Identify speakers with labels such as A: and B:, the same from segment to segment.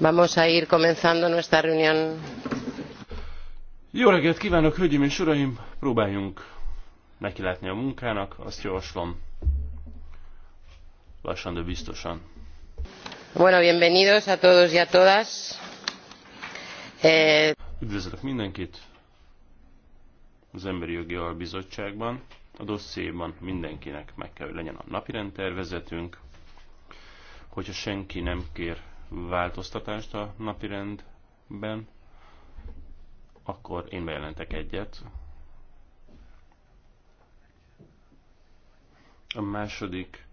A: Vamos a ir comenzando nuestra reunión. Jó reggelt kívánok, hölgyeim és uraim! Próbáljunk nekilátni a munkának, azt javaslom. Lassan, de biztosan. Bueno, bienvenidos a todos y a todas. Eh... Üdvözlök mindenkit, az Emberi Jogi Albizottságban. A dossziéban mindenkinek meg kell, hogy legyen a napirendtervezetünk, Hogyha senki nem kér változtatást a napirendben, akkor én bejelentek egyet. A második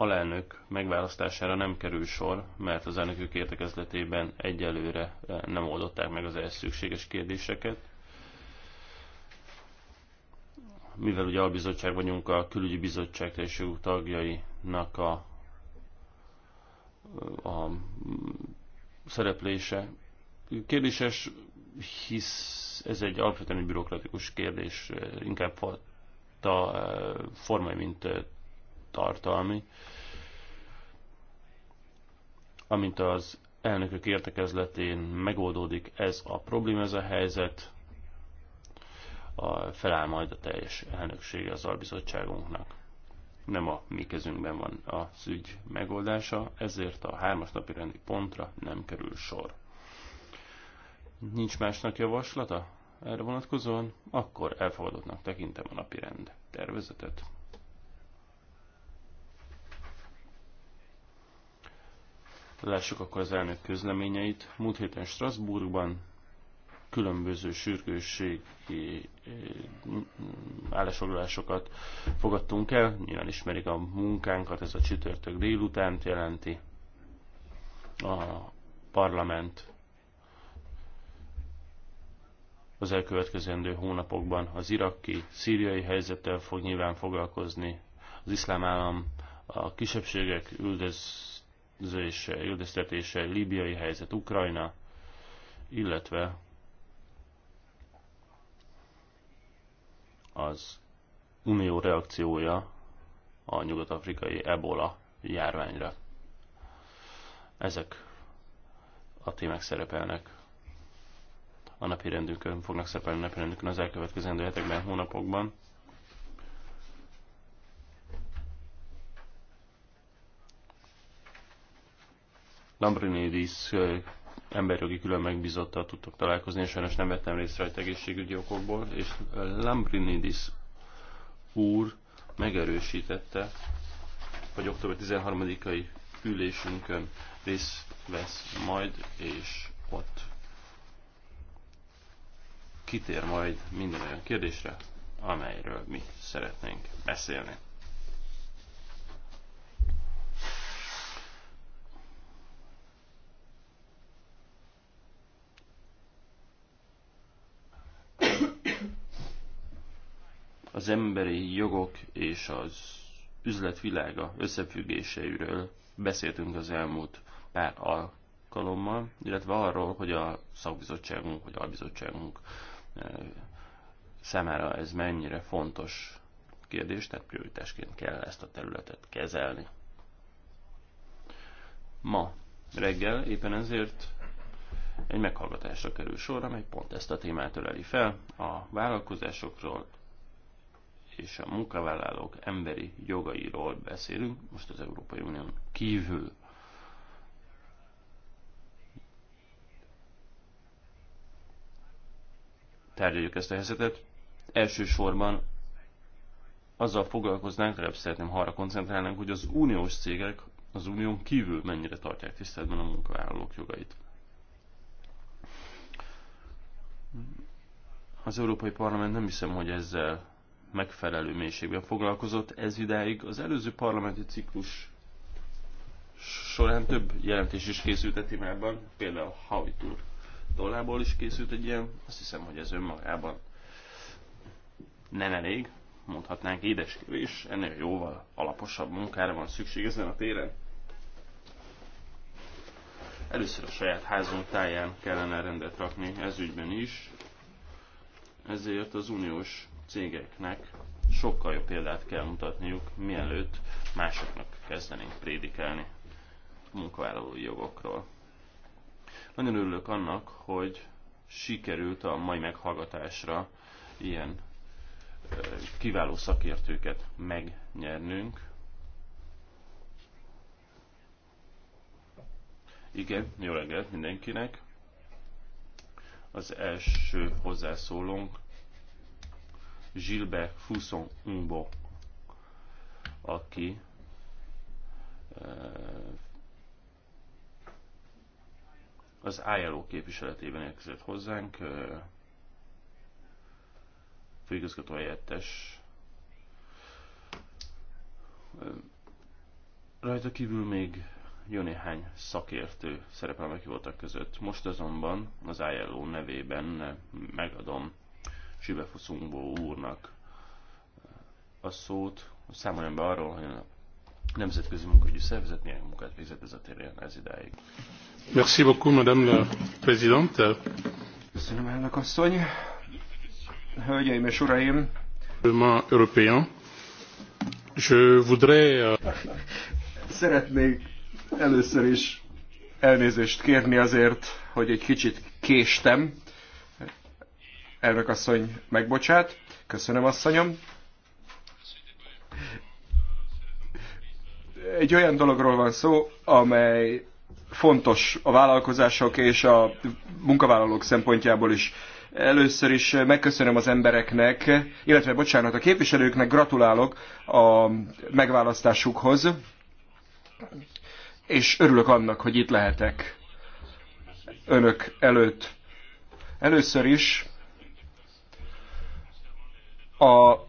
A: alelnök megválasztására nem kerül sor, mert az elnökök értekezletében egyelőre eh, nem oldották meg az ehhez szükséges kérdéseket. Mivel ugye albizottság vagyunk, a külügyi bizottság teljes tagjainak a, a mm, szereplése kérdéses, hisz ez egy alapvetően bürokratikus kérdés, eh, inkább eh, formai, mint tartalmi amint az elnökök értekezletén megoldódik ez a probléma, ez a helyzet, a, feláll majd a teljes elnökség az albizottságunknak. Nem a mi kezünkben van a ügy megoldása, ezért a hármas napi rendi pontra nem kerül sor. Nincs másnak javaslata? Erre vonatkozóan, akkor elfogadottnak tekintem a napi rend tervezetet. Lássuk akkor az elnök közleményeit. Múlt héten Strasbourgban különböző sürgősségi eh, állásfoglalásokat fogadtunk el. Nyilván ismerik a munkánkat, ez a csütörtök délután jelenti. A parlament az elkövetkezendő hónapokban az iraki, szíriai helyzettel fog nyilván foglalkozni. Az iszlám állam a kisebbségek üldöz üldözése, üldöztetése, líbiai helyzet, Ukrajna, illetve az unió reakciója a nyugat-afrikai ebola járványra. Ezek a témák szerepelnek a napirendünkön, fognak szerepelni a rendünkön az elkövetkezendő hetekben, hónapokban. Lambrinidis emberjogi külön megbizottal tudtok találkozni, és sajnos nem vettem részt rajta egészségügyi okokból, és Lambrinidis úr megerősítette, hogy október 13-ai ülésünkön részt vesz majd, és ott kitér majd minden olyan kérdésre, amelyről mi szeretnénk beszélni. az emberi jogok és az üzletvilága összefüggéseiről beszéltünk az elmúlt pár alkalommal, illetve arról, hogy a szakbizottságunk vagy albizottságunk e, számára ez mennyire fontos kérdés, tehát prioritásként kell ezt a területet kezelni. Ma reggel éppen ezért egy meghallgatásra kerül sor, amely pont ezt a témát öleli fel, a vállalkozásokról, és a munkavállalók emberi jogairól beszélünk, most az Európai Unión kívül. Tárgyaljuk ezt a helyzetet. Elsősorban azzal foglalkoznánk, legalább szeretném arra koncentrálnánk, hogy az uniós cégek az unión kívül mennyire tartják tiszteletben a munkavállalók jogait. Az Európai Parlament nem hiszem, hogy ezzel megfelelő mélységben foglalkozott ez idáig. Az előző parlamenti ciklus során több jelentés is készült a témában, például Howitt úr tollából is készült egy ilyen, azt hiszem, hogy ez önmagában nem elég, mondhatnánk édeskevés, ennél jóval alaposabb munkára van szükség ezen a téren. Először a saját házunk táján kellene rendet rakni ez ügyben is, ezért az uniós cégeknek sokkal jobb példát kell mutatniuk, mielőtt másoknak kezdenénk prédikálni a munkavállalói jogokról. Nagyon örülök annak, hogy sikerült a mai meghallgatásra ilyen kiváló szakértőket megnyernünk. Igen, jó reggelt mindenkinek! Az első hozzászólónk Gilbert Fusson Umbo, aki az ILO képviseletében érkezett hozzánk, főigazgató helyettes. Rajta kívül még jó néhány szakértő szerepel meghívottak között. Most azonban az ILO nevében megadom Sivefuszumbo úrnak a szót, hogy számoljon be arról, hogy a Nemzetközi Munkahogyi Szervezet milyen munkát végzett ez a téren ez idáig. Merci beaucoup, Madame la Présidente. Köszönöm, elnök asszony.
B: Hölgyeim és uraim!
A: Parlement européen. Je voudrais...
B: Euh, Szeretnék először is elnézést kérni azért, hogy egy kicsit késtem Elnök asszony, megbocsát. Köszönöm, asszonyom. Egy olyan dologról van szó, amely fontos a vállalkozások és a munkavállalók szempontjából is. Először is megköszönöm az embereknek, illetve bocsánat, a képviselőknek gratulálok a megválasztásukhoz, és örülök annak, hogy itt lehetek önök előtt. Először is a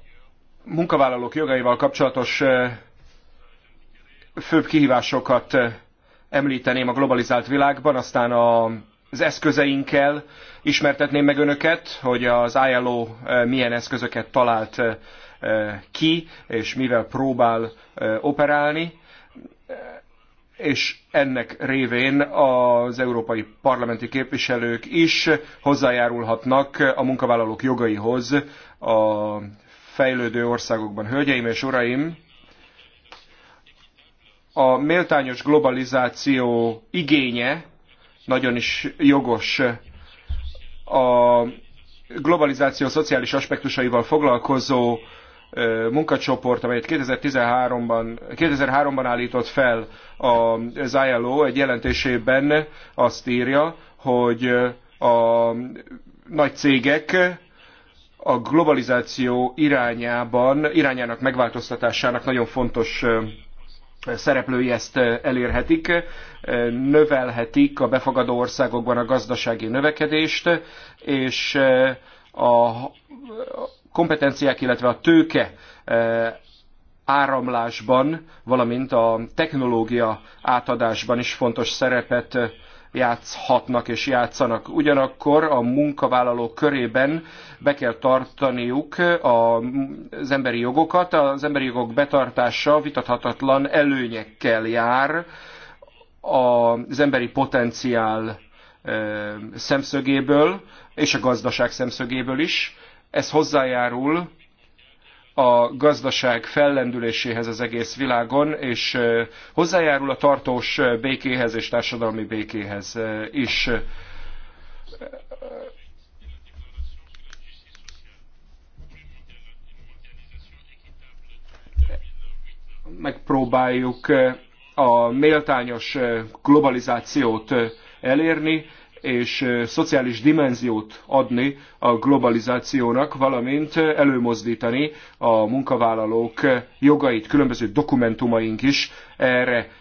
B: munkavállalók jogaival kapcsolatos főbb kihívásokat említeném a globalizált világban, aztán az eszközeinkkel ismertetném meg önöket, hogy az ILO milyen eszközöket talált ki, és mivel próbál operálni és ennek révén az európai parlamenti képviselők is hozzájárulhatnak a munkavállalók jogaihoz a fejlődő országokban. Hölgyeim és uraim, a méltányos globalizáció igénye nagyon is jogos. A globalizáció szociális aspektusaival foglalkozó munkacsoport, amelyet 2013-ban, 2003-ban állított fel az ILO, egy jelentésében azt írja, hogy a nagy cégek a globalizáció irányában, irányának megváltoztatásának nagyon fontos szereplői ezt elérhetik, növelhetik a befogadó országokban a gazdasági növekedést, és a, kompetenciák, illetve a tőke eh, áramlásban, valamint a technológia átadásban is fontos szerepet eh, játszhatnak és játszanak. Ugyanakkor a munkavállalók körében be kell tartaniuk eh, az emberi jogokat, az emberi jogok betartása vitathatatlan előnyekkel jár az emberi potenciál szemszögéből és a gazdaság szemszögéből is ez hozzájárul a gazdaság fellendüléséhez az egész világon, és hozzájárul a tartós békéhez és társadalmi békéhez is. Megpróbáljuk a méltányos globalizációt elérni, és szociális dimenziót adni a globalizációnak, valamint előmozdítani a munkavállalók jogait. Különböző dokumentumaink is erre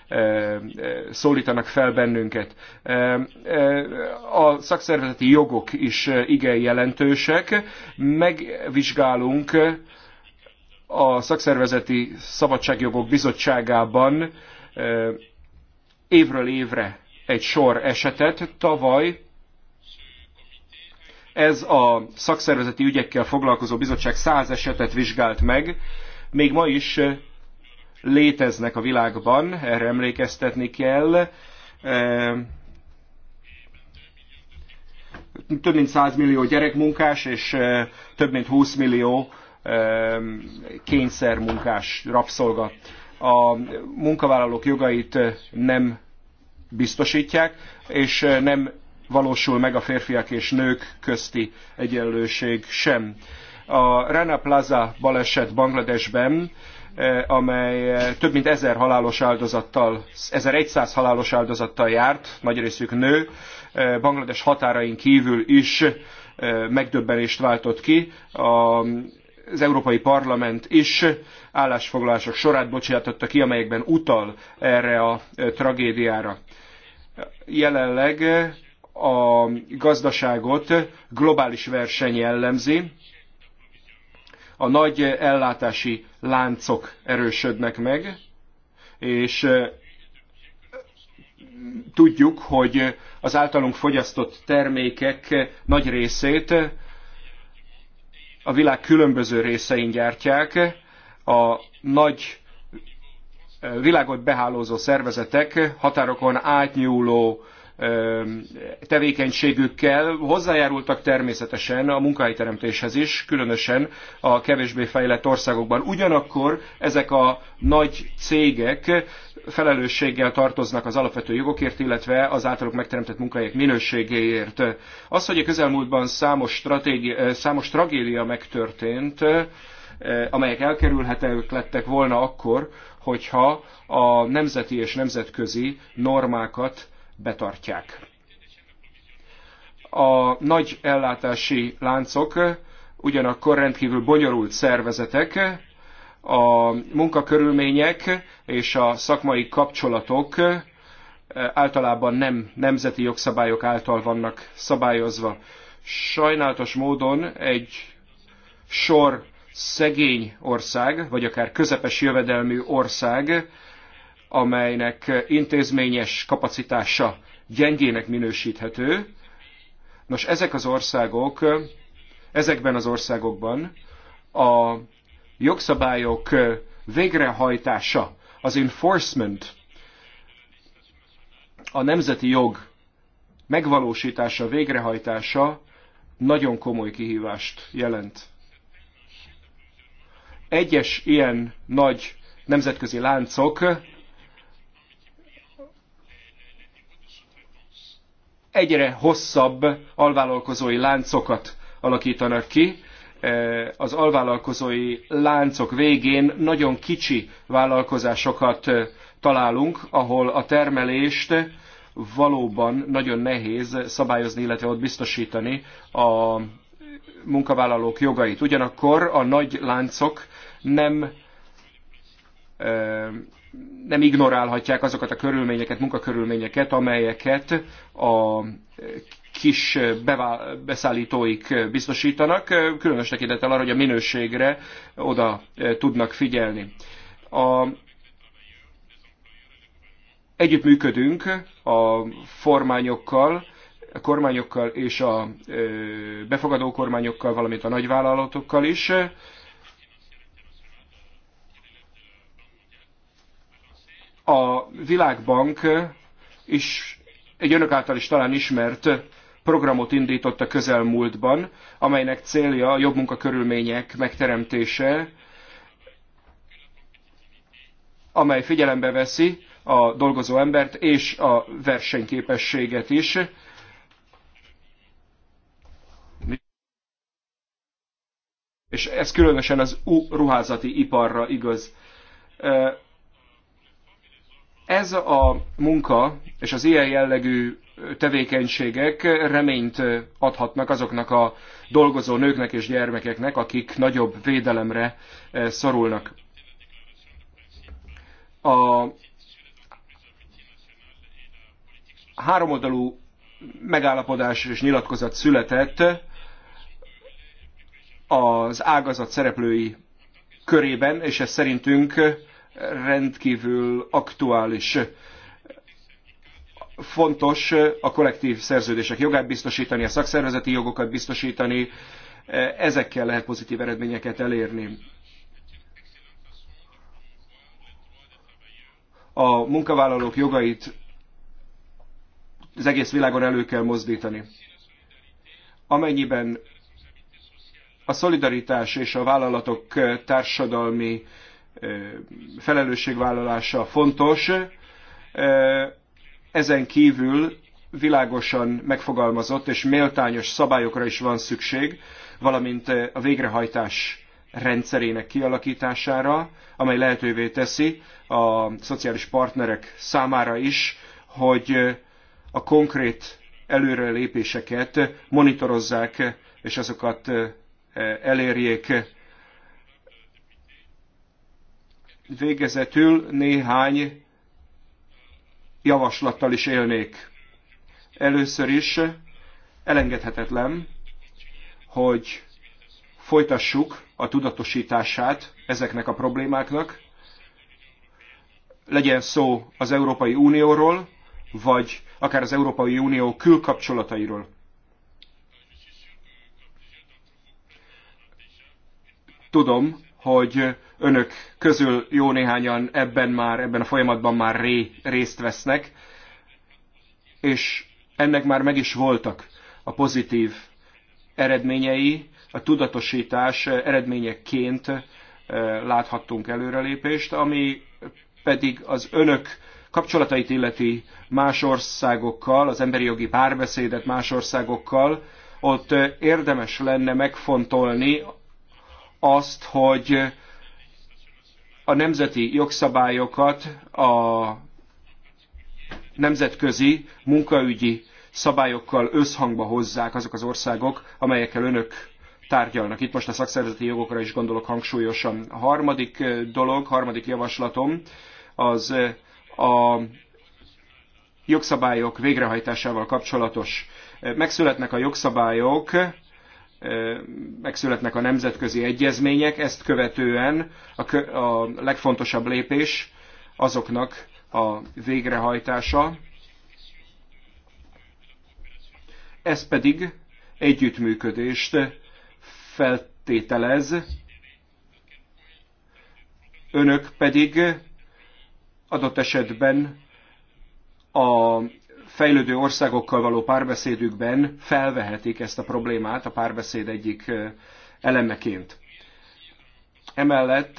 B: szólítanak fel bennünket. A szakszervezeti jogok is igen jelentősek. Megvizsgálunk a Szakszervezeti Szabadságjogok Bizottságában évről évre egy sor esetet. Tavaly ez a szakszervezeti ügyekkel foglalkozó bizottság száz esetet vizsgált meg. Még ma is eh, léteznek a világban, erre emlékeztetni kell. Eh, több mint 100 millió gyerekmunkás és eh, több mint 20 millió kényszermunkás, rabszolga. A munkavállalók jogait nem biztosítják, és eh, nem valósul meg a férfiak és nők közti egyenlőség sem. A Rana Plaza baleset Bangladesben eh, amely eh, több mint 1000 halálos áldozattal, 1100 halálos áldozattal járt, nagy részük nő, Banglades határain kívül is megdöbbenést váltott ki. Az Európai Parlament is állásfoglalások sorát bocsátotta ki, amelyekben utal erre a tragédiára jelenleg a gazdaságot globális verseny jellemzi, a nagy ellátási láncok erősödnek meg, és tudjuk, hogy az általunk fogyasztott termékek nagy részét a világ különböző részein gyártják, a nagy világot behálózó szervezetek határokon átnyúló tevékenységükkel hozzájárultak természetesen a munkahelyteremtéshez is, különösen a kevésbé fejlett országokban. Ugyanakkor ezek a nagy cégek felelősséggel tartoznak az alapvető jogokért, illetve az általuk megteremtett munkahelyek minőségéért. Az, hogy a közelmúltban számos, számos tragédia megtörtént, Eh, amelyek elkerülhetők lettek volna akkor, hogyha a nemzeti és nemzetközi normákat betartják. A nagy ellátási láncok ugyanakkor rendkívül bonyolult szervezetek, a munkakörülmények és a szakmai kapcsolatok eh, általában nem nemzeti jogszabályok által vannak szabályozva. Sajnálatos módon egy sor szegény ország, vagy akár közepes jövedelmű ország, amelynek intézményes kapacitása gyengének minősíthető. Nos, ezek az országok, ezekben az országokban a jogszabályok végrehajtása, az enforcement, a nemzeti jog megvalósítása, végrehajtása nagyon komoly kihívást jelent. Egyes ilyen nagy nemzetközi láncok egyre hosszabb alvállalkozói láncokat alakítanak ki. E, az alvállalkozói láncok végén nagyon kicsi vállalkozásokat e, találunk, ahol a termelést valóban nagyon nehéz szabályozni, illetve ott biztosítani a munkavállalók jogait. Ugyanakkor a nagy láncok nem nem ignorálhatják azokat a körülményeket, munkakörülményeket, amelyeket a kis beszállítóik biztosítanak, különös tekintettel arra, hogy a minőségre oda tudnak figyelni. A Együttműködünk a formányokkal, a kormányokkal és a befogadó kormányokkal, valamint a nagyvállalatokkal is, a Világbank is egy önök által is talán ismert programot indított a közelmúltban, amelynek célja a jobb munkakörülmények megteremtése, amely figyelembe veszi a dolgozó embert és a versenyképességet is. És ez különösen az ruházati iparra igaz ez a munka és az ilyen jellegű tevékenységek reményt adhatnak azoknak a dolgozó nőknek és gyermekeknek, akik nagyobb védelemre szorulnak. A háromoldalú megállapodás és nyilatkozat született az ágazat szereplői körében, és ez szerintünk rendkívül aktuális fontos a kollektív szerződések jogát biztosítani, a szakszervezeti jogokat biztosítani, ezekkel lehet pozitív eredményeket elérni. A munkavállalók jogait az egész világon elő kell mozdítani. Amennyiben a szolidaritás és a vállalatok társadalmi felelősségvállalása fontos. Ezen kívül világosan megfogalmazott és méltányos szabályokra is van szükség, valamint a végrehajtás rendszerének kialakítására, amely lehetővé teszi a szociális partnerek számára is, hogy a konkrét előrelépéseket monitorozzák és azokat elérjék Végezetül néhány javaslattal is élnék. Először is elengedhetetlen, hogy folytassuk a tudatosítását ezeknek a problémáknak, legyen szó az Európai Unióról, vagy akár az Európai Unió külkapcsolatairól. Tudom, hogy önök közül jó néhányan ebben már, ebben a folyamatban már ré, részt vesznek, és ennek már meg is voltak a pozitív eredményei, a tudatosítás eredményeként eh, láthattunk előrelépést, ami pedig az önök kapcsolatait illeti más országokkal, az emberi jogi párbeszédet más országokkal, ott érdemes lenne megfontolni azt, hogy a nemzeti jogszabályokat a nemzetközi munkaügyi szabályokkal összhangba hozzák azok az országok, amelyekkel önök tárgyalnak. Itt most a szakszervezeti jogokra is gondolok hangsúlyosan. A harmadik dolog, harmadik javaslatom az a jogszabályok végrehajtásával kapcsolatos. Megszületnek a jogszabályok, megszületnek a nemzetközi egyezmények, ezt követően a, a legfontosabb lépés azoknak a végrehajtása, ez pedig együttműködést feltételez, önök pedig adott esetben a fejlődő országokkal való párbeszédükben felvehetik ezt a problémát a párbeszéd egyik elemeként. Emellett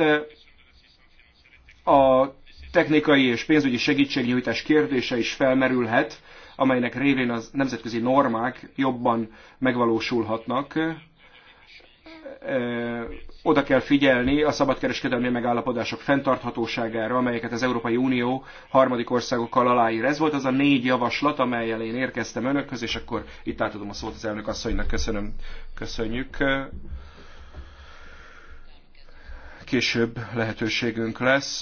B: a technikai és pénzügyi segítségnyújtás kérdése is felmerülhet, amelynek révén az nemzetközi normák jobban megvalósulhatnak, oda kell figyelni a szabadkereskedelmi megállapodások fenntarthatóságára, amelyeket az Európai Unió harmadik országokkal aláír. Ez volt az a négy javaslat, amelyel én érkeztem önökhöz, és akkor itt átadom a szót az elnök asszonynak. Köszönöm. Köszönjük. Később lehetőségünk lesz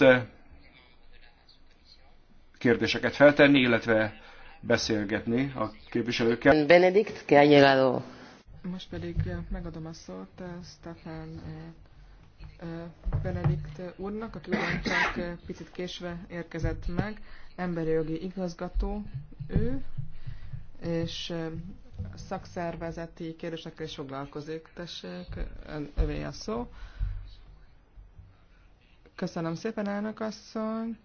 B: kérdéseket feltenni, illetve beszélgetni a képviselőkkel. Benedikt, que
C: most pedig eh, megadom a szót eh, Stefan eh, Benedikt úrnak, aki ugyancsak picit késve érkezett meg, emberi jogi igazgató ő, és szakszervezeti kérdésekkel is foglalkozik. Tessék, övé a szó. Köszönöm szépen, elnök asszony.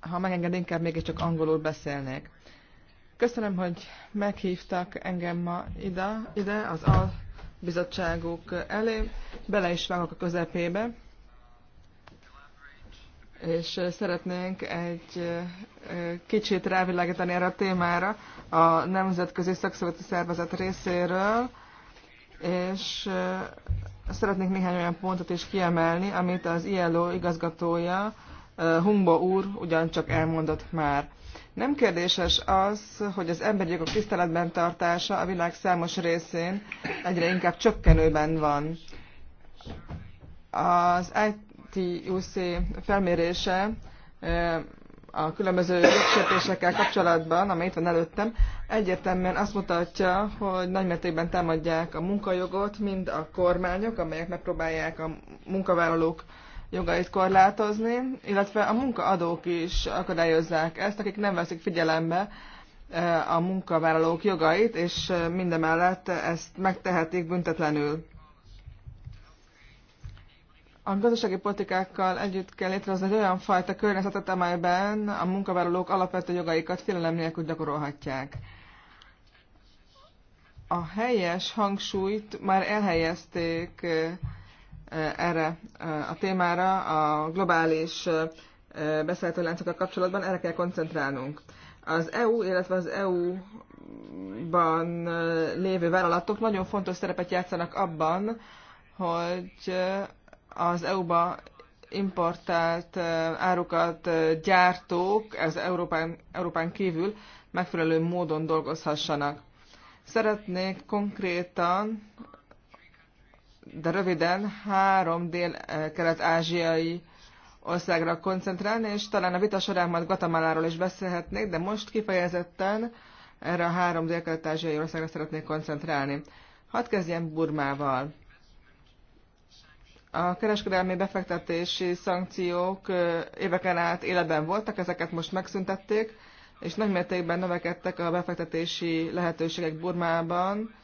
C: Ha megenged, inkább mégiscsak angolul beszélnék. Köszönöm, hogy meghívtak engem ma ide, ide az albizottságuk elé. Bele is vágok a közepébe. És szeretnénk egy kicsit rávilágítani erre a témára a Nemzetközi Szakszolati Szervezet részéről, és szeretnék néhány olyan pontot is kiemelni, amit az ILO igazgatója Humbo úr ugyancsak elmondott már. Nem kérdéses az, hogy az emberi jogok tiszteletben tartása a világ számos részén egyre inkább csökkenőben van. Az ITUC felmérése a különböző jogsértésekkel kapcsolatban, amely itt van előttem, egyértelműen azt mutatja, hogy nagymértékben támadják a munkajogot, mind a kormányok, amelyek megpróbálják a munkavállalók jogait korlátozni, illetve a munkaadók is akadályozzák ezt, akik nem veszik figyelembe e, a munkavállalók jogait, és e, mindemellett ezt megtehetik büntetlenül. A gazdasági politikákkal együtt kell létrehozni egy olyan fajta környezetet, amelyben a munkavállalók alapvető jogaikat félelem nélkül gyakorolhatják. A helyes hangsúlyt már elhelyezték e, erre a témára, a globális beszállítóláncokkal kapcsolatban, erre kell koncentrálnunk. Az EU, illetve az EU-ban lévő vállalatok nagyon fontos szerepet játszanak abban, hogy az EU-ba importált árukat gyártók az Európán, Európán kívül megfelelő módon dolgozhassanak. Szeretnék konkrétan de röviden három dél-kelet-ázsiai országra koncentrálni, és talán a vita során majd ról is beszélhetnék, de most kifejezetten erre a három dél-kelet-ázsiai országra szeretnék koncentrálni. Hadd kezdjem Burmával. A kereskedelmi befektetési szankciók éveken át életben voltak, ezeket most megszüntették, és nagymértékben növekedtek a befektetési lehetőségek Burmában,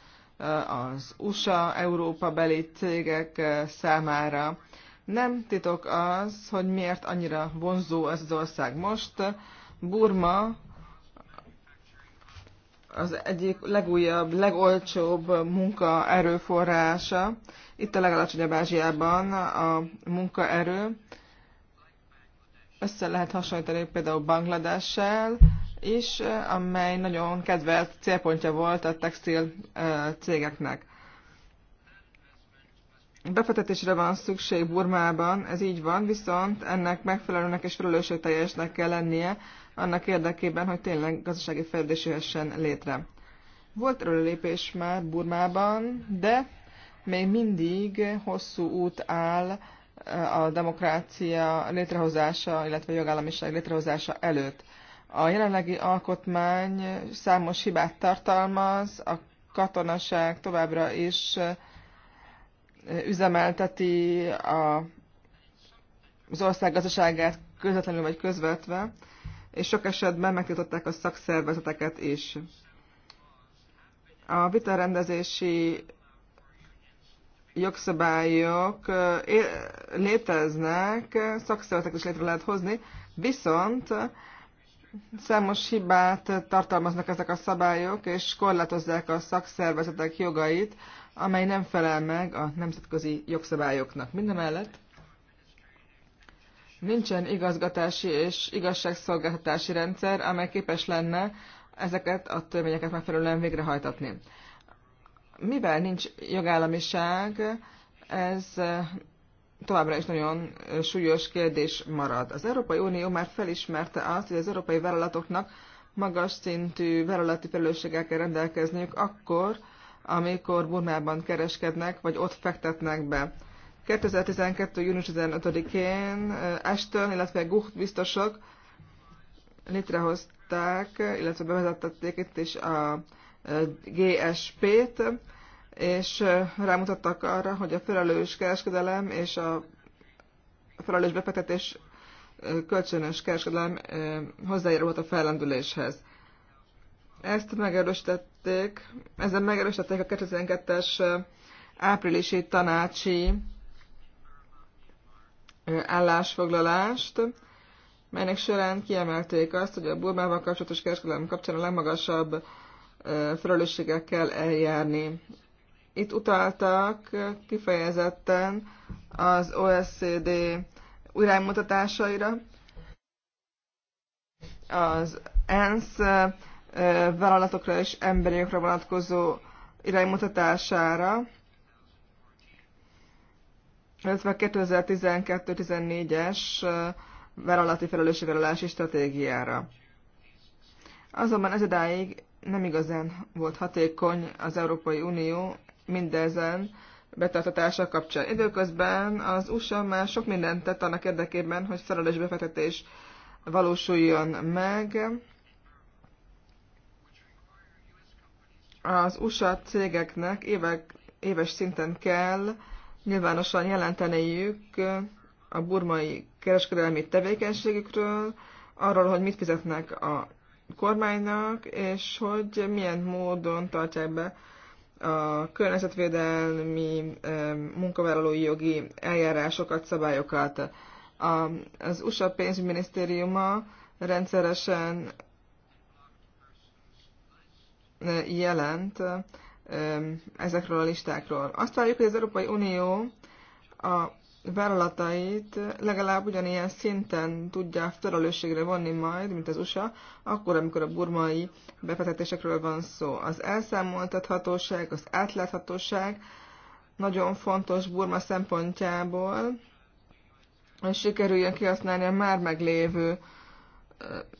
C: az USA, Európa beli cégek eh, számára. Nem titok az, hogy miért annyira vonzó ez az ország most. Burma az egyik legújabb, legolcsóbb munkaerőforrása. Itt a legalacsonyabb Ázsiában a munkaerő. Össze lehet hasonlítani például Bangladessel, is, amely nagyon kedvelt célpontja volt a textil cégeknek. Befetetésre van szükség Burmában, ez így van, viszont ennek megfelelőnek és felelősségteljesnek kell lennie annak érdekében, hogy tényleg gazdasági fejlődés jöhessen létre. Volt lépés már Burmában, de még mindig hosszú út áll a demokrácia létrehozása, illetve a jogállamiság létrehozása előtt. A jelenlegi alkotmány számos hibát tartalmaz, a katonaság továbbra is üzemelteti a, az ország gazdaságát közvetlenül vagy közvetve, és sok esetben megtiltották a szakszervezeteket is. A vitarendezési jogszabályok léteznek, szakszervezetek is létre lehet hozni, viszont Számos hibát tartalmaznak ezek a szabályok, és korlátozzák a szakszervezetek jogait, amely nem felel meg a nemzetközi jogszabályoknak. Mindemellett nincsen igazgatási és igazságszolgáltatási rendszer, amely képes lenne ezeket a törvényeket megfelelően végrehajtatni. Mivel nincs jogállamiság, ez továbbra is nagyon súlyos kérdés marad. Az Európai Unió már felismerte azt, hogy az európai vállalatoknak magas szintű vállalati felelősséggel kell rendelkezniük akkor, amikor Burmában kereskednek, vagy ott fektetnek be. 2012. június 15-én Ashton, illetve Gucht biztosok létrehozták, illetve bevezettették itt is a GSP-t, és rámutattak arra, hogy a felelős kereskedelem és a felelős befektetés kölcsönös kereskedelem hozzájárulhat a fellendüléshez. Ezt megerősítették, ezzel megerősítették a 2012-es áprilisi tanácsi állásfoglalást, melynek során kiemelték azt, hogy a Burmával kapcsolatos kereskedelem kapcsán a legmagasabb felelősséggel kell eljárni itt utaltak kifejezetten az OSCD iránymutatásaira, az ENSZ vállalatokra és emberiokra vonatkozó iránymutatására, illetve 2012-14-es vállalati felelősségvállalási stratégiára. Azonban ez idáig nem igazán volt hatékony az Európai Unió mindezen betartatása kapcsán. Időközben az USA már sok mindent tett annak érdekében, hogy felelős befektetés valósuljon meg. Az USA cégeknek évek, éves szinten kell nyilvánosan jelenteniük a burmai kereskedelmi tevékenységükről, arról, hogy mit fizetnek a kormánynak, és hogy milyen módon tartják be a környezetvédelmi munkavállalói jogi eljárásokat, szabályokat. Az USA pénzügyminisztériuma rendszeresen jelent ezekről a listákról. Azt halljuk, hogy az Európai Unió a vállalatait legalább ugyanilyen szinten tudja felelősségre vonni majd, mint az USA, akkor, amikor a burmai befektetésekről van szó. Az elszámoltathatóság, az átláthatóság nagyon fontos Burma szempontjából, hogy sikerüljön kihasználni a már meglévő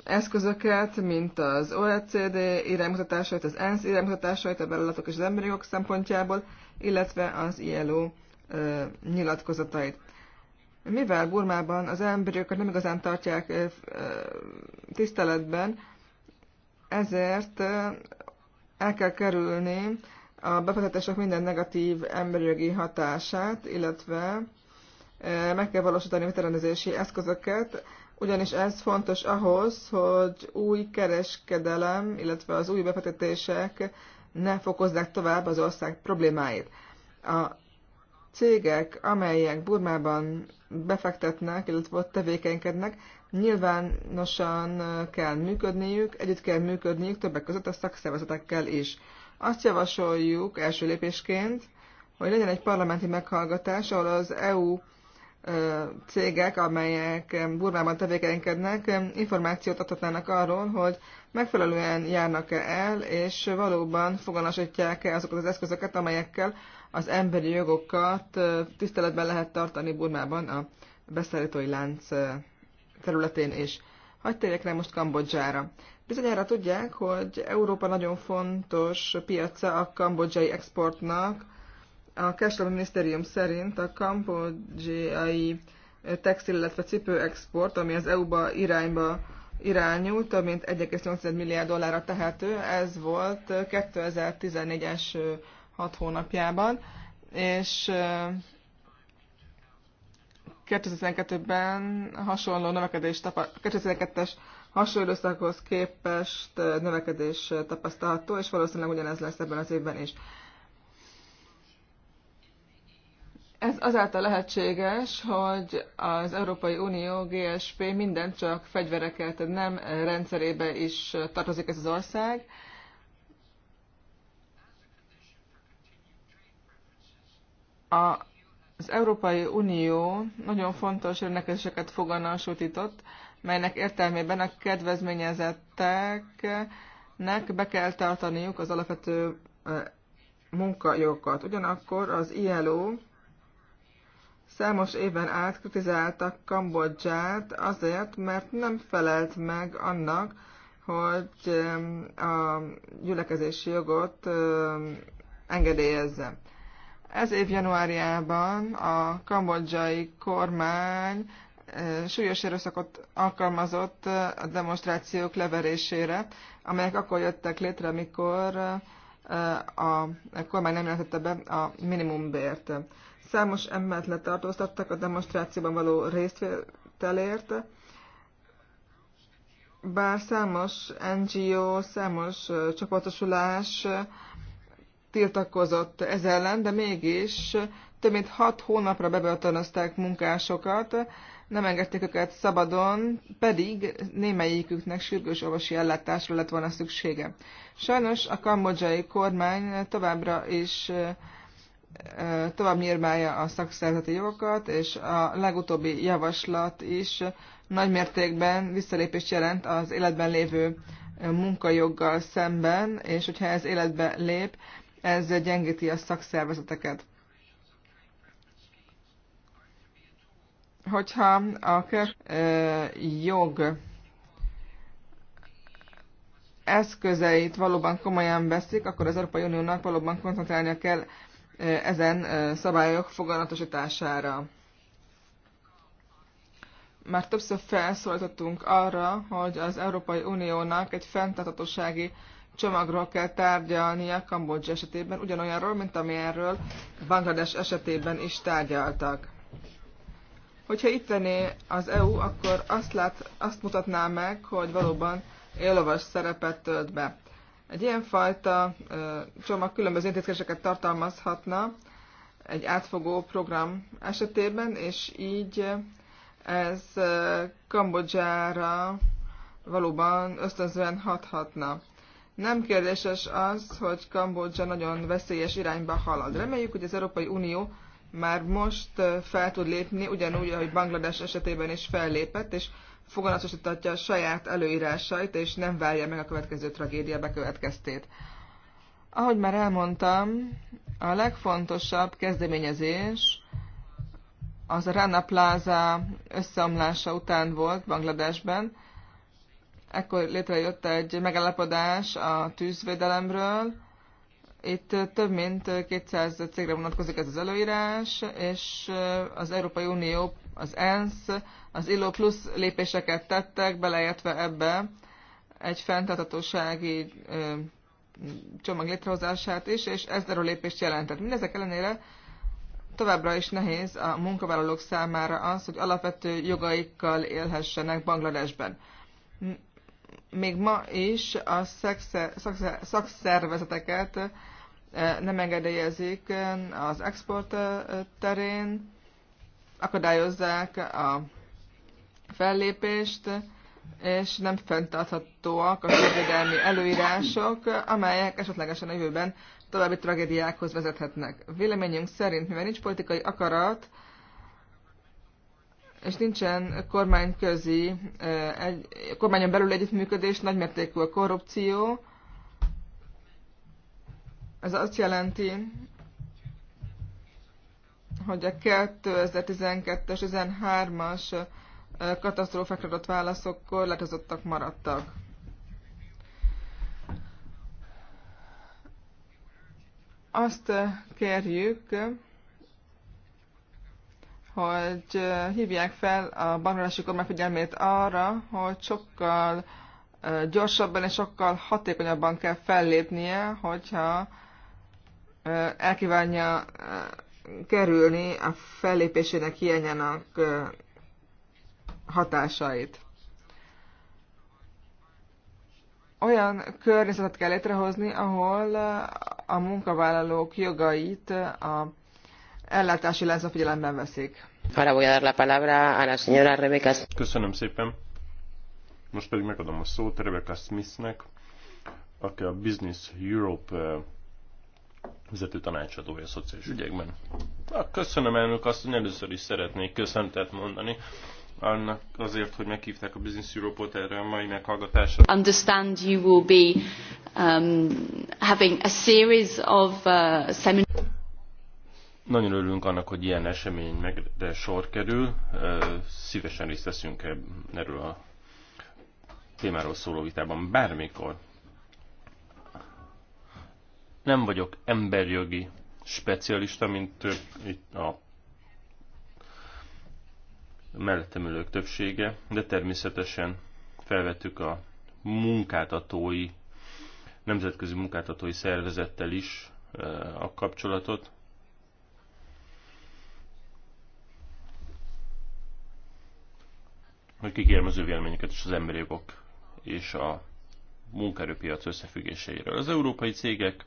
C: eszközöket, mint az OECD iránymutatásait, az ENSZ iránymutatásait a vállalatok és az emberi jogok szempontjából, illetve az ILO nyilatkozatait. Mivel Burmában az embereket nem igazán tartják tiszteletben, ezért el kell kerülni a befektetések minden negatív emberjogi hatását, illetve meg kell valósítani veteranezési eszközöket, ugyanis ez fontos ahhoz, hogy új kereskedelem, illetve az új befektetések ne fokozzák tovább az ország problémáit. A cégek, amelyek Burmában befektetnek, illetve ott tevékenykednek, nyilvánosan kell működniük, együtt kell működniük, többek között a szakszervezetekkel is. Azt javasoljuk első lépésként, hogy legyen egy parlamenti meghallgatás, ahol az EU cégek, amelyek Burmában tevékenykednek, információt adhatnának arról, hogy megfelelően járnak-e el, és valóban foganasítják-e azokat az eszközöket, amelyekkel az emberi jogokat tiszteletben lehet tartani Burmában a beszállítói lánc területén is. Hagy térjek rá most Kambodzsára. Bizonyára tudják, hogy Európa nagyon fontos piaca a kambodzsai exportnak. A kereskedelmi minisztérium szerint a kambodzsai textil, illetve cipőexport, ami az EU-ba irányba irányult, több mint 1,8 milliárd dollárra tehető, ez volt 2014-es 6 hónapjában, és 2012-ben hasonló növekedés, 2012-es hasonló időszakhoz képest növekedés tapasztalható, és valószínűleg ugyanez lesz ebben az évben is. Ez azáltal lehetséges, hogy az Európai Unió GSP minden csak fegyvereket nem rendszerébe is tartozik ez az ország. A, az Európai Unió nagyon fontos rendelkezéseket foganasított, melynek értelmében a kedvezményezetteknek be kell tartaniuk az alapvető eh, munkajogokat. Ugyanakkor az ILO számos éven át kritizáltak Kambodzsát azért, mert nem felelt meg annak, hogy a gyülekezési jogot engedélyezze. Ez év januárjában a kambodzsai kormány súlyos erőszakot alkalmazott eh, a demonstrációk leverésére, amelyek akkor jöttek létre, amikor eh, a kormány nem jelentette be a minimumbért. Számos embert letartóztattak a demonstrációban való résztvételért, bár számos NGO, számos csoportosulás tiltakozott ez ellen, de mégis több mint hat hónapra bebörtönöztek munkásokat, nem engedték őket szabadon, pedig némelyiküknek sürgős orvosi ellátásra lett volna szüksége. Sajnos a kambodzsai kormány továbbra is tovább nyírbálja a szakszervezeti jogokat, és a legutóbbi javaslat is nagy mértékben visszalépést jelent az életben lévő munkajoggal szemben, és hogyha ez életbe lép, ez gyengíti a szakszervezeteket. Hogyha a jog eszközeit valóban komolyan veszik, akkor az Európai Uniónak valóban koncentrálnia kell ezen szabályok foganatosítására. Már többször felszólítottunk arra, hogy az Európai Uniónak egy fenntarthatósági csomagról kell tárgyalnia Kambodzsa esetében, ugyanolyanról, mint amilyenről Banglades esetében is tárgyaltak. Hogyha itt tenné az EU, akkor azt, lát, azt mutatná meg, hogy valóban élovas szerepet tölt be. Egy ilyenfajta csomag különböző intézkedéseket tartalmazhatna egy átfogó program esetében, és így ez Kambodzsára valóban ösztönzően hathatna. Nem kérdéses az, hogy Kambodzsa nagyon veszélyes irányba halad. Reméljük, hogy az Európai Unió már most fel tud lépni, ugyanúgy, ahogy Banglades esetében is fellépett, és foganatosítatja a saját előírásait, és nem várja meg a következő tragédia bekövetkeztét. Ahogy már elmondtam, a legfontosabb kezdeményezés az a Rana Plaza összeomlása után volt Bangladesben. Ekkor létrejött egy megállapodás a tűzvédelemről, itt több mint 200 cégre vonatkozik ez az előírás, és az Európai Unió, az ENSZ, az ILO plusz lépéseket tettek, beleértve ebbe egy fenntartatósági csomag létrehozását is, és ez erről lépést jelentett. Mindezek ellenére továbbra is nehéz a munkavállalók számára az, hogy alapvető jogaikkal élhessenek Bangladesben még ma is a szakszervezeteket eh, nem engedélyezik eh, az export eh, terén, akadályozzák a fellépést, és nem fenntarthatóak a védelmi előírások, amelyek esetlegesen a jövőben további tragédiákhoz vezethetnek. Véleményünk szerint, mivel nincs politikai akarat, és nincsen kormányközi, egy, kormányon belül együttműködés, nagymértékű a korrupció. Ez azt jelenti, hogy a 2012-es, 13-as katasztrófákra adott válaszok korlátozottak maradtak. Azt kérjük, hogy hívják fel a bangladesi kormány figyelmét arra, hogy sokkal gyorsabban és sokkal hatékonyabban kell fellépnie, hogyha elkívánja kerülni a fellépésének hiányának hatásait. Olyan környezetet kell létrehozni, ahol a munkavállalók jogait a ellátási a figyelemben veszik.
A: Köszönöm szépen. Most pedig megadom a szót Rebecca Smithnek, aki a Business Europe eh, vezető tanácsadója a szociális ügyekben. Ah, köszönöm elnök azt, hogy először is szeretnék köszöntet mondani annak azért, hogy meghívták a Business Europe-ot erre a mai meghallgatásra.
B: Understand you will be
C: um, having a series of uh, seminars.
A: Nagyon örülünk annak, hogy ilyen esemény megre sor kerül. Szívesen részt veszünk erről a témáról szóló vitában bármikor. Nem vagyok emberjogi specialista, mint itt a mellettem ülők többsége, de természetesen felvettük a munkáltatói, nemzetközi munkáltatói szervezettel is a kapcsolatot, hogy kikérem az ő véleményeket és az emberi jogok és a munkaerőpiac összefüggéseiről. Az európai cégek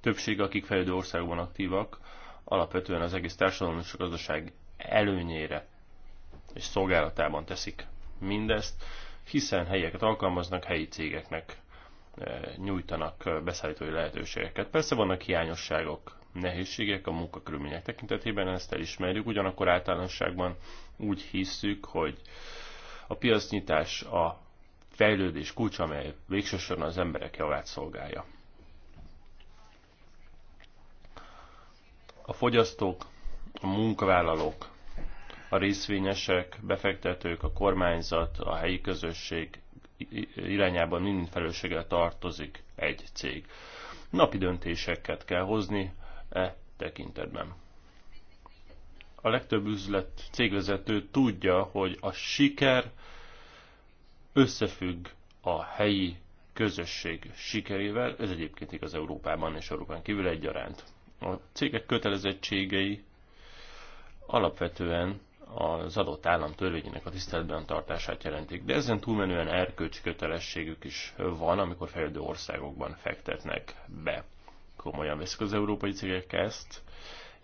A: többsége, akik fejlődő országban aktívak, alapvetően az egész társadalom és a gazdaság előnyére és szolgálatában teszik mindezt, hiszen helyeket alkalmaznak, helyi cégeknek eh, nyújtanak eh, beszállítói lehetőségeket. Persze vannak hiányosságok, nehézségek a munkakörülmények tekintetében, ezt elismerjük, ugyanakkor általánosságban úgy hisszük, hogy a piacnyitás a fejlődés kulcsa, amely végsősorban az emberek javát szolgálja. A fogyasztók, a munkavállalók, a részvényesek, befektetők, a kormányzat, a helyi közösség irányában mind felelősséggel tartozik egy cég. Napi döntéseket kell hozni e tekintetben a legtöbb üzlet cégvezető tudja, hogy a siker összefügg a helyi közösség sikerével, ez egyébként igaz Európában és Európán kívül egyaránt. A cégek kötelezettségei alapvetően az adott állam törvényének a tiszteletben tartását jelentik, de ezen túlmenően erkölcsi kötelességük is van, amikor fejlődő országokban fektetnek be. Komolyan veszik az európai cégek ezt,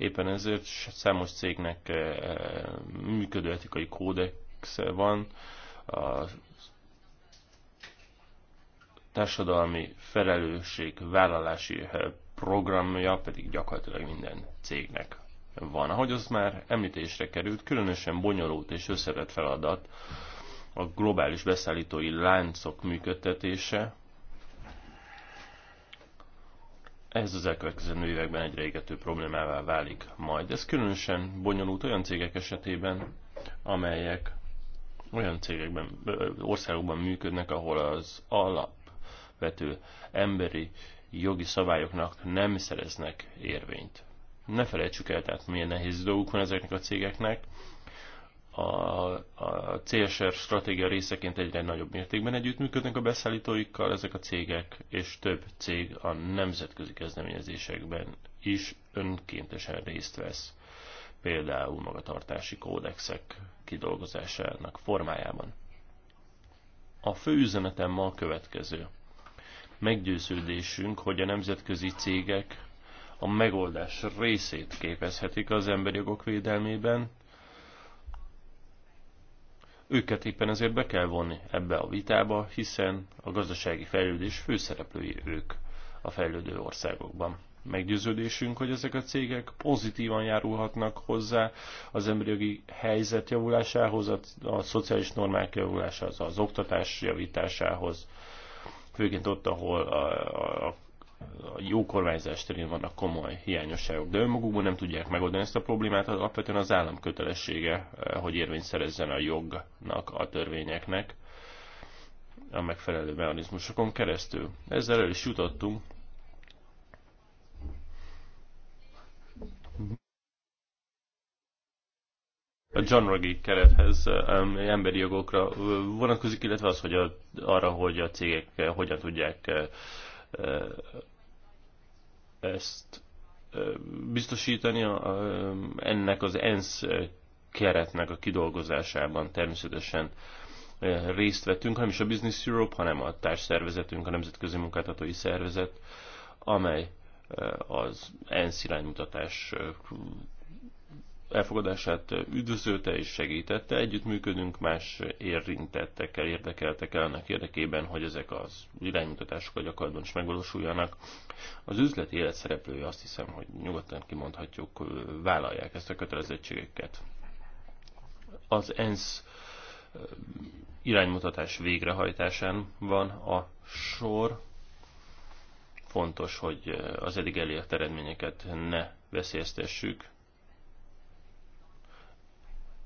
A: Éppen ezért számos cégnek eh, működő etikai kódex van, a társadalmi felelősség vállalási eh, programja pedig gyakorlatilag minden cégnek van. Ahogy az már említésre került, különösen bonyolult és összetett feladat a globális beszállítói láncok működtetése, ez az elkövetkező években egyre égető problémává válik majd. Ez különösen bonyolult olyan cégek esetében, amelyek olyan cégekben, országokban működnek, ahol az alapvető emberi jogi szabályoknak nem szereznek érvényt. Ne felejtsük el, tehát milyen nehéz dolgok van ezeknek a cégeknek, a, a CSR stratégia részeként egyre nagyobb mértékben együttműködnek a beszállítóikkal ezek a cégek, és több cég a nemzetközi kezdeményezésekben is önkéntesen részt vesz, például magatartási kódexek kidolgozásának formájában. A fő üzenetem ma a következő. Meggyőződésünk, hogy a nemzetközi cégek a megoldás részét képezhetik az emberi jogok védelmében, őket éppen ezért be kell vonni ebbe a vitába, hiszen a gazdasági fejlődés főszereplői ők a fejlődő országokban. Meggyőződésünk, hogy ezek a cégek pozitívan járulhatnak hozzá az emberi jogi helyzet javulásához, a, a szociális normák javulásához, az oktatás javításához, főként ott, ahol a, a, a a jó kormányzás terén vannak komoly hiányosságok, de önmagukban nem tudják megoldani ezt a problémát, alapvetően az állam kötelessége, eh, hogy érvényt szerezzen a jognak, a törvényeknek a megfelelő mechanizmusokon keresztül. Ezzel el is jutottunk a John Ruggi kerethez eh, emberi jogokra eh, vonatkozik, illetve az, hogy a, arra, hogy a cégek hogyan tudják ezt biztosítani ennek az ENSZ keretnek a kidolgozásában természetesen részt vettünk, nem is a Business Europe, hanem a társszervezetünk, a Nemzetközi Munkáltatói Szervezet, amely az ENSZ iránymutatás elfogadását üdvözölte és segítette. Együttműködünk más érintettekkel, érdekeltekkel annak érdekében, hogy ezek az iránymutatások a gyakorlatban is megvalósuljanak. Az üzleti élet szereplői azt hiszem, hogy nyugodtan kimondhatjuk, vállalják ezt a kötelezettségeket. Az ENSZ iránymutatás végrehajtásán van a sor. Fontos, hogy az eddig elért eredményeket ne veszélyeztessük,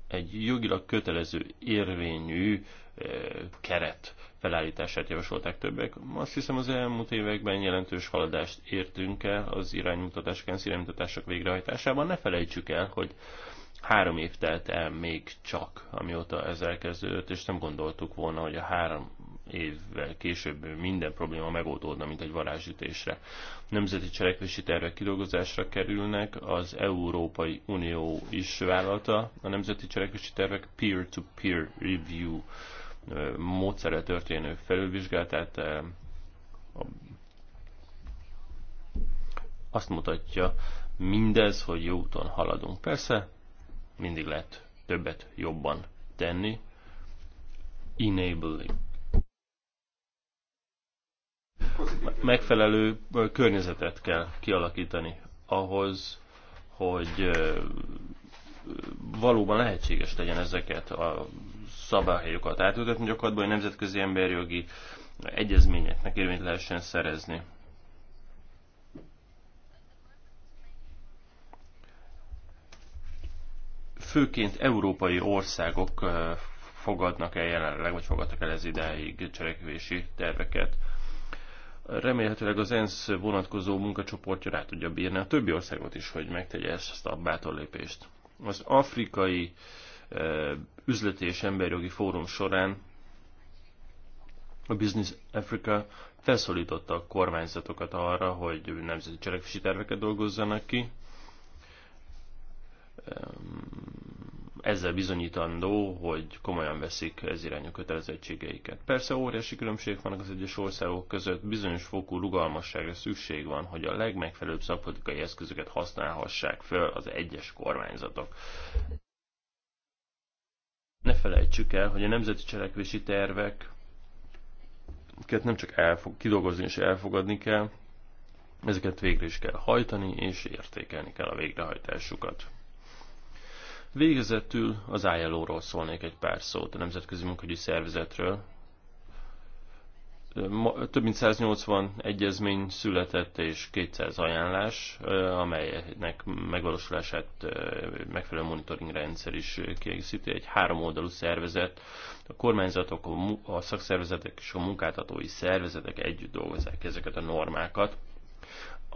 A: egy jogilag kötelező érvényű eh, keret felállítását javasolták többek. Azt hiszem az elmúlt években jelentős haladást értünk el az iránymutatások, ENSZ iránymutatások végrehajtásában. Ne felejtsük el, hogy három év telt el még csak, amióta ez elkezdődött, és nem gondoltuk volna, hogy a három évvel később minden probléma megoldódna, mint egy varázsütésre. Nemzeti cselekvési tervek kidolgozásra kerülnek, az Európai Unió is vállalta a nemzeti cselekvési tervek peer-to-peer -peer review módszerrel történő felülvizsgálatát azt mutatja mindez, hogy jó úton haladunk. Persze, mindig lehet többet jobban tenni, enabling megfelelő környezetet kell kialakítani ahhoz, hogy valóban lehetséges legyen ezeket a szabályokat átültetni gyakorlatban, hogy nemzetközi emberjogi egyezményeknek érvényt lehessen szerezni. Főként európai országok fogadnak el jelenleg, vagy fogadtak el ez idáig cselekvési terveket remélhetőleg az ENSZ vonatkozó munkacsoportja rá tudja bírni a többi országot is, hogy megtegye ezt a bátor lépést. Az afrikai e, üzleti és emberjogi fórum során a Business Africa felszólította a kormányzatokat arra, hogy nemzeti cselekvési terveket dolgozzanak ki ezzel bizonyítandó, hogy komolyan veszik ez irányú kötelezettségeiket. Persze óriási különbség vannak az egyes országok között, bizonyos fokú rugalmasságra szükség van, hogy a legmegfelelőbb szakpolitikai eszközöket használhassák föl az egyes kormányzatok. Ne felejtsük el, hogy a nemzeti cselekvési tervek nem csak elfog, kidolgozni és elfogadni kell, ezeket végre is kell hajtani, és értékelni kell a végrehajtásukat Végezetül az ILO-ról szólnék egy pár szót, a Nemzetközi Munkahogyi Szervezetről. Több mint 180 egyezmény született és 200 ajánlás, amelynek megvalósulását megfelelő monitoring rendszer is kiegészíti. Egy három oldalú szervezet, a kormányzatok, a szakszervezetek és a munkáltatói szervezetek együtt dolgozzák ezeket a normákat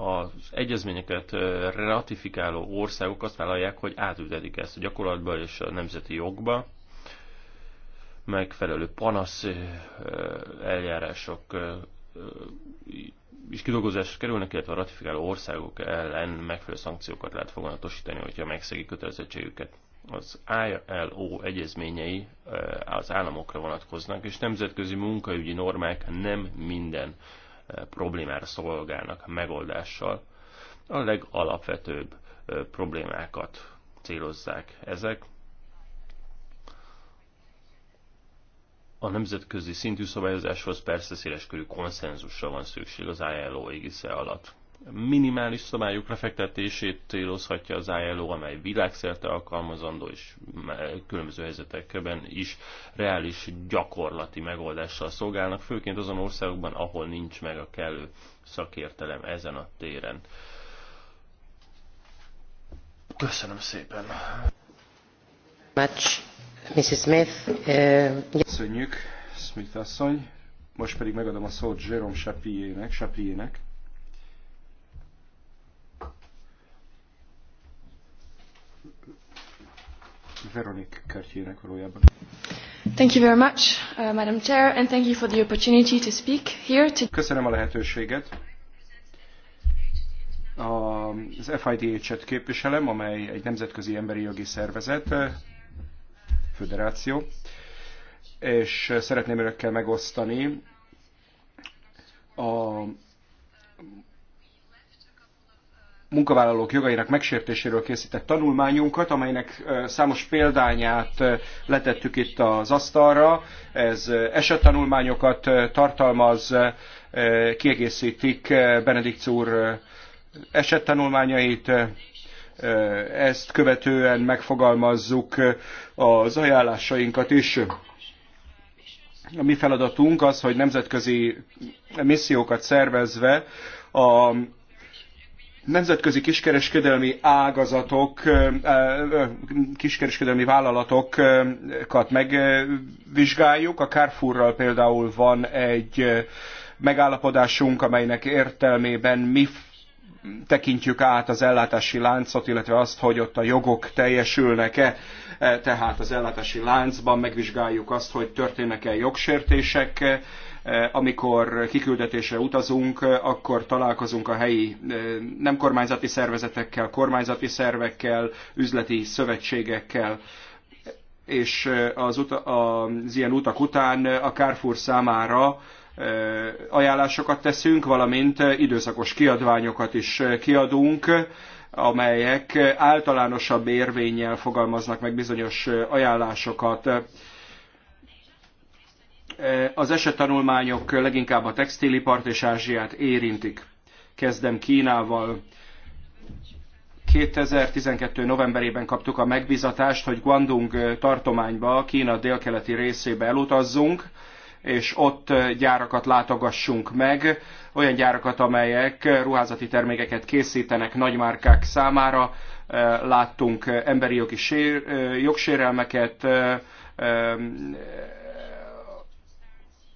A: az egyezményeket ratifikáló országok azt vállalják, hogy átültetik ezt a gyakorlatba és a nemzeti jogba, megfelelő panasz eljárások és kidolgozásra kerülnek, illetve a ratifikáló országok ellen megfelelő szankciókat lehet foganatosítani, hogyha megszegi kötelezettségüket. Az ILO egyezményei az államokra vonatkoznak, és nemzetközi munkaügyi normák nem minden problémára szolgálnak megoldással. A legalapvetőbb problémákat célozzák ezek. A nemzetközi szintű szabályozáshoz persze széleskörű konszenzusra van szükség az ILO égisze alatt minimális szabályok lefektetését célozhatja az ILO, amely világszerte alkalmazandó és különböző helyzetekben is reális gyakorlati megoldással szolgálnak, főként azon országokban, ahol nincs meg a kellő szakértelem ezen a téren. Köszönöm
B: szépen! Much.
A: Mrs. Smith.
B: Uh, Köszönjük, Smith asszony. Most pedig megadom a szót Jerome Chapiének. Chapiének. valójában. Thank you very much, uh, Madam Chair, and thank you for the opportunity to speak here. To... Köszönöm a lehetőséget. Az FIDH-et képviselem, amely egy nemzetközi emberi jogi szervezet, uh, föderáció, és uh, szeretném önökkel megosztani a munkavállalók jogainak megsértéséről készített tanulmányunkat, amelynek számos példányát letettük itt az asztalra. Ez esettanulmányokat tartalmaz, kiegészítik Benedikt úr esettanulmányait, ezt követően megfogalmazzuk az ajánlásainkat is. A mi feladatunk az, hogy nemzetközi missziókat szervezve a nemzetközi kiskereskedelmi ágazatok, kiskereskedelmi vállalatokat megvizsgáljuk. A Carrefourral például van egy megállapodásunk, amelynek értelmében mi tekintjük át az ellátási láncot, illetve azt, hogy ott a jogok teljesülnek-e, e, tehát az ellátási láncban megvizsgáljuk azt, hogy történnek-e jogsértések, Eh, amikor kiküldetésre utazunk, akkor találkozunk a helyi eh, nem kormányzati szervezetekkel, kormányzati szervekkel, üzleti szövetségekkel, és eh, az, uta, az ilyen utak után a Carrefour számára ajánlásokat teszünk, valamint időszakos kiadványokat is kiadunk, amelyek általánosabb érvényel fogalmaznak meg bizonyos ajánlásokat az esettanulmányok leginkább a textilipart és Ázsiát érintik. Kezdem Kínával. 2012. novemberében kaptuk a megbizatást, hogy Guangdong tartományba, Kína délkeleti részébe elutazzunk, és ott gyárakat látogassunk meg, olyan gyárakat, amelyek ruházati termékeket készítenek nagymárkák számára. Láttunk emberi jogi sér, jogsérelmeket,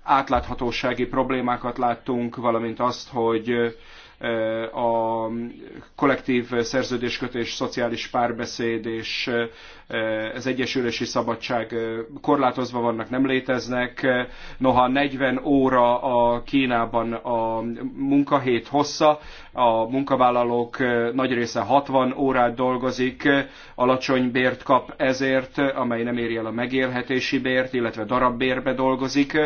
B: átláthatósági problémákat láttunk, valamint azt, hogy a kollektív szerződéskötés, szociális párbeszéd és az egyesülési szabadság korlátozva vannak, nem léteznek. Noha 40 óra a Kínában a munkahét hossza, a munkavállalók nagy része 60 órát dolgozik, alacsony bért kap ezért, amely nem éri el a megélhetési bért, illetve darabbérbe dolgozik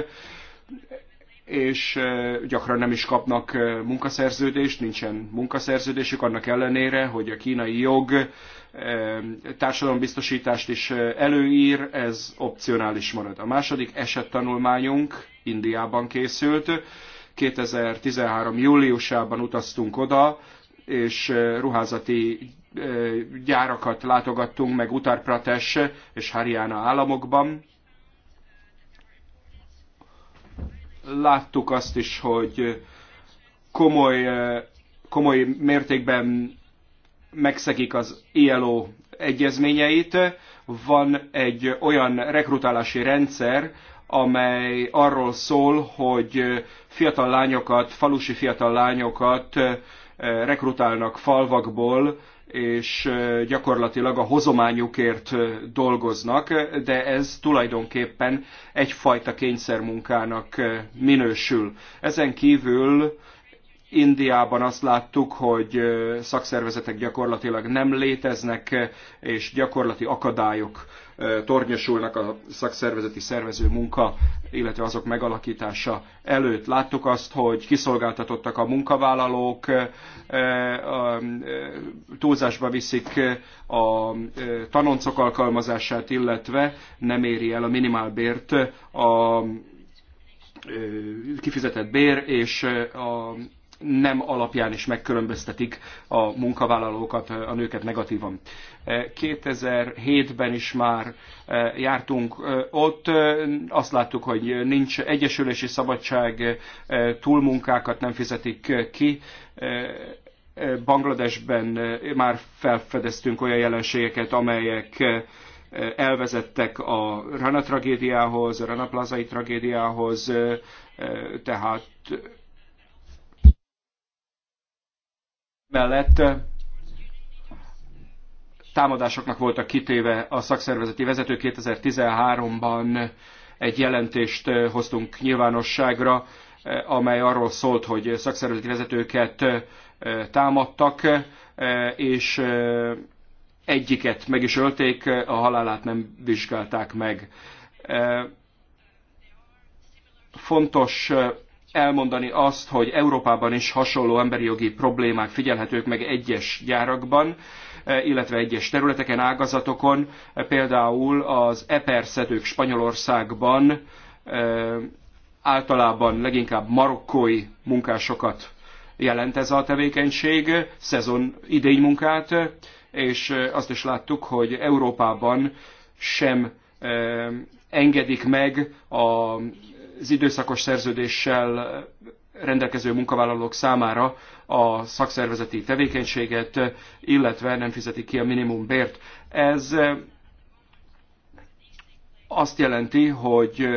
B: és gyakran nem is kapnak munkaszerződést, nincsen munkaszerződésük annak ellenére, hogy a kínai jog társadalombiztosítást is előír, ez opcionális marad. A második esettanulmányunk Indiában készült, 2013. júliusában utaztunk oda, és ruházati gyárakat látogattunk meg Uttar Pradesh és Haryana államokban, láttuk azt is, hogy komoly, komoly mértékben megszegik az ILO egyezményeit. Van egy olyan rekrutálási rendszer, amely arról szól, hogy fiatal lányokat, falusi fiatal lányokat eh, rekrutálnak falvakból, és gyakorlatilag a hozományukért dolgoznak, de ez tulajdonképpen egyfajta kényszermunkának minősül. Ezen kívül Indiában azt láttuk, hogy szakszervezetek gyakorlatilag nem léteznek, és gyakorlati akadályok tornyosulnak a szakszervezeti szervező munka, illetve azok megalakítása előtt. Láttuk azt, hogy kiszolgáltatottak a munkavállalók, túlzásba viszik a tanoncok alkalmazását, illetve nem éri el a minimálbért a kifizetett bér és a nem alapján is megkülönböztetik a munkavállalókat, a nőket negatívan. 2007-ben e, is már e, jártunk e, ott, azt láttuk, hogy nincs egyesülési szabadság, túlmunkákat nem fizetik ki, Bangladesben már felfedeztünk olyan jelenségeket, amelyek elvezettek a Rana tragédiához, a Rana plazai tragédiához, tehát Mellett támadásoknak voltak kitéve a szakszervezeti vezető 2013-ban egy jelentést hoztunk nyilvánosságra, amely arról szólt, hogy szakszervezeti vezetőket támadtak, és egyiket meg is ölték, a halálát nem vizsgálták meg. Fontos elmondani azt, hogy Európában is hasonló emberi jogi problémák figyelhetők meg egyes gyárakban, eh, illetve egyes területeken, ágazatokon, eh, például az eperszedők Spanyolországban eh, általában leginkább marokkói munkásokat jelent ez a tevékenység, szezon munkát, és azt is láttuk, hogy Európában sem engedik meg a az időszakos szerződéssel rendelkező munkavállalók számára a szakszervezeti tevékenységet, illetve nem fizetik ki a minimumbért. Ez azt jelenti, hogy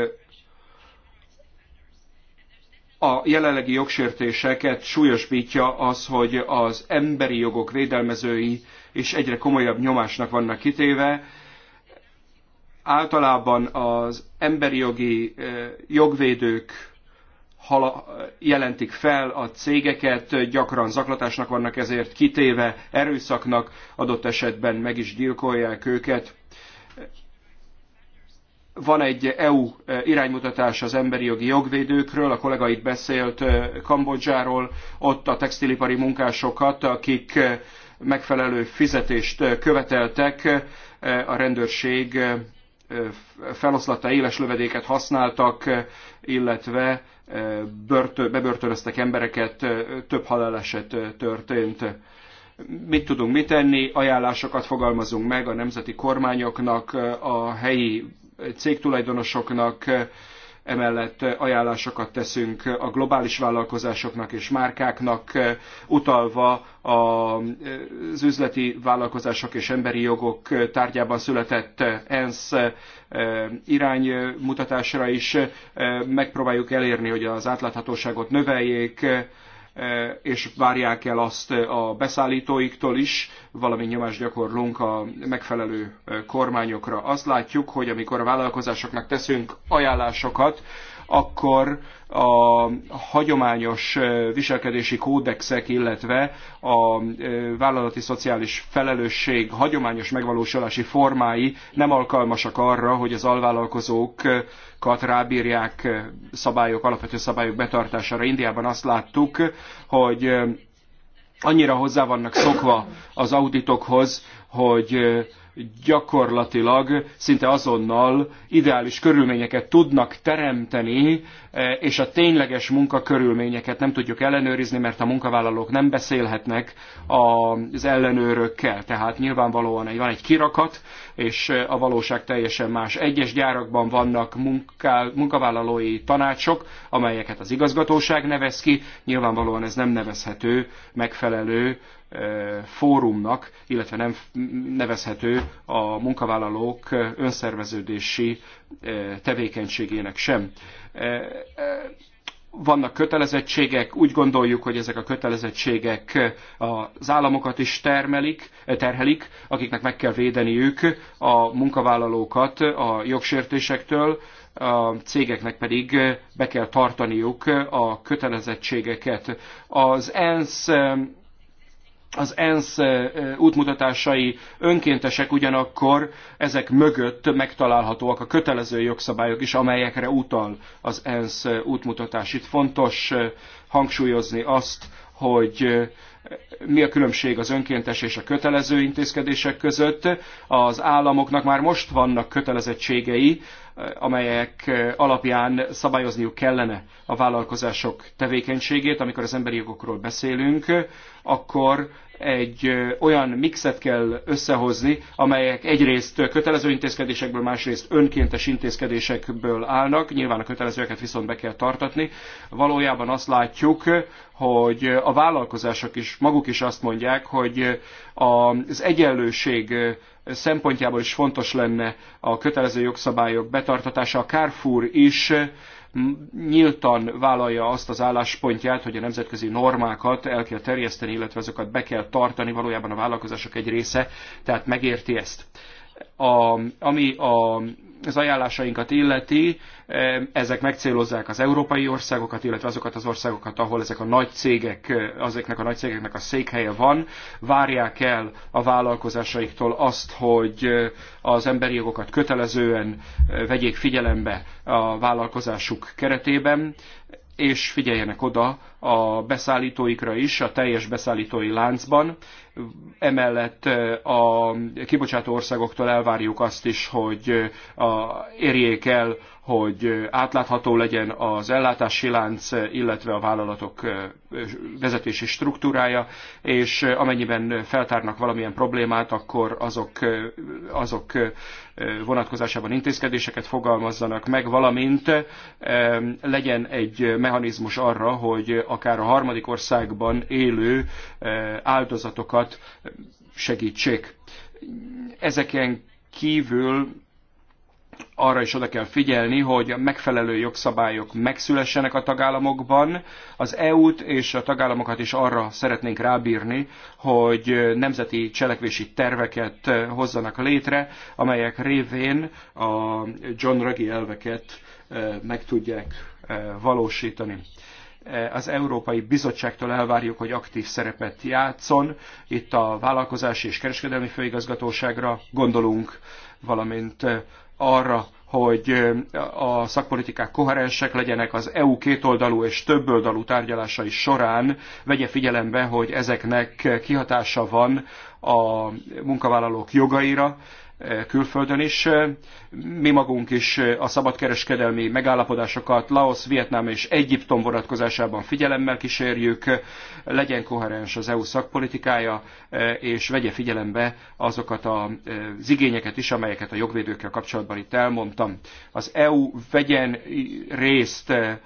B: a jelenlegi jogsértéseket súlyosbítja az, hogy az emberi jogok védelmezői is egyre komolyabb nyomásnak vannak kitéve, általában az emberi jogi jogvédők jelentik fel a cégeket, gyakran zaklatásnak vannak ezért kitéve, erőszaknak, adott esetben meg is gyilkolják őket. Van egy EU iránymutatás az emberi jogi jogvédőkről, a kollega itt beszélt Kambodzsáról, ott a textilipari munkásokat, akik megfelelő fizetést követeltek, a rendőrség feloszlatta éles lövedéket használtak, illetve e, bebörtönöztek embereket, e, több haláleset e, történt. Mit tudunk mit tenni? Ajánlásokat fogalmazunk meg a nemzeti kormányoknak, a helyi cégtulajdonosoknak, emellett ajánlásokat teszünk a globális vállalkozásoknak és márkáknak, eh, utalva eh, az üzleti vállalkozások és emberi jogok eh, tárgyában született ENSZ iránymutatásra is. Megpróbáljuk elérni, hogy az átláthatóságot növeljék, E, és várják el azt a beszállítóiktól is, valamint nyomást gyakorlunk a megfelelő e, kormányokra. Azt látjuk, hogy amikor a vállalkozásoknak teszünk ajánlásokat, akkor a hagyományos e, viselkedési kódexek, illetve a vállalati szociális felelősség hagyományos megvalósulási formái nem alkalmasak arra, hogy az alvállalkozók szabályokat rábírják eh, szabályok, alapvető szabályok betartására. Indiában azt láttuk, hogy eh, annyira hozzá vannak szokva az auditokhoz, hogy eh, gyakorlatilag szinte azonnal ideális körülményeket tudnak teremteni, és a tényleges munkakörülményeket nem tudjuk ellenőrizni, mert a munkavállalók nem beszélhetnek az ellenőrökkel. Tehát nyilvánvalóan van egy kirakat, és a valóság teljesen más. Egyes gyárakban vannak munká, munkavállalói tanácsok, amelyeket az igazgatóság nevez ki, nyilvánvalóan ez nem nevezhető megfelelő fórumnak, illetve nem nevezhető a munkavállalók önszerveződési tevékenységének sem vannak kötelezettségek, úgy gondoljuk, hogy ezek a kötelezettségek eh, az államokat is termelik, eh, terhelik, akiknek meg kell védeniük a munkavállalókat a jogsértésektől, a cégeknek pedig eh, be kell tartaniuk a kötelezettségeket. Az ENSZ az ENSZ útmutatásai önkéntesek ugyanakkor ezek mögött megtalálhatóak a kötelező jogszabályok is, amelyekre utal az ENSZ útmutatás. Itt fontos hangsúlyozni azt, hogy mi a különbség az önkéntes és a kötelező intézkedések között. Az államoknak már most vannak kötelezettségei, amelyek alapján szabályozniuk kellene a vállalkozások tevékenységét. Amikor az emberi jogokról beszélünk, akkor egy olyan mixet kell összehozni, amelyek egyrészt kötelező intézkedésekből, másrészt önkéntes intézkedésekből állnak. Nyilván a kötelezőeket viszont be kell tartatni. Valójában azt látjuk, hogy a vállalkozások is, maguk is azt mondják, hogy az egyenlőség szempontjából is fontos lenne a kötelező jogszabályok betartatása. A Carrefour is nyíltan vállalja azt az álláspontját, hogy a nemzetközi normákat el kell terjeszteni, illetve azokat be kell tartani, valójában a vállalkozások egy része, tehát megérti ezt. A, ami a, az ajánlásainkat illeti, e, ezek megcélozzák az európai országokat, illetve azokat az országokat, ahol ezek a nagy cégek, azoknak e, a nagy cégeknek a székhelye van, várják el a vállalkozásaiktól azt, hogy e, az emberi jogokat kötelezően vegyék figyelembe a vállalkozásuk keretében, és figyeljenek oda a beszállítóikra is a teljes beszállítói láncban. Emellett a kibocsátó országoktól elvárjuk azt is, hogy a, érjék el, hogy átlátható legyen az ellátási lánc, illetve a vállalatok vezetési struktúrája, és amennyiben feltárnak valamilyen problémát, akkor azok, azok vonatkozásában intézkedéseket fogalmazzanak meg, valamint legyen egy mechanizmus arra, hogy akár a harmadik országban élő eh, áldozatokat segítsék. Ezeken kívül arra is oda kell figyelni, hogy a megfelelő jogszabályok megszülessenek a tagállamokban. Az EU-t és a tagállamokat is arra szeretnénk rábírni, hogy nemzeti cselekvési terveket hozzanak létre, amelyek révén a John Ruggie elveket eh, meg tudják eh, valósítani az Európai Bizottságtól elvárjuk, hogy aktív szerepet játszon. Itt a Vállalkozási és Kereskedelmi Főigazgatóságra gondolunk, valamint arra, hogy a szakpolitikák koherensek legyenek az EU kétoldalú és többoldalú tárgyalásai során, vegye figyelembe, hogy ezeknek kihatása van a munkavállalók jogaira, külföldön is. Mi magunk is a szabadkereskedelmi megállapodásokat Laos, Vietnám és Egyiptom vonatkozásában figyelemmel kísérjük, legyen koherens az EU szakpolitikája, és vegye figyelembe azokat az igényeket is, amelyeket a jogvédőkkel kapcsolatban itt elmondtam. Az EU vegyen részt eh,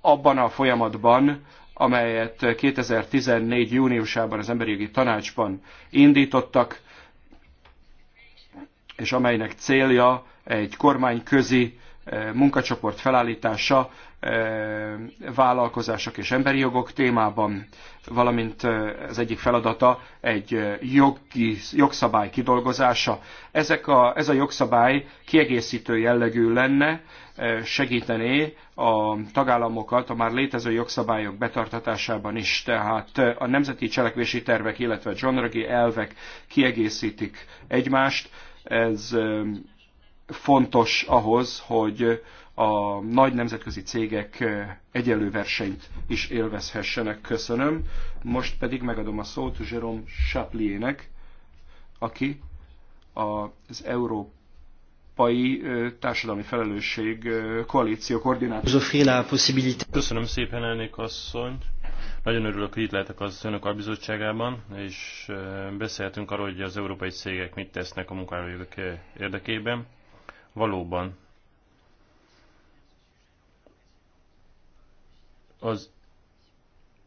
B: abban a folyamatban, amelyet 2014. júniusában az Emberi Jogi Tanácsban indítottak, és amelynek célja egy kormányközi eh, munkacsoport felállítása eh, vállalkozások és emberi jogok témában, valamint eh, az egyik feladata egy jogi, jogszabály kidolgozása. Ezek a, ez a jogszabály kiegészítő jellegű lenne, segítené a tagállamokat a már létező jogszabályok betartatásában is. Tehát a nemzeti cselekvési tervek, illetve a elvek kiegészítik egymást, ez fontos ahhoz, hogy a nagy nemzetközi cégek egyenlő versenyt is élvezhessenek. Köszönöm. Most pedig megadom a szót Jerome Chapliének, aki az Európai Társadalmi Felelősség Koalíció koordinátor. Köszönöm
A: szépen, elnök asszony. Nagyon örülök, hogy itt lehetek az önök albizottságában, és beszélhetünk arról, hogy az európai cégek mit tesznek a munkavállalók érdekében. Valóban az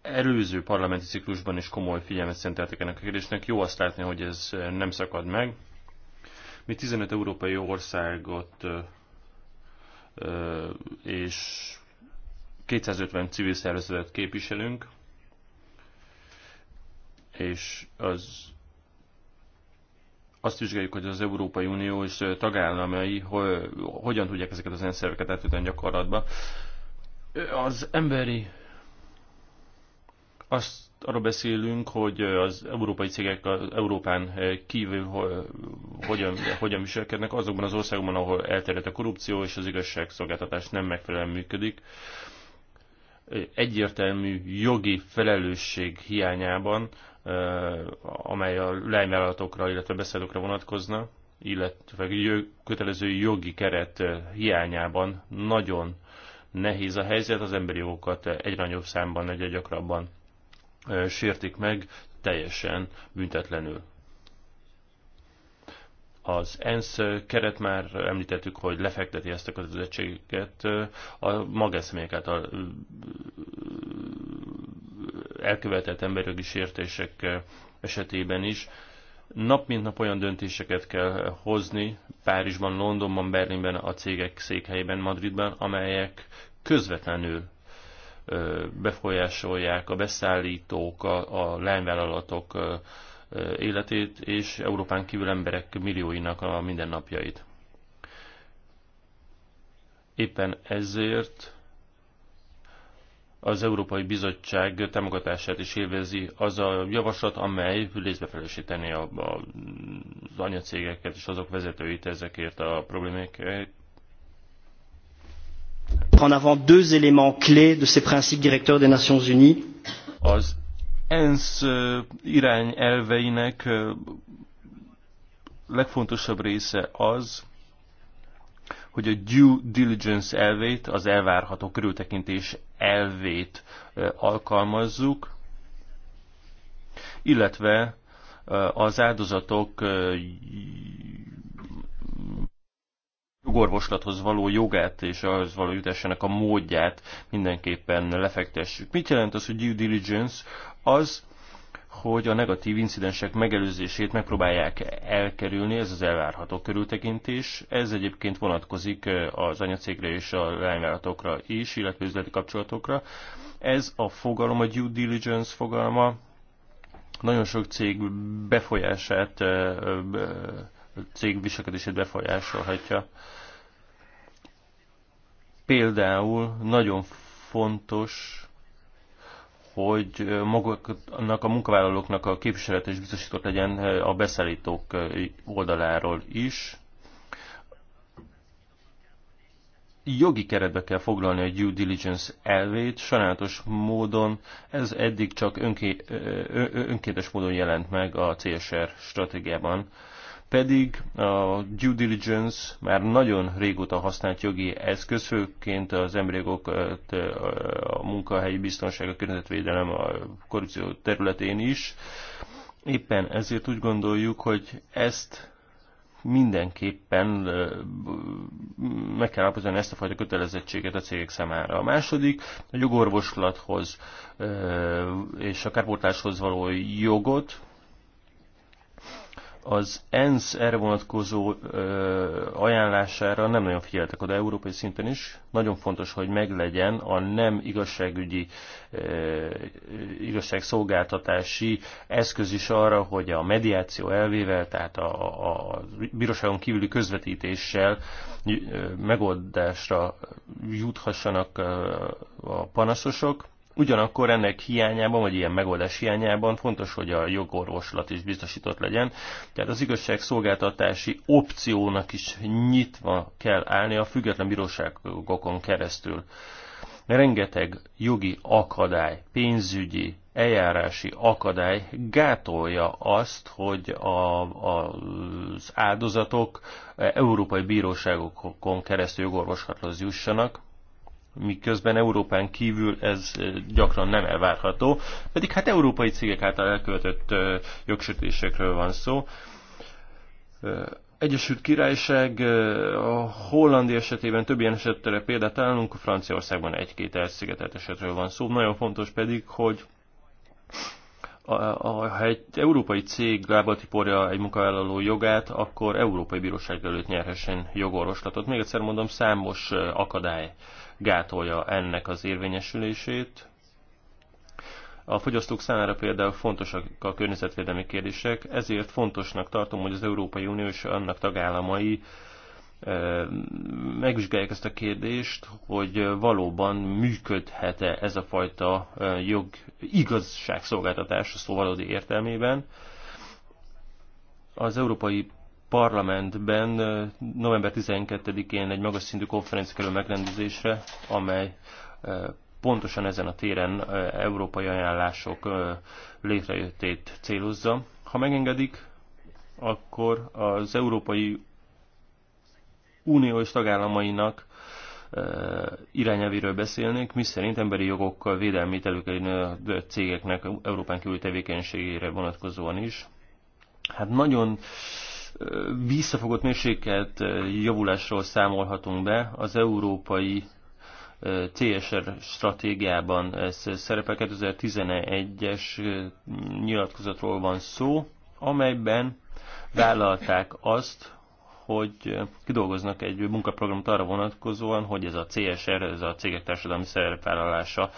A: előző parlamenti ciklusban is komoly figyelmet szenteltek ennek a kérdésnek. Jó azt látni, hogy ez nem szakad meg. Mi 15 európai országot és 250 civil szervezetet képviselünk, és az azt vizsgáljuk, hogy az Európai Unió és tagállamai hogy, hogyan tudják ezeket az rendszereket átütni gyakorlatba. Az emberi azt arról beszélünk, hogy az európai cégek az Európán kívül hogyan, hogyan viselkednek azokban az országokban, ahol elterjedt a korrupció és az igazságszolgáltatás nem megfelelően működik. Egyértelmű jogi felelősség hiányában amely a lányvállalatokra, illetve beszélőkre vonatkozna, illetve kötelező jogi keret hiányában nagyon nehéz a helyzet, az emberi jogokat egyre nagyobb számban, egyre gyakrabban sértik meg, teljesen büntetlenül. Az ENSZ keret már említettük, hogy lefekteti ezt a kötelezettséget a magánszemélyek által elkövetett emberjogi sértések eh, esetében is nap mint nap olyan döntéseket kell hozni Párizsban, Londonban, Berlinben, a cégek székhelyében, Madridban, amelyek közvetlenül eh, befolyásolják a beszállítók, a, a lányvállalatok eh, életét és Európán kívül emberek millióinak a mindennapjait. Éppen ezért az Európai Bizottság támogatását is élvezi az a javaslat, amely részbefelelősíteni az anyacégeket és azok vezetőit ezekért a problémákért.
B: En avant deux éléments clés de ces principes directeurs des Nations Unies.
A: Az ENSZ irányelveinek legfontosabb része az, hogy a due diligence elvét, az elvárható körültekintés elvét alkalmazzuk, illetve az áldozatok jogorvoslathoz való jogát és ahhoz való jutásának a módját mindenképpen lefektessük. Mit jelent az, hogy due diligence? Az hogy a negatív incidensek megelőzését megpróbálják elkerülni, ez az elvárható körültekintés. Ez egyébként vonatkozik az anyacégre és a lányvállalatokra is, illetve üzleti kapcsolatokra. Ez a fogalom, a due diligence fogalma, nagyon sok cég befolyását, cég viselkedését befolyásolhatja. Például nagyon fontos hogy maguknak a munkavállalóknak a képviselet is biztosított legyen eh, a beszállítók eh, oldaláról is. Jogi keretbe kell foglalni a due diligence elvét, sajnálatos módon ez eddig csak önké, eh, önkéntes módon jelent meg a CSR stratégiában pedig a due diligence már nagyon régóta használt jogi eszköz, főként az emberi a munkahelyi biztonság, a környezetvédelem, a korrupció területén is. Éppen ezért úgy gondoljuk, hogy ezt mindenképpen meg kell alapozni ezt a fajta kötelezettséget a cégek számára. A második, a jogorvoslathoz és a kárpótláshoz való jogot, az ENSZ erre vonatkozó ö, ajánlására nem nagyon figyeltek oda európai szinten is. Nagyon fontos, hogy meglegyen a nem igazságügyi, ö, igazságszolgáltatási eszköz is arra, hogy a mediáció elvével, tehát a, a, a bíróságon kívüli közvetítéssel ö, megoldásra juthassanak ö, a panaszosok Ugyanakkor ennek hiányában, vagy ilyen megoldás hiányában fontos, hogy a jogorvoslat is biztosított legyen. Tehát az igazságszolgáltatási opciónak is nyitva kell állni a független bíróságokon keresztül. Rengeteg jogi akadály, pénzügyi, eljárási akadály gátolja azt, hogy a, a, az áldozatok európai bíróságokon keresztül jogorvoslathoz jussanak, miközben Európán kívül ez gyakran nem elvárható, pedig hát európai cégek által elkövetett jogsütésekről van szó. Egyesült Királyság, a hollandi esetében több ilyen esetre példát találunk, Franciaországban egy-két elszigetelt esetről van szó. Nagyon fontos pedig, hogy a, a, ha egy európai cég lába tiporja egy munkavállaló jogát, akkor Európai Bíróság előtt nyerhessen jogorvoslatot. Még egyszer mondom, számos akadály gátolja ennek az érvényesülését. A fogyasztók számára például fontosak a környezetvédelmi kérdések, ezért fontosnak tartom, hogy az Európai Unió és annak tagállamai megvizsgálják ezt a kérdést, hogy valóban működhet-e ez a fajta jog igazságszolgáltatás a szó valódi értelmében. Az Európai parlamentben november 12-én egy magas szintű konferencia kerül megrendezésre, amely pontosan ezen a téren európai ajánlások létrejöttét célozza. Ha megengedik, akkor az Európai és tagállamainak irányelvéről beszélnék, miszerint emberi jogok védelmét elő a cégeknek Európán kívüli tevékenységére vonatkozóan is. Hát nagyon visszafogott mérsékelt javulásról számolhatunk be. Az európai CSR stratégiában ez szerepel 2011-es nyilatkozatról van szó, amelyben vállalták azt, hogy kidolgoznak egy munkaprogramot arra vonatkozóan, hogy ez a CSR, ez a cégek társadalmi szerepvállalása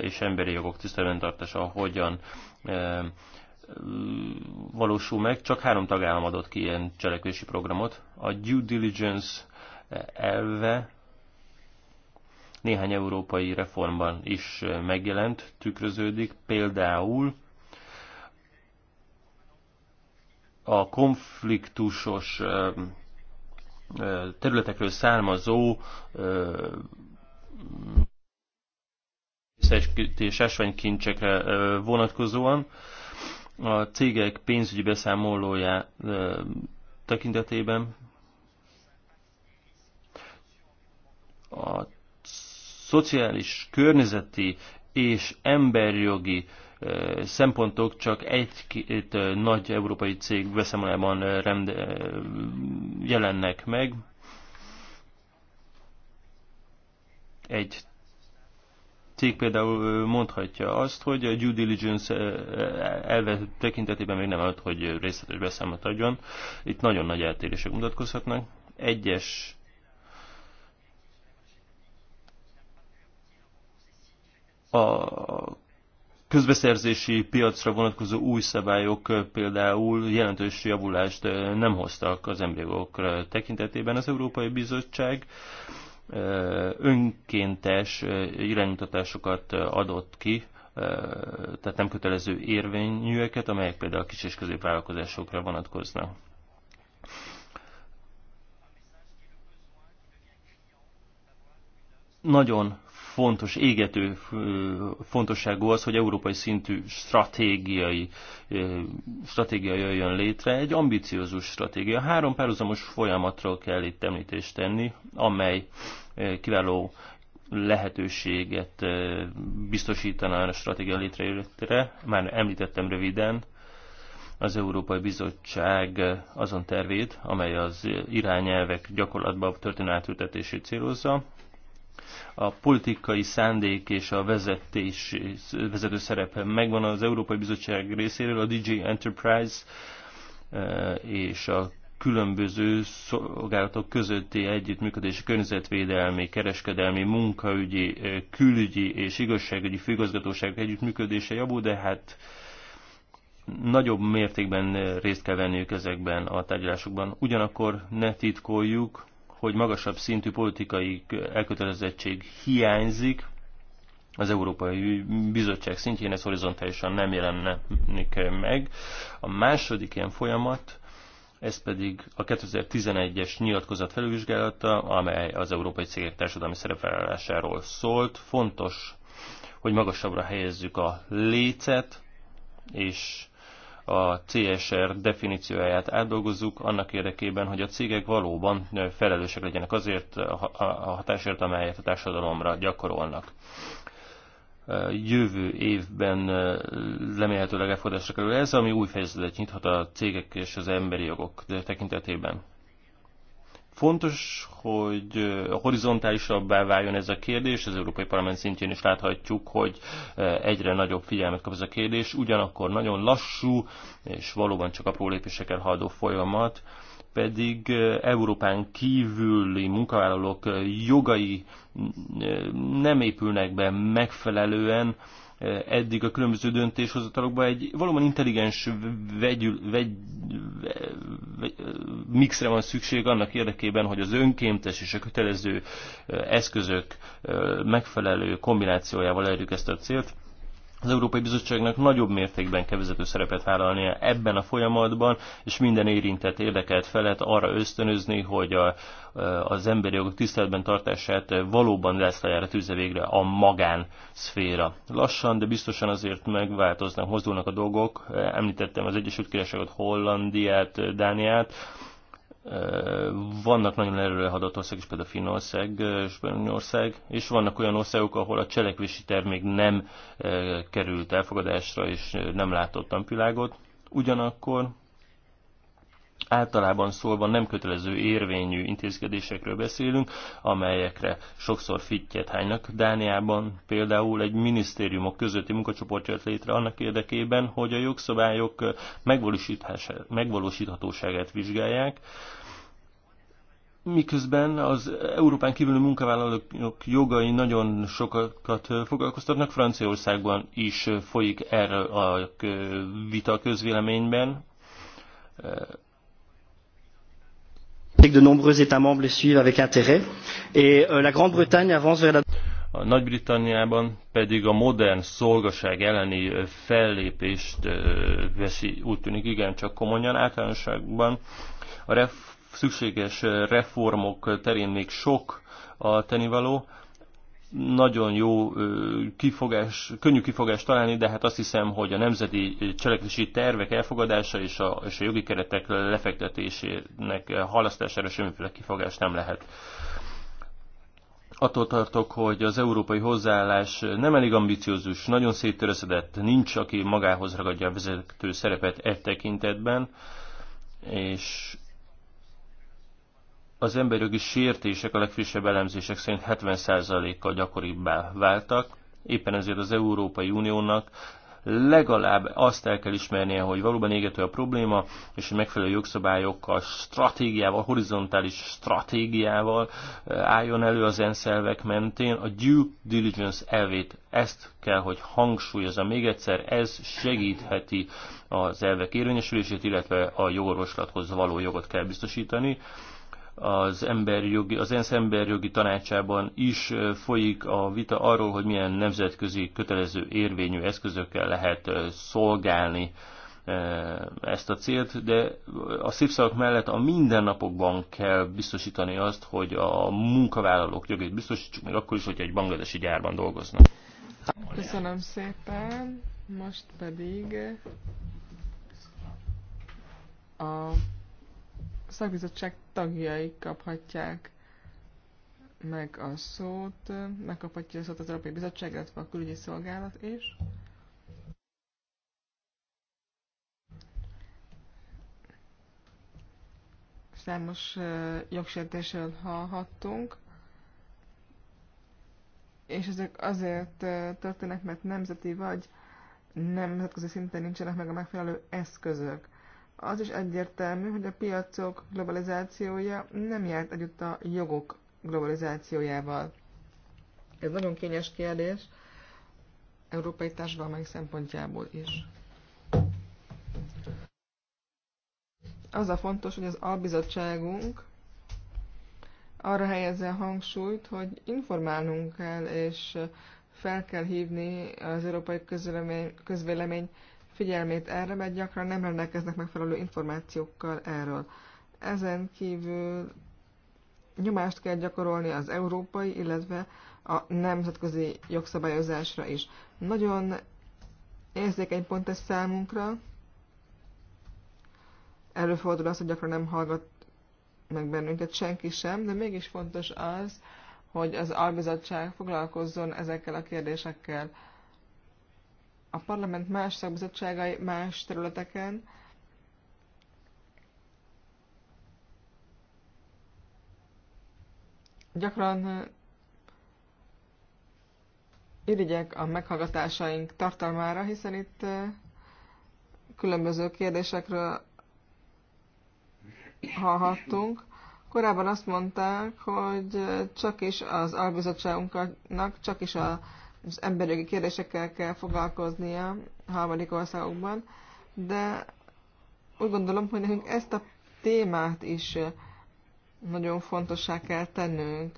A: és emberi jogok tiszteletben tartása hogyan valósul meg, csak három tagállam adott ki ilyen cselekvési programot. A due diligence elve néhány európai reformban is megjelent, tükröződik, például a konfliktusos területekről származó és esvenykincsekre vonatkozóan, a cégek pénzügyi beszámolója tekintetében a szociális, környezeti és emberjogi szempontok csak egy-két nagy európai cég beszámolában rend, jelennek meg. Egy cég például mondhatja azt, hogy a due diligence elve tekintetében még nem adott, hogy részletes beszámot adjon. Itt nagyon nagy eltérések mutatkozhatnak. Egyes a közbeszerzési piacra vonatkozó új szabályok például jelentős javulást nem hoztak az embriók tekintetében. Az Európai Bizottság önkéntes iránymutatásokat adott ki, tehát nem kötelező érvényűeket, amelyek például a kis és középvállalkozásokra vonatkoznak. Nagyon fontos, égető fontosságú az, hogy európai szintű stratégiai, stratégia jöjjön létre, egy ambiciózus stratégia. Három párhuzamos folyamatról kell itt említést tenni, amely kiváló lehetőséget biztosítana a stratégia létrejöttére. Már említettem röviden az Európai Bizottság azon tervét, amely az irányelvek gyakorlatba történő átültetését célozza a politikai szándék és a vezetés, vezető szerepe megvan az Európai Bizottság részéről, a DJ Enterprise e, és a különböző szolgálatok közötti együttműködés környezetvédelmi, kereskedelmi, munkaügyi, e, külügyi és igazságügyi főigazgatóságok együttműködése jobb, de hát nagyobb mértékben részt kell venniük ezekben a tárgyalásokban. Ugyanakkor ne titkoljuk, hogy magasabb szintű politikai elkötelezettség hiányzik, az Európai Bizottság szintjén ez horizontálisan nem jelennek meg. A második ilyen folyamat, ez pedig a 2011-es nyilatkozat felülvizsgálata, amely az európai cégek társadalmi szerepvállalásáról szólt. Fontos, hogy magasabbra helyezzük a lécet, és a CSR definícióját átdolgozzuk annak érdekében, hogy a cégek valóban felelősek legyenek azért a hatásért, amelyet a társadalomra gyakorolnak. Jövő évben remélhetőleg elfogadásra kerül ez, ami új fejezetet nyithat a cégek és az emberi jogok tekintetében. Fontos, hogy horizontálisabbá váljon ez a kérdés, az Európai Parlament szintjén is láthatjuk, hogy egyre nagyobb figyelmet kap ez a kérdés, ugyanakkor nagyon lassú, és valóban csak apró lépésekkel haladó folyamat, pedig Európán kívüli munkavállalók jogai nem épülnek be megfelelően, eddig a különböző döntéshozatalokban egy valóban intelligens vegyül, vegy, vegy, mixre van szükség annak érdekében, hogy az önkéntes és a kötelező eszközök megfelelő kombinációjával elérjük ezt a célt az Európai Bizottságnak nagyobb mértékben kell vezető szerepet vállalnia ebben a folyamatban, és minden érintett, érdekelt felett arra ösztönözni, hogy a, e, az emberi jogok tiszteletben tartását valóban lejára tűzze végre a magán szféra. Lassan, de biztosan azért megváltoznak, mozdulnak a dolgok. E, említettem az Egyesült Királyságot, Hollandiát, Dániát vannak nagyon hadott ország is, például Finnország, Spanyolország, és vannak olyan országok, ahol a cselekvési terv még nem került elfogadásra, és nem látott napvilágot. Ugyanakkor Általában szólva nem kötelező érvényű intézkedésekről beszélünk, amelyekre sokszor fittyet hánynak. Dániában például egy minisztériumok közötti munkacsoport jött létre annak érdekében, hogy a jogszabályok megvalósíthatóságát vizsgálják, miközben az Európán kívüli munkavállalók jogai nagyon sokat foglalkoztatnak, Franciaországban is folyik erről a vita közvéleményben,
B: de nombreux États membres le suivent avec intérêt. Et euh, la Grande-Bretagne avance vers la...
A: A Nagy-Britanniában pedig a modern szolgaság elleni fellépést veszi, úgy tűnik igencsak komolyan. Általánosságban a ref, szükséges reformok terén még sok a tenivaló, nagyon jó kifogás, könnyű kifogást találni, de hát azt hiszem, hogy a nemzeti cselekvési tervek elfogadása és a, és a jogi keretek lefektetésének halasztására semmiféle kifogást nem lehet. Attól tartok, hogy az európai hozzáállás nem elég ambiciózus, nagyon széttöröszedett, nincs, aki magához ragadja a vezető szerepet e tekintetben, és az emberjogi sértések a legfrissebb elemzések szerint 70%-kal gyakoribbá váltak, éppen ezért az Európai Uniónak legalább azt el kell ismernie, hogy valóban égető a probléma, és hogy megfelelő jogszabályokkal, stratégiával, horizontális stratégiával eh, álljon elő az enszelvek mentén. A due diligence elvét ezt kell, hogy hangsúlyozza. Még egyszer, ez segítheti az elvek érvényesülését, illetve a jogorvoslathoz való jogot kell biztosítani az, emberjogi, az ENSZ emberjogi tanácsában is folyik a vita arról, hogy milyen nemzetközi kötelező érvényű eszközökkel lehet szolgálni ezt a célt, de a szívszavak mellett a mindennapokban kell biztosítani azt, hogy a munkavállalók jogait biztosítsuk, még akkor is, hogyha egy bangladesi gyárban dolgoznak.
C: Köszönöm szépen, most pedig a szakbizottság tagjai kaphatják meg a szót, megkaphatja a szót az Európai Bizottság, illetve a külügyi szolgálat is. Számos jogsértésről hallhattunk, és ezek azért történnek, mert nemzeti vagy nemzetközi szinten nincsenek meg a megfelelő eszközök az is egyértelmű, hogy a piacok globalizációja nem járt együtt a jogok globalizációjával. Ez nagyon kényes kérdés, európai társadalmai szempontjából is. Az a fontos, hogy az albizottságunk arra helyezze a hangsúlyt, hogy informálnunk kell, és fel kell hívni az európai közvélemény, közvélemény figyelmét erre, mert gyakran nem rendelkeznek megfelelő információkkal erről. Ezen kívül nyomást kell gyakorolni az európai, illetve a nemzetközi jogszabályozásra is. Nagyon érzékeny pont ez számunkra. Előfordul az, hogy gyakran nem hallgat meg bennünket senki sem, de mégis fontos az, hogy az albizottság foglalkozzon ezekkel a kérdésekkel a parlament más szakbizottságai más területeken, gyakran irigyek a meghallgatásaink tartalmára, hiszen itt különböző kérdésekről hallhattunk. Korábban azt mondták, hogy csak is az albizottságunknak, csak is a az emberi kérdésekkel kell foglalkoznia harmadik országokban, de úgy gondolom, hogy nekünk ezt a témát is nagyon fontossá kell tennünk.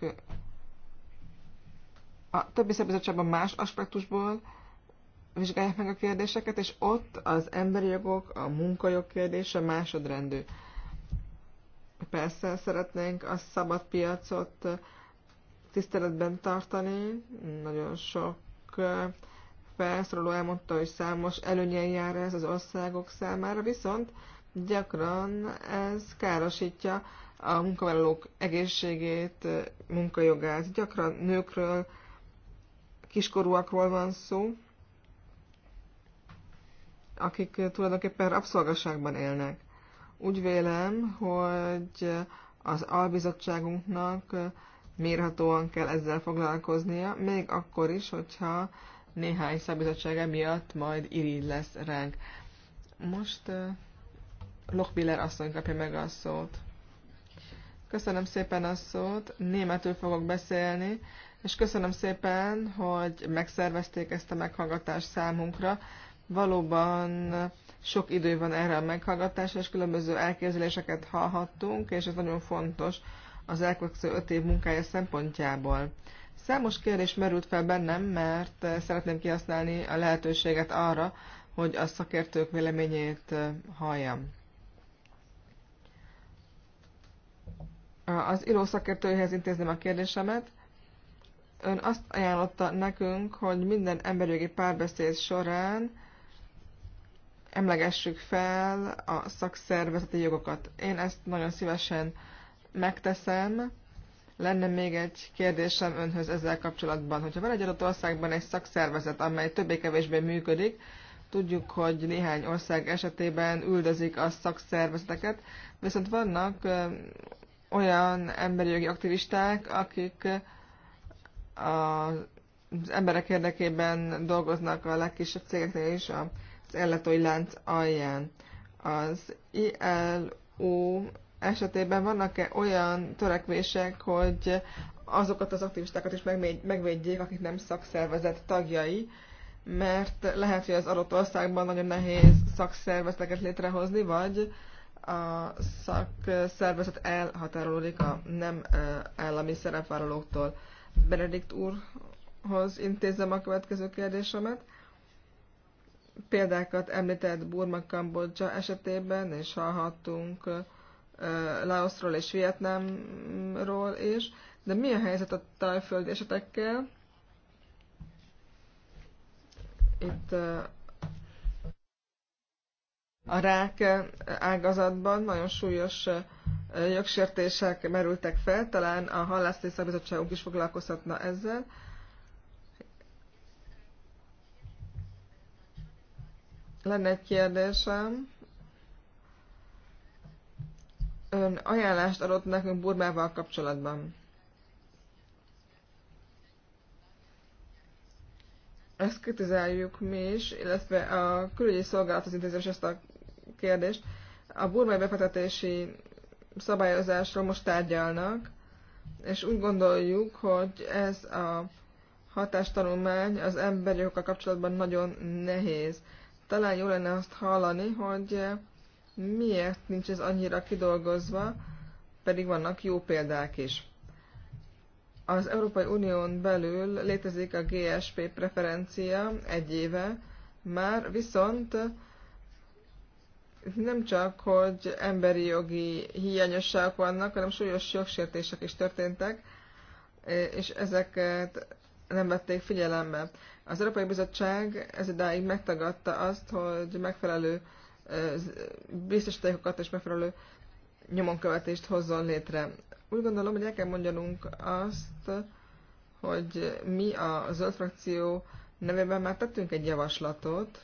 C: A többi szabizottságban más aspektusból vizsgálják meg a kérdéseket, és ott az emberi jogok, a munkajog kérdése másodrendű. Persze szeretnénk a szabad piacot tiszteletben tartani. Nagyon sok felszólaló elmondta, hogy számos előnyen jár ez az országok számára, viszont gyakran ez károsítja a munkavállalók egészségét, munkajogát. Gyakran nőkről, kiskorúakról van szó, akik tulajdonképpen rabszolgaságban élnek. Úgy vélem, hogy az albizottságunknak mérhatóan kell ezzel foglalkoznia, még akkor is, hogyha néhány szabizottsága miatt majd irigy lesz ránk. Most uh, Lochbiller asszony kapja meg a szót. Köszönöm szépen a szót, németül fogok beszélni, és köszönöm szépen, hogy megszervezték ezt a meghallgatást számunkra. Valóban sok idő van erre a meghallgatásra, és különböző elképzeléseket hallhattunk, és ez nagyon fontos az elkövetkező öt év munkája szempontjából. Számos kérdés merült fel bennem, mert szeretném kihasználni a lehetőséget arra, hogy a szakértők véleményét eh, halljam. Az író szakértőjéhez intézném a kérdésemet. Ön azt ajánlotta nekünk, hogy minden emberjogi párbeszéd során emlegessük fel a szakszervezeti jogokat. Én ezt nagyon szívesen uh, megteszem. Lenne még egy kérdésem önhöz ezzel kapcsolatban. Hogyha van egy adott országban egy szakszervezet, amely többé-kevésbé működik, tudjuk, hogy néhány ország esetében üldözik a szakszervezeteket, viszont vannak olyan emberi jogi aktivisták, akik az emberek érdekében dolgoznak a legkisebb cégeknél is az ellátói lánc alján. Az ILO esetében vannak-e olyan törekvések, hogy azokat az aktivistákat is megvédjék, akik nem szakszervezet tagjai, mert lehet, hogy az adott országban nagyon nehéz szakszervezeteket létrehozni, vagy a szakszervezet elhatárolódik a nem állami szerepvállalóktól. Benedikt úrhoz intézem a következő kérdésemet. Példákat említett Burma Kambodzsa esetében, és hallhattunk Laosról és Vietnámról is, de mi a helyzet a tajföldi esetekkel? Itt a rák ágazatban nagyon súlyos jogsértések merültek fel, talán a halászti szabizottságunk is foglalkozhatna ezzel. Lenne egy kérdésem. Ön ajánlást adott nekünk Burmával kapcsolatban. Ezt kritizáljuk mi is, illetve a külügyi szolgálat az intézés ezt a kérdést. A burmai befektetési szabályozásról most tárgyalnak, és úgy gondoljuk, hogy ez a hatástanulmány az emberi jogokkal kapcsolatban nagyon nehéz. Talán jó lenne azt hallani, hogy miért nincs ez annyira kidolgozva, pedig vannak jó példák is. Az Európai Unión belül létezik a GSP preferencia egy éve, már viszont nem csak, hogy emberi jogi hiányosságok vannak, hanem súlyos jogsértések is történtek, és ezeket nem vették figyelembe. Az Európai Bizottság ez idáig megtagadta azt, hogy megfelelő biztosítékokat és megfelelő nyomonkövetést hozzon létre. Úgy gondolom, hogy el kell mondjanunk azt, hogy mi a zöld frakció nevében már tettünk egy javaslatot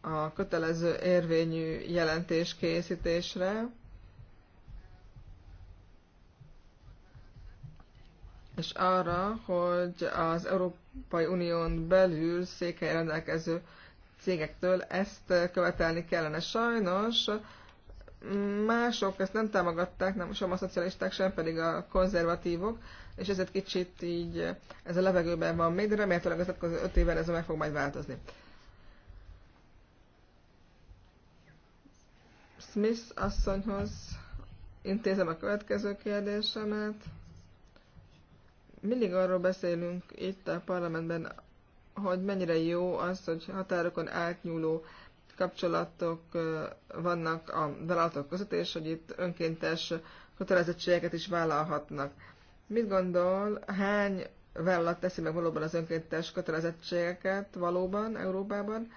C: a kötelező érvényű jelentés készítésre, és arra, hogy az Európai Unión belül székely rendelkező cégektől ezt követelni kellene. Sajnos mások ezt nem támogatták, nem sem a szocialisták, sem pedig a konzervatívok, és ez egy kicsit így ez a levegőben van még, de remélhetőleg az öt évvel ez meg fog majd változni. Smith asszonyhoz intézem a következő kérdésemet. Mindig arról beszélünk itt a parlamentben, hogy mennyire jó az, hogy határokon átnyúló kapcsolatok vannak a vállalatok között, és hogy itt önkéntes kötelezettségeket is vállalhatnak. Mit gondol, hány vállalat teszi meg valóban az önkéntes kötelezettségeket valóban Európában?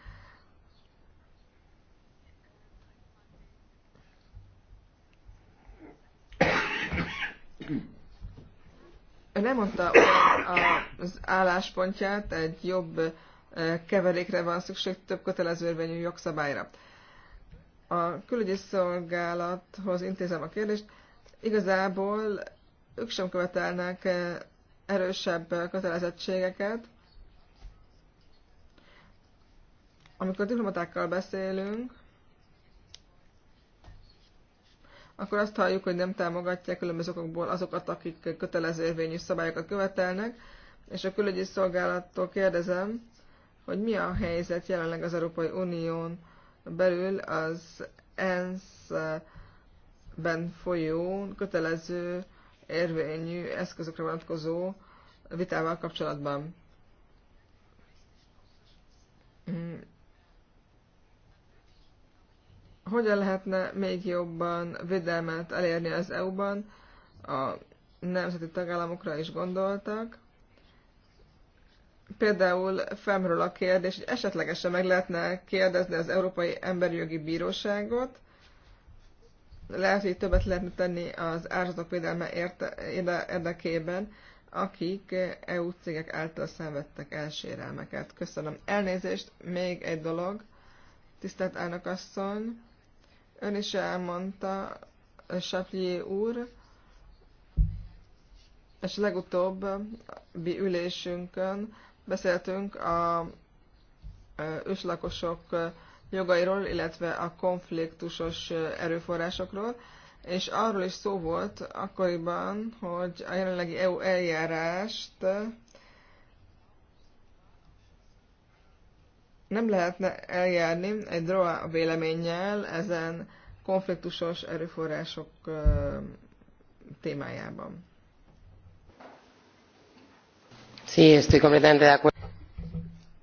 C: Mm hogy az álláspontját, egy jobb keverékre van szükség, több kötelező érvényű jogszabályra. A külügyi szolgálathoz intézem a kérdést. Igazából ők sem követelnek erősebb kötelezettségeket. Amikor diplomatákkal beszélünk, akkor azt halljuk, hogy nem támogatják különböző okokból azokat, akik kötelező érvényű szabályokat követelnek, és a külügyi szolgálattól kérdezem, hogy mi a helyzet jelenleg az Európai Unión belül az ENSZ-ben folyó kötelező érvényű eszközökre vonatkozó vitával kapcsolatban. Mm, hogyan lehetne még jobban védelmet elérni az EU-ban, a nemzeti tagállamokra is gondoltak. Például felmerül a kérdés, hogy esetlegesen meg lehetne kérdezni az Európai Emberi Jogi Bíróságot, lehet, hogy többet lehetne tenni az áldozatok védelme érte, érdekében, akik EU cégek által szenvedtek el sérelmeket. Köszönöm. Elnézést, még egy dolog. Tisztelt elnök asszony, Ön is elmondta, Saplié úr, és legutóbb ülésünkön beszéltünk a őslakosok jogairól, illetve a konfliktusos erőforrásokról, és arról is szó volt akkoriban, hogy a jelenlegi EU eljárást nem lehetne eljárni egy DROA véleménnyel ezen konfliktusos erőforrások témájában.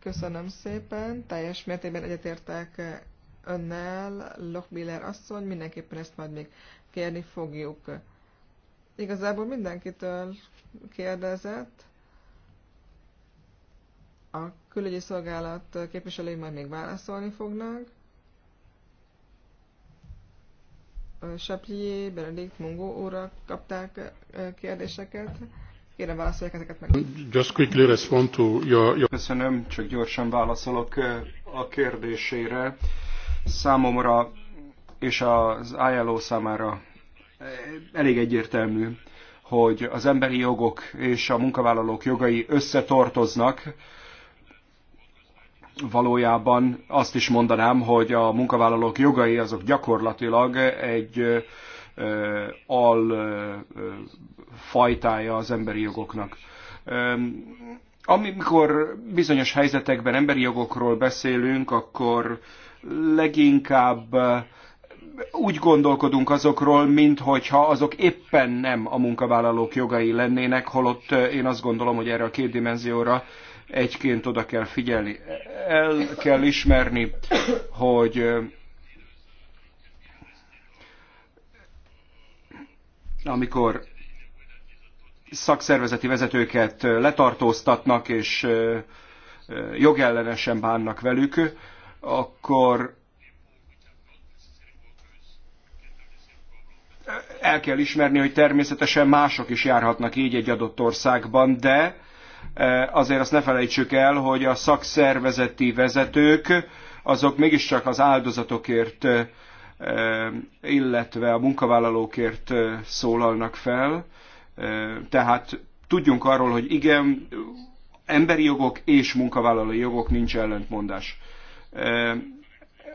C: Köszönöm szépen, teljes mértékben egyetértek önnel, Lochbiller asszony, mindenképpen ezt majd még kérni fogjuk. Igazából mindenkitől kérdezett. A külügyi szolgálat képviselői majd még válaszolni fognak. Saplié, Benedikt, Mungó óra kapták kérdéseket. Kérem válaszolják ezeket meg.
A: Just quickly respond to your, your...
B: Köszönöm, csak gyorsan válaszolok a kérdésére. Számomra és az ILO számára elég egyértelmű, hogy az emberi jogok és a munkavállalók jogai összetartoznak, valójában azt is mondanám, hogy a munkavállalók jogai azok gyakorlatilag egy al fajtája az emberi jogoknak. Amikor bizonyos helyzetekben emberi jogokról beszélünk, akkor leginkább úgy gondolkodunk azokról, minthogyha azok éppen nem a munkavállalók jogai lennének, holott én azt gondolom, hogy erre a két dimenzióra egyként oda kell figyelni. El kell ismerni, hogy amikor szakszervezeti vezetőket letartóztatnak és jogellenesen bánnak velük, akkor el kell ismerni, hogy természetesen mások is járhatnak így egy adott országban, de azért azt ne felejtsük el, hogy a szakszervezeti vezetők azok mégiscsak az áldozatokért, illetve a munkavállalókért szólalnak fel. Tehát tudjunk arról, hogy igen, emberi jogok és munkavállalói jogok nincs ellentmondás.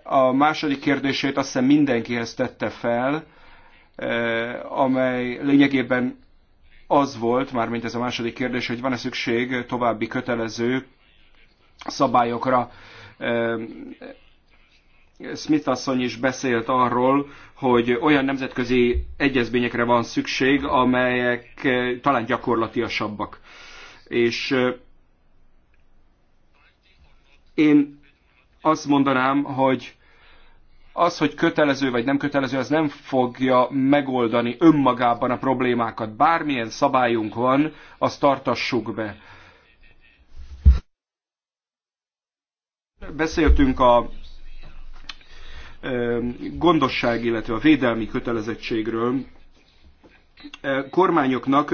B: A második kérdését azt hiszem mindenkihez tette fel, amely lényegében az volt, mármint ez a második kérdés, hogy van-e szükség további kötelező szabályokra. Smith asszony is beszélt arról, hogy olyan nemzetközi egyezményekre van szükség, amelyek talán gyakorlatiasabbak. És én azt mondanám, hogy az, hogy kötelező vagy nem kötelező, az nem fogja megoldani önmagában a problémákat. Bármilyen szabályunk van, azt tartassuk be. Beszéltünk a gondosság, illetve a védelmi kötelezettségről. Kormányoknak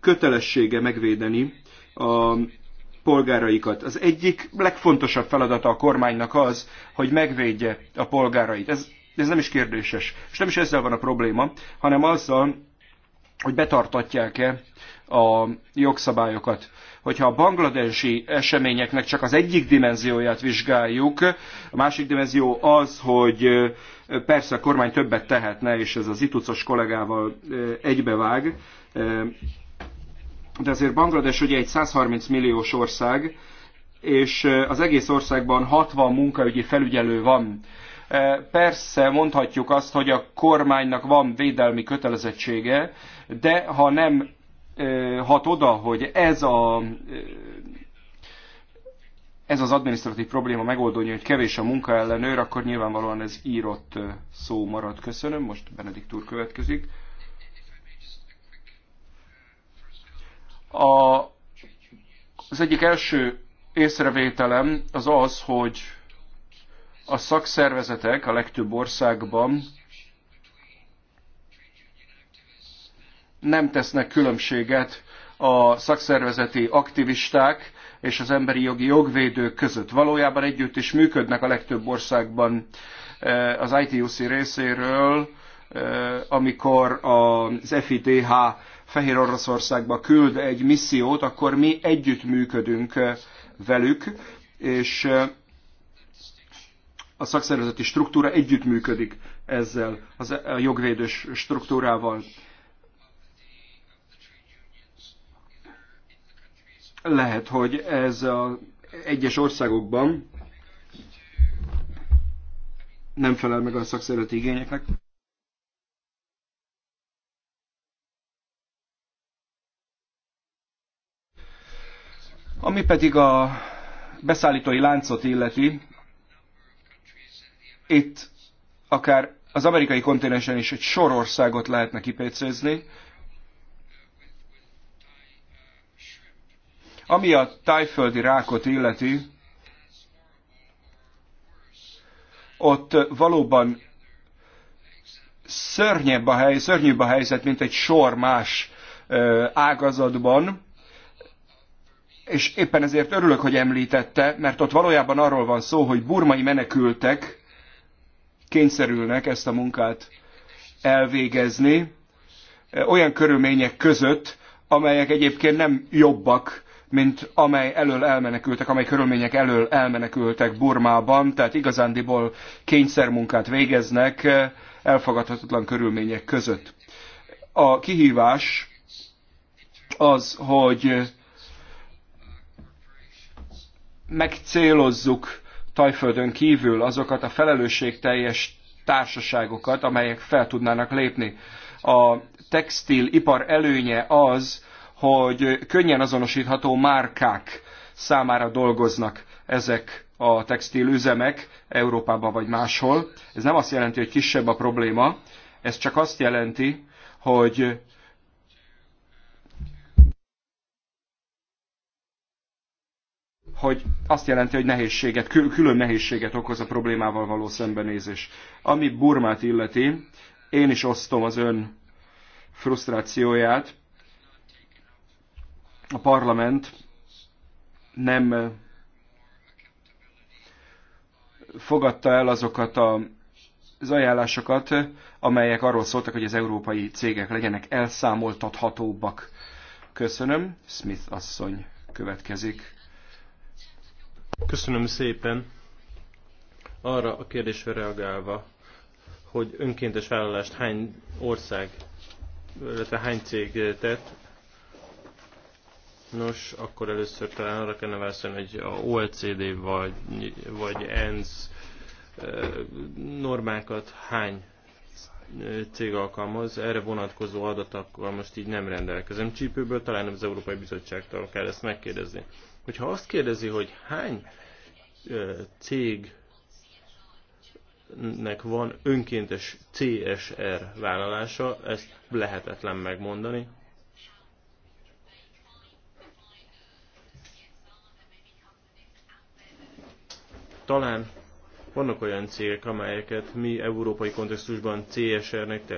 B: kötelessége megvédeni a polgáraikat. Az egyik legfontosabb feladata a kormánynak az, hogy megvédje a polgárait. Ez, ez nem is kérdéses. És nem is ezzel van a probléma, hanem azzal, hogy betartatják-e a jogszabályokat. Hogyha a bangladesi eseményeknek csak az egyik dimenzióját vizsgáljuk, a másik dimenzió az, hogy persze a kormány többet tehetne, és ez az itucos kollégával egybevág, de azért Banglades ugye egy 130 milliós ország, és az egész országban 60 munkaügyi felügyelő van. Persze mondhatjuk azt, hogy a kormánynak van védelmi kötelezettsége, de ha nem hat oda, hogy ez a ez az adminisztratív probléma megoldódja, hogy kevés a munkaellenőr, akkor nyilvánvalóan ez írott szó marad. Köszönöm, most Benedikt úr következik. A, az egyik első észrevételem az az, hogy a szakszervezetek a legtöbb országban nem tesznek különbséget a szakszervezeti aktivisták és az emberi jogi jogvédők között. Valójában együtt is működnek a legtöbb országban e, az ITUC részéről, e, amikor az FITH Fehér Oroszországba küld egy missziót, akkor mi együttműködünk eh, velük, és eh, a szakszervezeti struktúra együttműködik ezzel a jogvédős struktúrával. Lehet, hogy ez a egyes országokban nem felel meg a szakszervezeti igényeknek. Ami pedig a beszállítói láncot illeti, itt akár az amerikai kontinensen is egy sor országot lehetne kipécézni, Ami a tájföldi rákot illeti, ott valóban szörnyebb a hely, szörnyűbb a helyzet, mint egy sor más ágazatban és éppen ezért örülök, hogy említette, mert ott valójában arról van szó, hogy burmai menekültek kényszerülnek ezt a munkát elvégezni eh, olyan körülmények között, amelyek egyébként nem jobbak, mint amely elől elmenekültek, amely körülmények elől elmenekültek Burmában, tehát igazándiból kényszermunkát végeznek eh, elfogadhatatlan körülmények között. A kihívás az, hogy megcélozzuk Tajföldön kívül azokat a felelősségteljes társaságokat, amelyek fel tudnának lépni. A textilipar előnye az, hogy könnyen azonosítható márkák számára dolgoznak ezek a textilüzemek Európában vagy máshol. Ez nem azt jelenti, hogy kisebb a probléma, ez csak azt jelenti, hogy hogy azt jelenti, hogy nehézséget, külön nehézséget okoz a problémával való szembenézés. Ami Burmát illeti, én is osztom az ön frusztrációját. A parlament nem eh, fogadta el azokat a, az ajánlásokat, amelyek arról szóltak, hogy az európai cégek legyenek elszámoltathatóbbak. Köszönöm. Smith asszony következik. Köszönöm szépen.
A: Arra a kérdésre reagálva, hogy önkéntes vállalást hány ország, illetve hány cég tett, Nos, akkor először talán arra kellene válaszolni, hogy a OECD vagy, vagy ENSZ normákat hány cég alkalmaz, erre vonatkozó adatokkal most így nem rendelkezem. Csípőből talán az Európai Bizottságtól kell ezt megkérdezni. Hogyha azt kérdezi, hogy hány cégnek van önkéntes CSR vállalása, ezt lehetetlen megmondani. Talán vannak olyan cégek, amelyeket mi európai kontextusban CSR-nek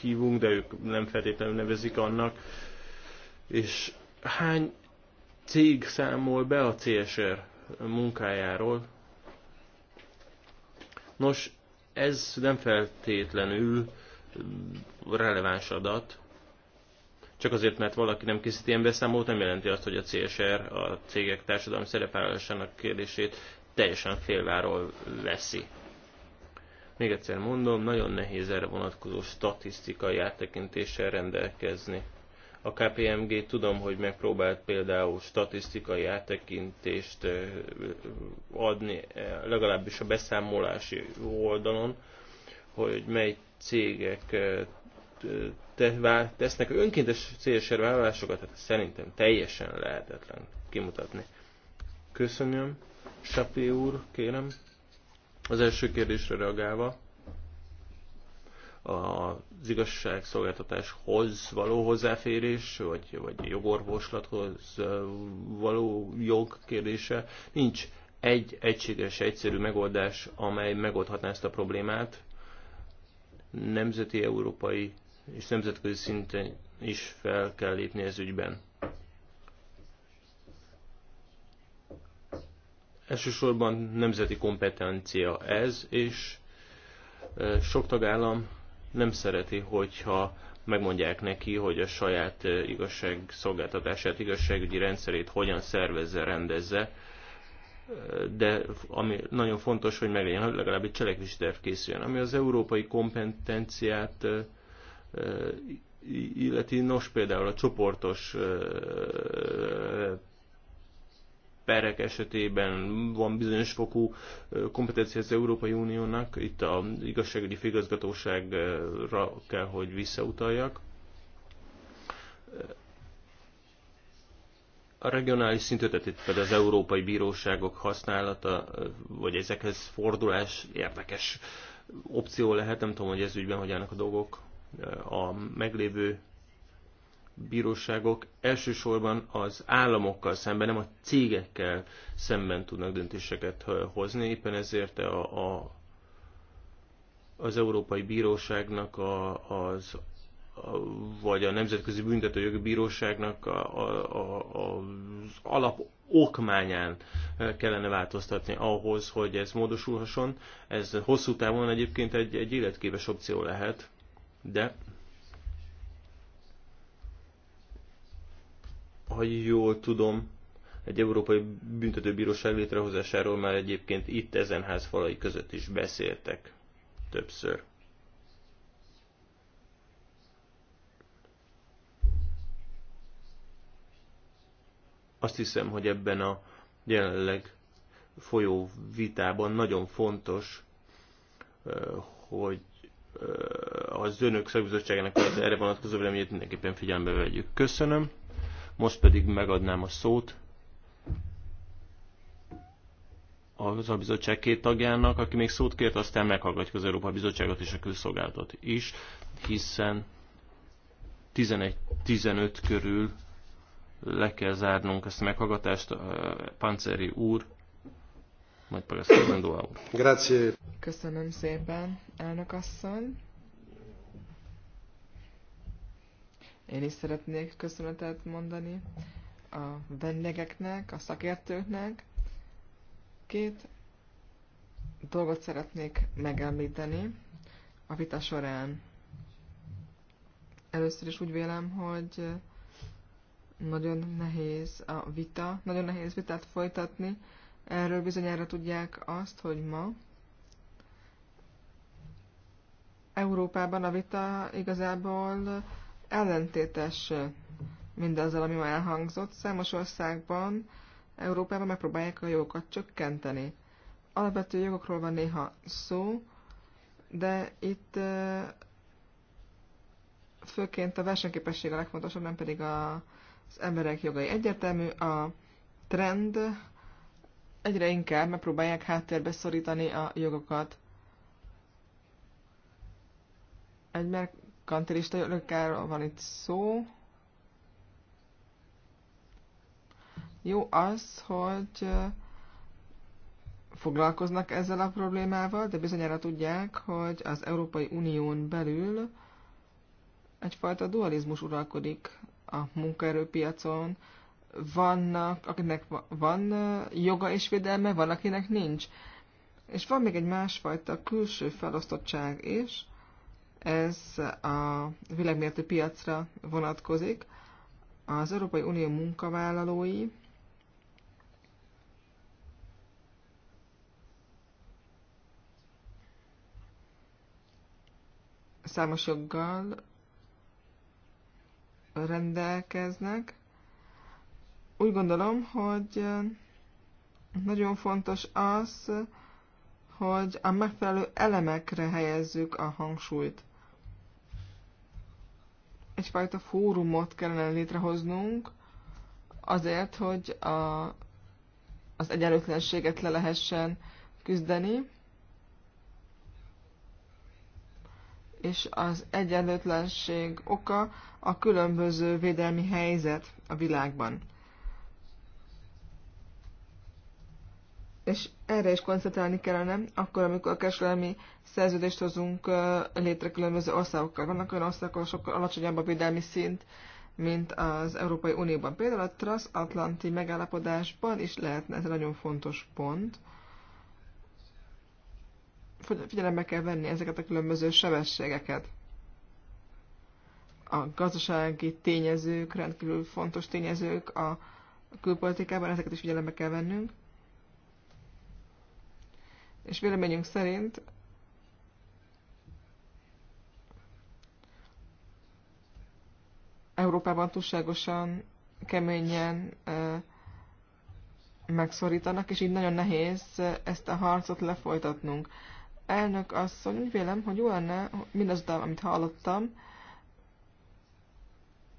A: hívunk, de ők nem feltétlenül nevezik annak. És hány cég számol be a CSR munkájáról. Nos, ez nem feltétlenül releváns adat, csak azért, mert valaki nem készít ilyen beszámolót, nem jelenti azt, hogy a CSR a cégek társadalmi szerepállásának kérdését teljesen félváról veszi. Még egyszer mondom, nagyon nehéz erre vonatkozó statisztikai áttekintéssel rendelkezni. A KPMG tudom, hogy megpróbált például statisztikai áttekintést adni, legalábbis a beszámolási oldalon, hogy mely cégek tesznek önkéntes céges vállalásokat, Tehát szerintem teljesen lehetetlen kimutatni. Köszönöm. Sapi úr, kérem. Az első kérdésre reagálva az igazságszolgáltatáshoz való hozzáférés, vagy, vagy jogorvoslathoz való jog kérdése. Nincs egy egységes, egyszerű megoldás, amely megoldhatná ezt a problémát. Nemzeti, európai és nemzetközi szinten is fel kell lépni ez ügyben. Elsősorban nemzeti kompetencia ez, és sok tagállam nem szereti, hogyha megmondják neki, hogy a saját eh, igazságszolgáltatását, igazságügyi rendszerét hogyan szervezze, rendezze, eh, de ami nagyon fontos, hogy meglegyen, hogy legalább egy cselekvési terv készüljön, ami az európai kompetenciát eh, illeti, nos például a csoportos perek esetében van bizonyos fokú kompetencia az Európai Uniónak, itt a igazságügyi figazgatóságra kell, hogy visszautaljak. A regionális szintet, tehát például az európai bíróságok használata, vagy ezekhez fordulás érdekes opció lehet, nem tudom, hogy ez ügyben hogy állnak a dolgok. A meglévő bíróságok elsősorban az államokkal szemben, nem a cégekkel szemben tudnak döntéseket hozni, éppen ezért a, a, az Európai Bíróságnak a, az vagy a Nemzetközi Büntetőjogi Bíróságnak a, a, a, az alap okmányán kellene változtatni ahhoz, hogy ez módosulhasson. Ez hosszú távon egyébként egy, egy életképes opció lehet, de ha jól tudom, egy európai büntetőbíróság létrehozásáról már egyébként itt ezen ház falai között is beszéltek többször. Azt hiszem, hogy ebben a jelenleg folyó vitában nagyon fontos, hogy az önök szakbizottságának erre vonatkozó véleményét mindenképpen figyelembe vegyük. Köszönöm. Most pedig megadnám a szót az a bizottság két tagjának, aki még szót kért, aztán meghallgatjuk az Európa Bizottságot és a Külszolgálatot is, hiszen 11-15 körül le kell zárnunk ezt a meghallgatást. Panceri úr, majd Pagaszkó úr.
B: Grazie.
C: Köszönöm szépen, elnök asszony. Én is szeretnék köszönetet mondani a vendégeknek, a szakértőknek. Két dolgot szeretnék megemlíteni a vita során. Először is úgy vélem, hogy nagyon nehéz a vita, nagyon nehéz vitát folytatni. Erről bizonyára tudják azt, hogy ma Európában a vita igazából ellentétes mindazzal, ami már elhangzott. Számos országban, Európában megpróbálják a jogokat csökkenteni. Alapvető jogokról van néha szó, de itt főként a versenyképesség a legfontosabb, nem pedig a, az emberek jogai. Egyértelmű a trend, egyre inkább megpróbálják háttérbe szorítani a jogokat. Egy kantilista örökkáról van itt szó. Jó az, hogy foglalkoznak ezzel a problémával, de bizonyára tudják, hogy az Európai Unión belül egyfajta dualizmus uralkodik a munkaerőpiacon. Vannak, akinek van joga és védelme, van, akinek nincs. És van még egy másfajta külső felosztottság is, ez a világméretű piacra vonatkozik. Az Európai Unió munkavállalói számos joggal rendelkeznek. Úgy gondolom, hogy nagyon fontos az, hogy a megfelelő elemekre helyezzük a hangsúlyt. Egyfajta fórumot kellene létrehoznunk azért, hogy a, az egyenlőtlenséget le lehessen küzdeni, és az egyenlőtlenség oka a különböző védelmi helyzet a világban. és erre is koncentrálni kellene, akkor, amikor a kereskedelmi szerződést hozunk létre különböző országokkal. Vannak olyan országok, ahol sokkal alacsonyabb a védelmi szint, mint az Európai Unióban. Például a transatlanti megállapodásban is lehetne ez egy nagyon fontos pont. Figyelembe kell venni ezeket a különböző sebességeket. A gazdasági tényezők, rendkívül fontos tényezők a külpolitikában, ezeket is figyelembe kell vennünk és véleményünk szerint Európában túlságosan keményen megszorítanak, és így nagyon nehéz ezt a harcot lefolytatnunk. Elnök asszony, úgy vélem, hogy jó lenne mindazután, amit hallottam,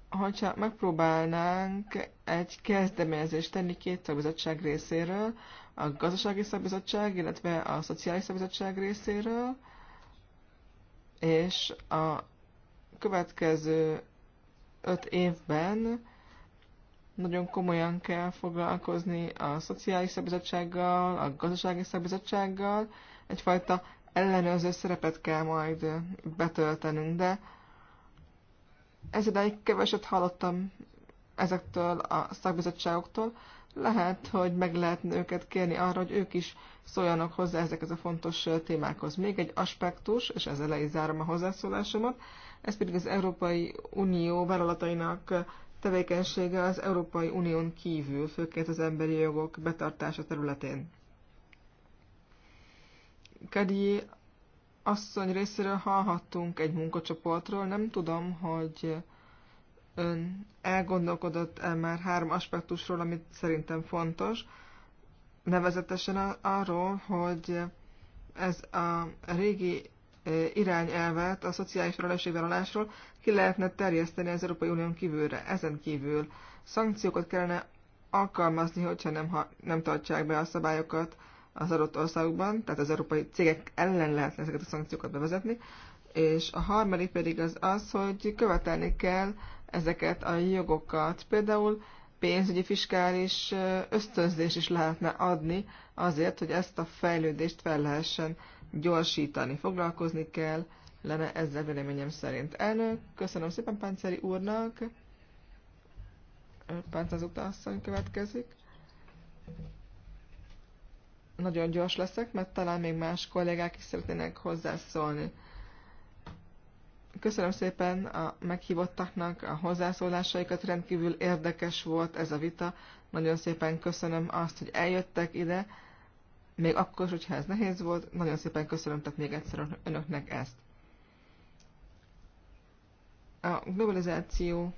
C: ha csak megpróbálnánk egy kezdeményezést tenni két szakbizottság részéről, a gazdasági szakbizottság, illetve a szociális szakbizottság részéről, és a következő öt évben nagyon komolyan kell foglalkozni a szociális szabizottsággal, a gazdasági szabizottsággal, egyfajta ellenőrző szerepet kell majd betöltenünk, de ez ideig keveset hallottam ezektől a szakbizottságoktól. Lehet, hogy meg lehetne őket kérni arra, hogy ők is szóljanak hozzá ezekhez a fontos témákhoz. Még egy aspektus, és ezzel le is zárom a hozzászólásomat, ez pedig az Európai Unió vállalatainak tevékenysége az Európai Unión kívül, főként az emberi jogok betartása területén. Kadi asszony részéről hallhattunk egy munkacsoportról. Nem tudom, hogy ön elgondolkodott -e már három aspektusról, amit szerintem fontos, nevezetesen arról, hogy ez a régi e, irányelvet a szociális felelősségvállalásról ki lehetne terjeszteni az Európai Unión kívülre. Ezen kívül szankciókat kellene alkalmazni, hogyha nem, ha nem tartják be a szabályokat az adott országokban, tehát az európai cégek ellen lehetne ezeket a szankciókat bevezetni, és a harmadik pedig az az, hogy követelni kell ezeket a jogokat. Például pénzügyi fiskális ösztönzés is lehetne adni azért, hogy ezt a fejlődést fel lehessen gyorsítani. Foglalkozni kell lenne ezzel véleményem szerint. Elnök, köszönöm szépen Pánceri úrnak. Páncázukta asszony következik nagyon gyors leszek, mert talán még más kollégák is szeretnének hozzászólni. Köszönöm szépen a meghívottaknak a hozzászólásaikat, rendkívül érdekes volt ez a vita. Nagyon szépen köszönöm azt, hogy eljöttek ide, még akkor is, hogyha ez nehéz volt. Nagyon szépen köszönöm, tehát még egyszer önöknek ezt. A globalizáció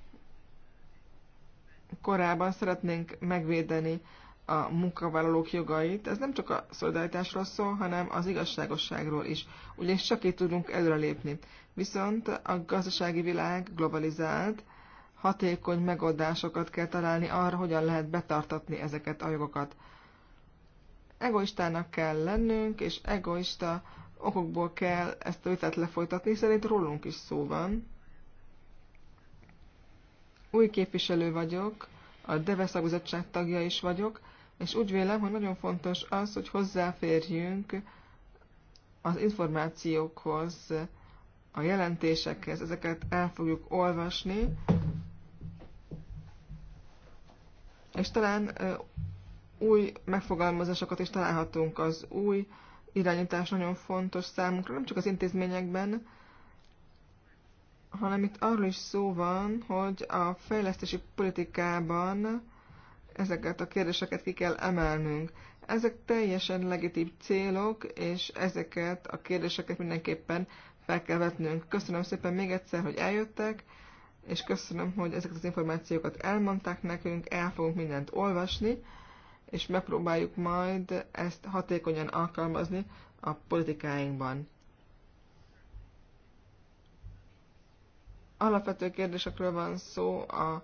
C: korában szeretnénk megvédeni a munkavállalók jogait, ez nem csak a szolidaritásról szól, hanem az igazságosságról is, ugyanis csak így tudunk előrelépni. Viszont a gazdasági világ globalizált, hatékony megoldásokat kell találni arra, hogyan lehet betartatni ezeket a jogokat. Egoistának kell lennünk, és egoista okokból kell ezt a vitát lefolytatni, szerint rólunk is szó van. Új képviselő vagyok, a Deve tagja is vagyok, és úgy vélem, hogy nagyon fontos az, hogy hozzáférjünk az információkhoz, a jelentésekhez, ezeket el fogjuk olvasni, és talán új megfogalmazásokat is találhatunk. Az új irányítás nagyon fontos számunkra, nem csak az intézményekben, hanem itt arról is szó van, hogy a fejlesztési politikában ezeket a kérdéseket ki kell emelnünk. Ezek teljesen legitim célok, és ezeket a kérdéseket mindenképpen fel kell vetnünk. Köszönöm szépen még egyszer, hogy eljöttek, és köszönöm, hogy ezeket az információkat elmondták nekünk, el fogunk mindent olvasni, és megpróbáljuk majd ezt hatékonyan alkalmazni a politikáinkban. Alapvető kérdésekről van szó a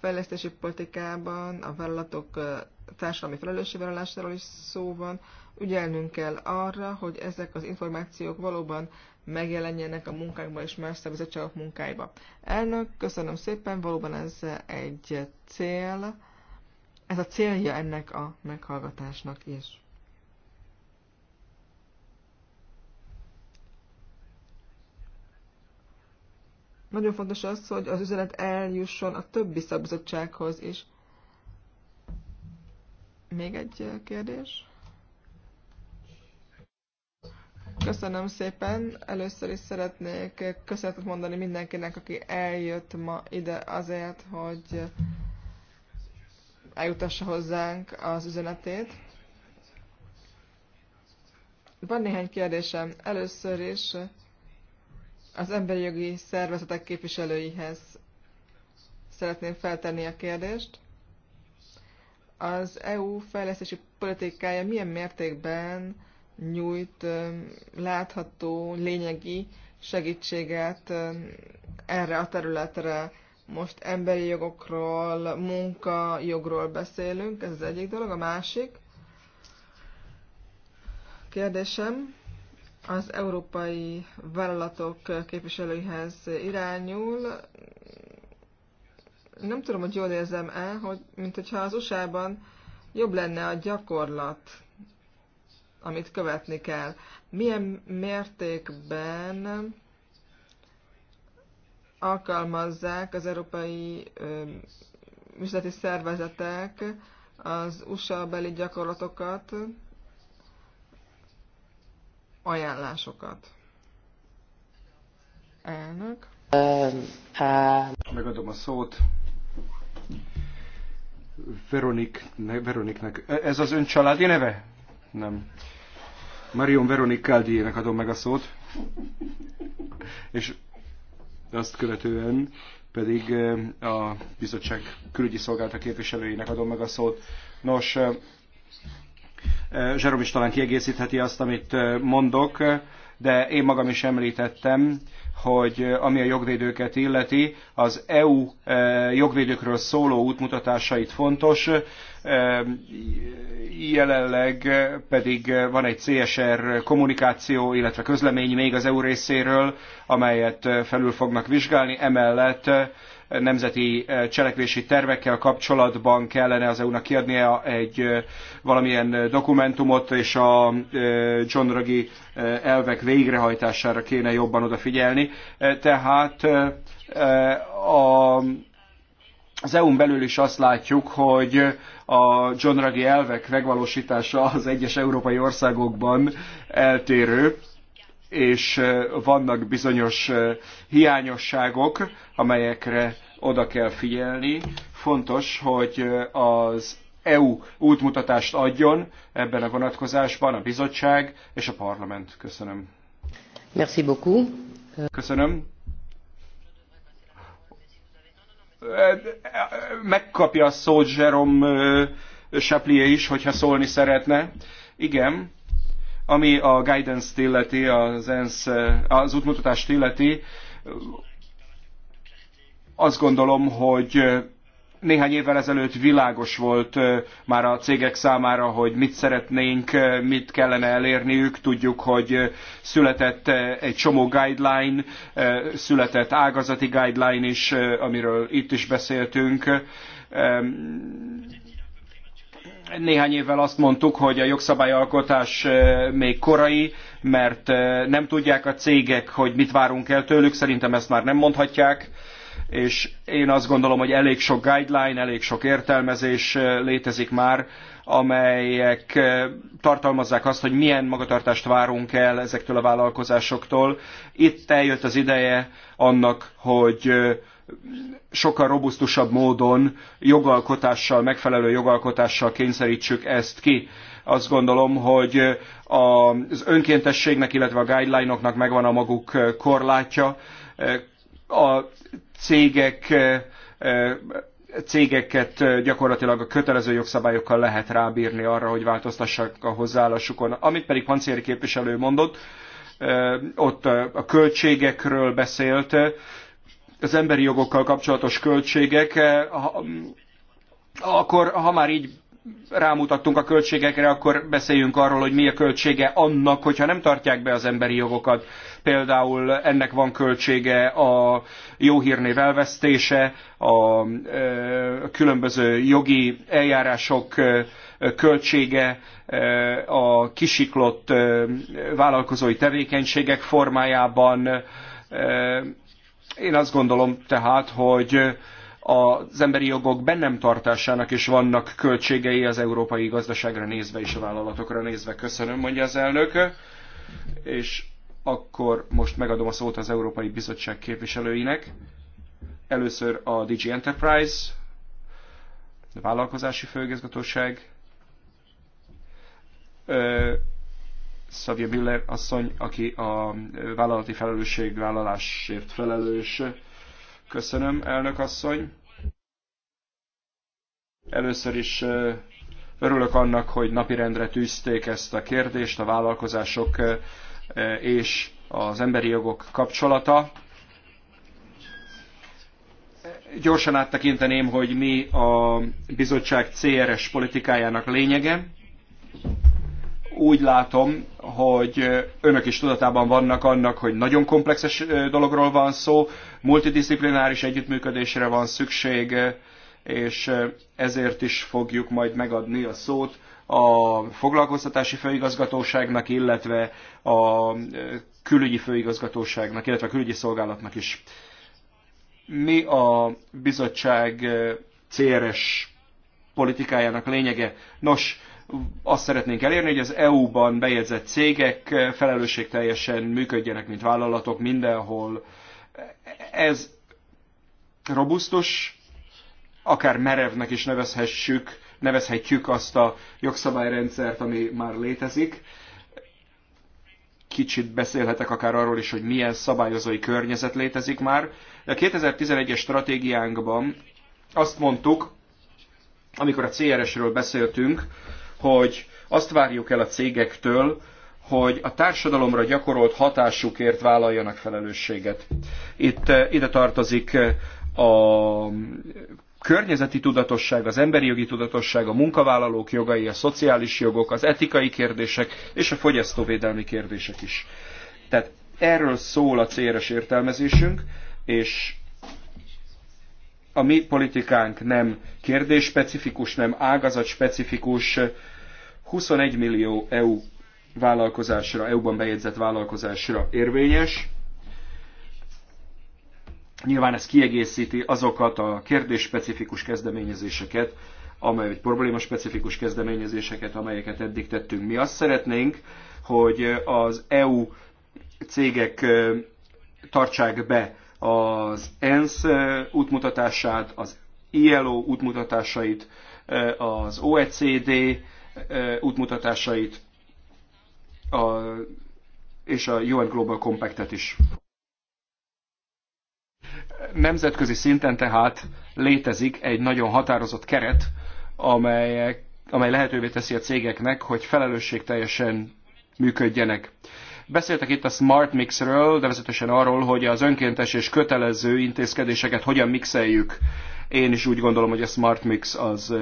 C: fejlesztési politikában, a vállalatok társadalmi felelősségvállalásáról is szó van. Ügyelnünk kell arra, hogy ezek az információk valóban megjelenjenek a munkákban és más szervezetségek munkáiba. Elnök, köszönöm szépen, valóban ez egy cél, ez a célja ennek a meghallgatásnak is. Nagyon fontos az, hogy az üzenet eljusson a többi szakbizottsághoz is. Még egy kérdés? Köszönöm szépen. Először is szeretnék köszönetet mondani mindenkinek, aki eljött ma ide azért, hogy eljutassa hozzánk az üzenetét. Van néhány kérdésem. Először is az emberi jogi szervezetek képviselőihez szeretném feltenni a kérdést. Az EU fejlesztési politikája milyen mértékben nyújt látható, lényegi segítséget erre a területre? Most emberi jogokról, munkajogról beszélünk, ez az egyik dolog. A másik kérdésem, az európai vállalatok képviselőihez irányul. Nem tudom, hogy jól érzem-e, hogy, mint hogyha az USA-ban jobb lenne a gyakorlat, amit követni kell. Milyen mértékben alkalmazzák az európai üzleti szervezetek az USA beli gyakorlatokat, ajánlásokat. Elnök.
B: Megadom a szót. Veronik, ne, Veroniknek. Ez az ön családi neve? Nem. Marion Veronik Káldiének adom meg a szót. És azt követően pedig eh, a bizottság külügyi szolgálata képviselőjének adom meg a szót. Nos, eh, Zserom is talán kiegészítheti azt, amit mondok, de én magam is említettem, hogy ami a jogvédőket illeti, az EU jogvédőkről szóló útmutatásait fontos, jelenleg pedig van egy CSR kommunikáció, illetve közlemény még az EU részéről, amelyet felül fognak vizsgálni, emellett nemzeti eh, cselekvési tervekkel kapcsolatban kellene az EU-nak kiadnia egy eh, valamilyen dokumentumot, és a eh, John Ruggie elvek végrehajtására kéne jobban odafigyelni. Tehát a az EU-n belül is azt látjuk, hogy a John Ruggie elvek megvalósítása az egyes európai országokban eltérő és vannak bizonyos hiányosságok, amelyekre oda kell figyelni. Fontos, hogy az EU útmutatást adjon ebben a vonatkozásban a bizottság és a parlament. Köszönöm. Merci beaucoup. Köszönöm. Megkapja a szót Jerome Chaplier is, hogyha szólni szeretne. Igen ami a guidance illeti, az, ENSZ, az útmutatást illeti, azt gondolom, hogy néhány évvel ezelőtt világos volt már a cégek számára, hogy mit szeretnénk, mit kellene elérniük. Tudjuk, hogy született egy csomó guideline, született ágazati guideline is, amiről itt is beszéltünk néhány évvel azt mondtuk, hogy a jogszabályalkotás eh, még korai, mert eh, nem tudják a cégek, hogy mit várunk el tőlük, szerintem ezt már nem mondhatják, és én azt gondolom, hogy elég sok guideline, elég sok értelmezés eh, létezik már, amelyek tartalmazzák azt, hogy milyen magatartást várunk el ezektől a vállalkozásoktól. Itt eljött az ideje annak, hogy sokkal robusztusabb módon jogalkotással, megfelelő jogalkotással kényszerítsük ezt ki. Azt gondolom, hogy az önkéntességnek, illetve a guideline-oknak megvan a maguk korlátja. A cégek cégeket gyakorlatilag a kötelező jogszabályokkal lehet rábírni arra, hogy változtassák a hozzáállásukon. Amit pedig Pancéri képviselő mondott, ott a költségekről beszélt, az emberi jogokkal kapcsolatos költségek, eh, akkor ha már így rámutattunk a költségekre, akkor beszéljünk arról, hogy mi a költsége annak, hogyha nem tartják be az emberi jogokat. Például ennek van költsége a jó hírnév elvesztése, a eh, különböző jogi eljárások eh, költsége, a kisiklott vállalkozói tevékenységek formájában, én azt gondolom tehát, hogy az emberi jogok bennem tartásának is vannak költségei az európai gazdaságra nézve és a vállalatokra nézve. Köszönöm, mondja az elnök. És akkor most megadom a szót az Európai Bizottság képviselőinek. Először a DG Enterprise, a vállalkozási főgazgatóság. Szavia Miller asszony, aki a vállalati felelősségvállalásért felelős. Köszönöm, elnök asszony. Először is örülök annak, hogy napirendre tűzték ezt a kérdést, a vállalkozások és az emberi jogok kapcsolata. Gyorsan áttekinteném, hogy mi a bizottság CRS politikájának lényege úgy látom, hogy önök is tudatában vannak annak, hogy nagyon komplexes dologról van szó, multidisziplináris együttműködésre van szükség, és ezért is fogjuk majd megadni a szót a foglalkoztatási főigazgatóságnak, illetve a külügyi főigazgatóságnak, illetve a külügyi szolgálatnak is. Mi a bizottság CRS er politikájának lényege? Nos, azt szeretnénk elérni, hogy az EU-ban bejegyzett cégek eh, felelősségteljesen működjenek, mint vállalatok mindenhol. Ez robusztus, akár merevnek is nevezhessük, nevezhetjük azt a jogszabályrendszert, ami már létezik. Kicsit beszélhetek akár arról is, hogy milyen szabályozói környezet létezik már. a 2011-es stratégiánkban azt mondtuk, amikor a CRS-ről beszéltünk, hogy azt várjuk el a cégektől, hogy a társadalomra gyakorolt hatásukért vállaljanak felelősséget. Itt eh, ide tartozik eh, a környezeti tudatosság, az emberi jogi tudatosság, a munkavállalók jogai, a szociális jogok, az etikai kérdések és a fogyasztóvédelmi kérdések is. Tehát erről szól a céles értelmezésünk, és a mi politikánk nem kérdésspecifikus, nem ágazatspecifikus. 21 millió EU vállalkozásra, EU-ban bejegyzett vállalkozásra érvényes. Nyilván ez kiegészíti azokat a kérdésspecifikus kezdeményezéseket, amely, vagy problémaspecifikus kezdeményezéseket, amelyeket eddig tettünk. Mi azt szeretnénk, hogy az EU cégek tartsák be az ENSZ útmutatását, az ILO útmutatásait, az OECD útmutatásait, a, és a UN Global Compact-et is. Nemzetközi szinten tehát létezik egy nagyon határozott keret, amely amely lehetővé teszi a cégeknek, hogy felelősségteljesen működjenek. Beszéltek itt a Smart Mixről, nevezetesen arról, hogy az önkéntes és kötelező intézkedéseket hogyan mixeljük. Én is úgy gondolom, hogy a Smart Mix az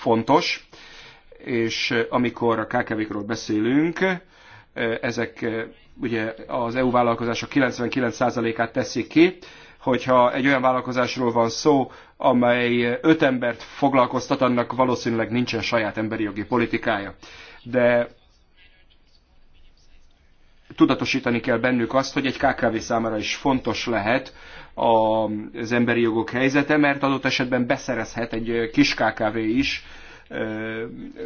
B: fontos, és amikor a KKV-król beszélünk, ezek ugye az EU vállalkozások 99%-át teszik ki, hogyha egy olyan vállalkozásról van szó, amely öt embert foglalkoztat, annak valószínűleg nincsen saját emberi jogi politikája. De tudatosítani kell bennük azt, hogy egy KKV számára is fontos lehet az emberi jogok helyzete, mert adott esetben beszerezhet egy kis KKV is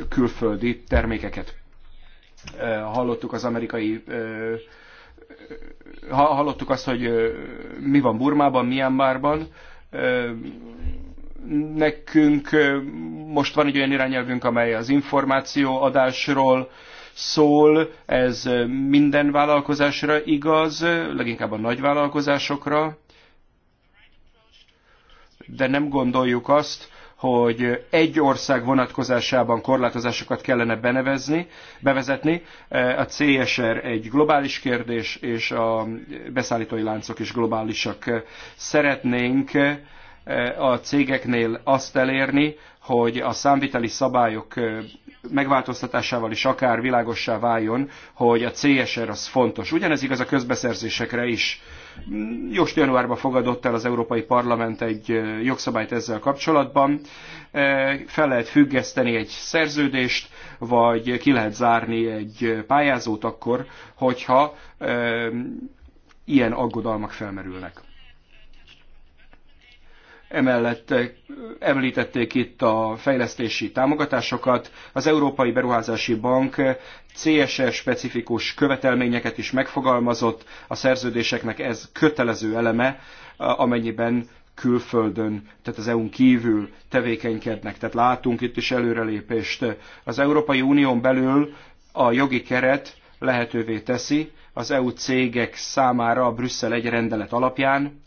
B: külföldi termékeket. Hallottuk az amerikai hallottuk azt, hogy mi van Burmában, Myanmarban. Nekünk most van egy olyan irányelvünk, amely az információadásról, adásról, szól, ez minden vállalkozásra igaz, leginkább a nagy vállalkozásokra, de nem gondoljuk azt, hogy egy ország vonatkozásában korlátozásokat kellene benevezni, bevezetni. A CSR egy globális kérdés, és a beszállítói láncok is globálisak. Szeretnénk eh, a cégeknél azt elérni, hogy a számviteli szabályok eh, megváltoztatásával is akár világossá váljon, hogy a CSR az fontos. Ugyanez igaz a közbeszerzésekre is. Jóst januárban fogadott el az Európai Parlament egy jogszabályt ezzel kapcsolatban. Fel lehet függeszteni egy szerződést, vagy ki lehet zárni egy pályázót akkor, hogyha ilyen aggodalmak felmerülnek. Emellett eh, említették itt a fejlesztési támogatásokat. Az Európai Beruházási Bank eh, CSR specifikus követelményeket is megfogalmazott, a szerződéseknek ez kötelező eleme, eh, amennyiben külföldön, tehát az EU-n kívül tevékenykednek. Tehát látunk itt is előrelépést. Az Európai Unión belül a jogi keret lehetővé teszi az EU cégek számára a Brüsszel egy rendelet alapján,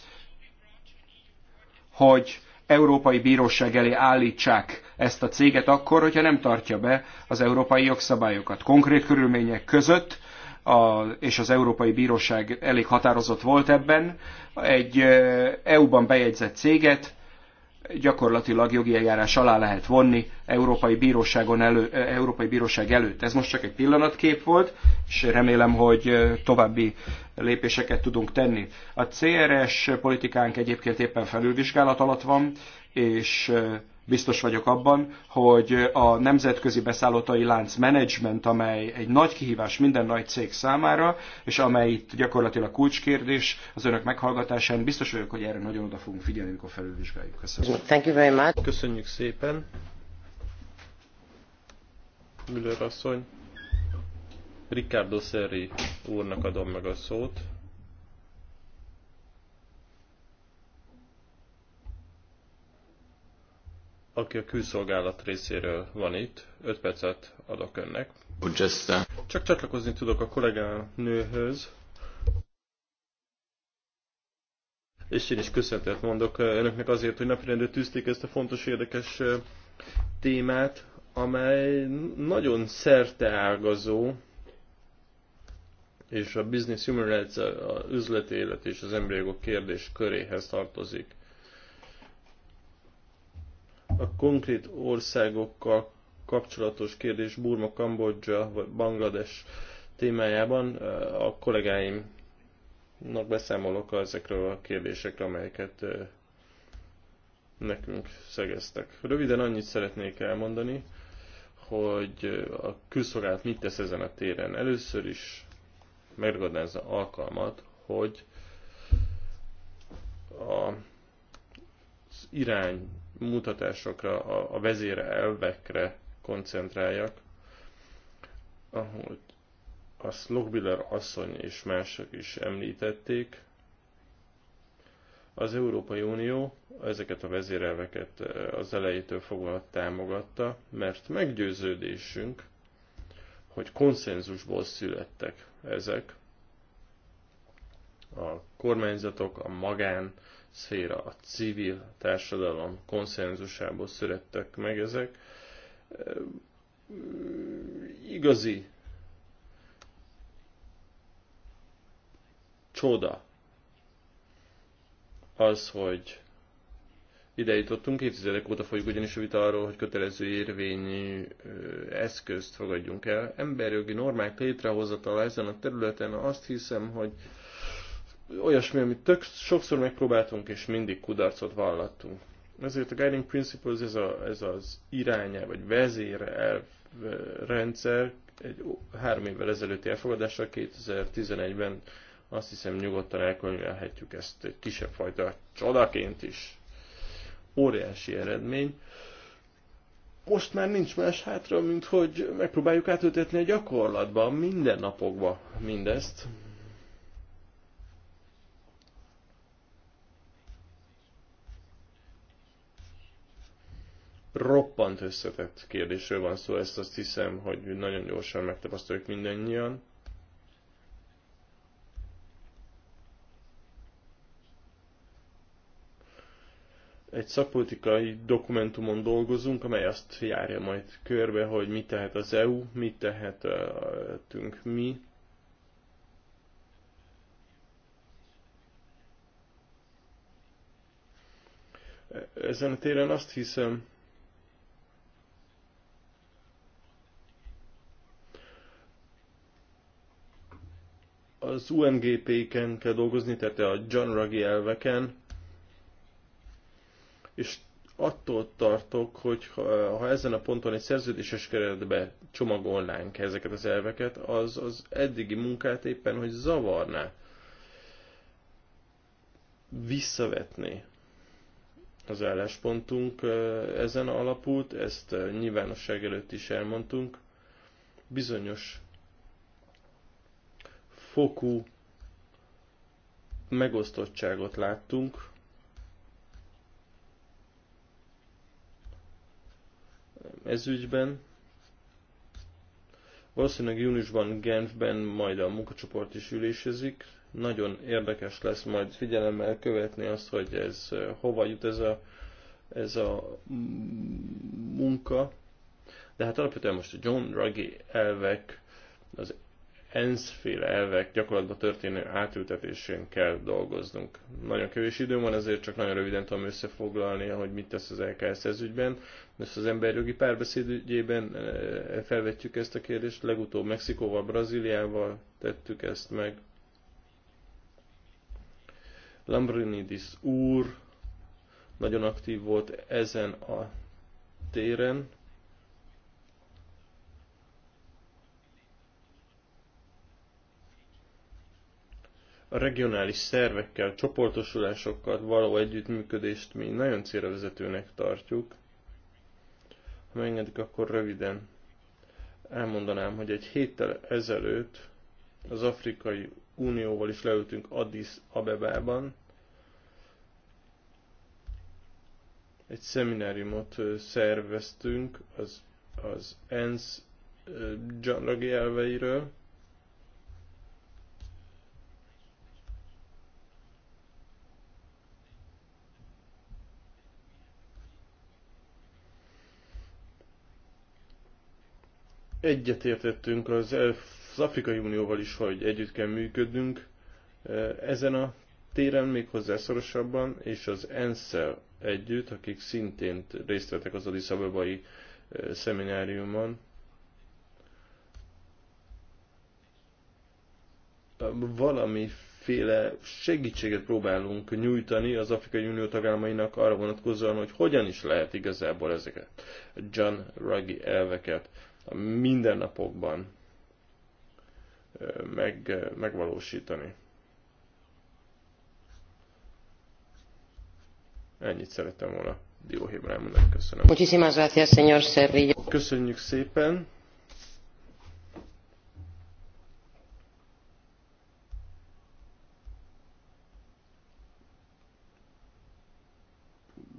B: hogy európai bíróság elé állítsák ezt a céget akkor, hogyha nem tartja be az európai jogszabályokat. Konkrét körülmények között, a, és az Európai Bíróság elég határozott volt ebben, egy EU-ban bejegyzett céget gyakorlatilag jogi eljárás alá lehet vonni Európai, Bíróságon elő, eh, Európai Bíróság előtt. Ez most csak egy pillanatkép volt, és remélem, hogy eh, további lépéseket tudunk tenni. A CRS politikánk egyébként éppen felülvizsgálat alatt van, és eh, Biztos vagyok abban, hogy a nemzetközi beszállótai lánc menedzsment, amely egy nagy kihívás minden nagy cég számára, és amely itt gyakorlatilag kulcskérdés az önök meghallgatásán, biztos vagyok, hogy erre nagyon oda fogunk figyelni, amikor felülvizsgáljuk. Köszönöm.
A: Thank you very much. Köszönjük szépen. Müller asszony. Ricardo Serri úrnak adom meg a szót. aki a külszolgálat részéről van itt. öt percet adok önnek. Csak csatlakozni tudok a kollégám nőhöz. És én is köszöntet mondok önöknek azért, hogy napirendre tűzték ezt a fontos, érdekes témát, amely nagyon szerteágazó, és a business human rights, az üzleti élet és az emberi jogok kérdés köréhez tartozik. A konkrét országokkal kapcsolatos kérdés Burma, Kambodzsa vagy Banglades témájában eh, a kollégáimnak beszámolok ezekről a kérdésekről, amelyeket eh, nekünk szegeztek. Röviden annyit szeretnék elmondani, hogy eh, a külszolgálat mit tesz ezen a téren. Először is megragadnázza alkalmat, hogy a, az irány mutatásokra, a, a vezére elvekre koncentráljak, ahogy a Slogbiller asszony és mások is említették, az Európai Unió ezeket a vezérelveket eh, az elejétől fogva támogatta, mert meggyőződésünk, hogy konszenzusból születtek ezek. A kormányzatok, a magán szféra, a civil társadalom konszenzusából születtek meg ezek. Igazi csoda az, hogy ide jutottunk, évtizedek óta folyik ugyanis a vita arról, hogy kötelező érvényű eszközt fogadjunk el. Emberjogi normák létrehozatala ezen a területen azt hiszem, hogy olyasmi, amit tök, sokszor megpróbáltunk, és mindig kudarcot vallattunk. Ezért a Guiding Principles, ez, a, ez az iránya vagy vezérelv rendszer, egy három évvel ezelőtti elfogadással 2011-ben azt hiszem nyugodtan elkönyvelhetjük ezt egy kisebb fajta csodaként is. Óriási eredmény. Most már nincs más hátra, mint hogy megpróbáljuk átültetni a gyakorlatban, napokban mindezt. roppant összetett kérdésről van szó, ezt azt hiszem, hogy nagyon gyorsan megtapasztaljuk mindannyian. Egy szakpolitikai dokumentumon dolgozunk, amely azt járja majd körbe, hogy mit tehet az EU, mit tehetünk mi, ezen a téren azt hiszem, az UNGP-ken kell dolgozni, tehát a John Ruggie elveken, és attól tartok, hogy ha, ha ezen a ponton egy szerződéses keretbe csomagolnánk ezeket az elveket, az az eddigi munkát éppen, hogy zavarná, visszavetné az álláspontunk ezen alapult, ezt nyilvánosság előtt is elmondtunk, bizonyos fokú megosztottságot láttunk. Ez ügyben. Valószínűleg júniusban Genfben majd a munkacsoport is ülésezik. Nagyon érdekes lesz majd figyelemmel követni azt, hogy ez eh, hova jut ez a, ez a munka. De hát alapvetően most a John Ruggie elvek, az ENSZ-féle elvek gyakorlatba történő átültetésén kell dolgoznunk. Nagyon kevés időm van, ezért csak nagyon röviden tudom összefoglalni, hogy mit tesz az LKS ez ügyben. Ezt az emberjogi párbeszéd ügyében eh, felvetjük ezt a kérdést, legutóbb Mexikóval, Brazíliával tettük ezt meg. Lambrinidis úr nagyon aktív volt ezen a téren, a regionális szervekkel, csoportosulásokkal való együttműködést mi nagyon célvezetőnek tartjuk. Ha megengedik, akkor röviden elmondanám, hogy egy héttel ezelőtt az Afrikai Unióval is leültünk Addis Abebában. Egy szemináriumot szerveztünk az, az ENSZ John elveiről, Egyetértettünk az, az Afrikai Unióval is, hogy együtt kell működnünk e, ezen a téren még hozzá szorosabban, és az ensz együtt, akik szintén részt vettek az Addis Abebai e, szemináriumon, valamiféle segítséget próbálunk nyújtani az Afrikai Unió tagállamainak arra vonatkozóan, hogy hogyan is lehet igazából ezeket John Ruggie elveket a mindennapokban meg, megvalósítani. Ennyit szerettem volna dióhéjban elmondani. Köszönöm. Muchísimas gracias, señor Serrillo. Köszönjük szépen.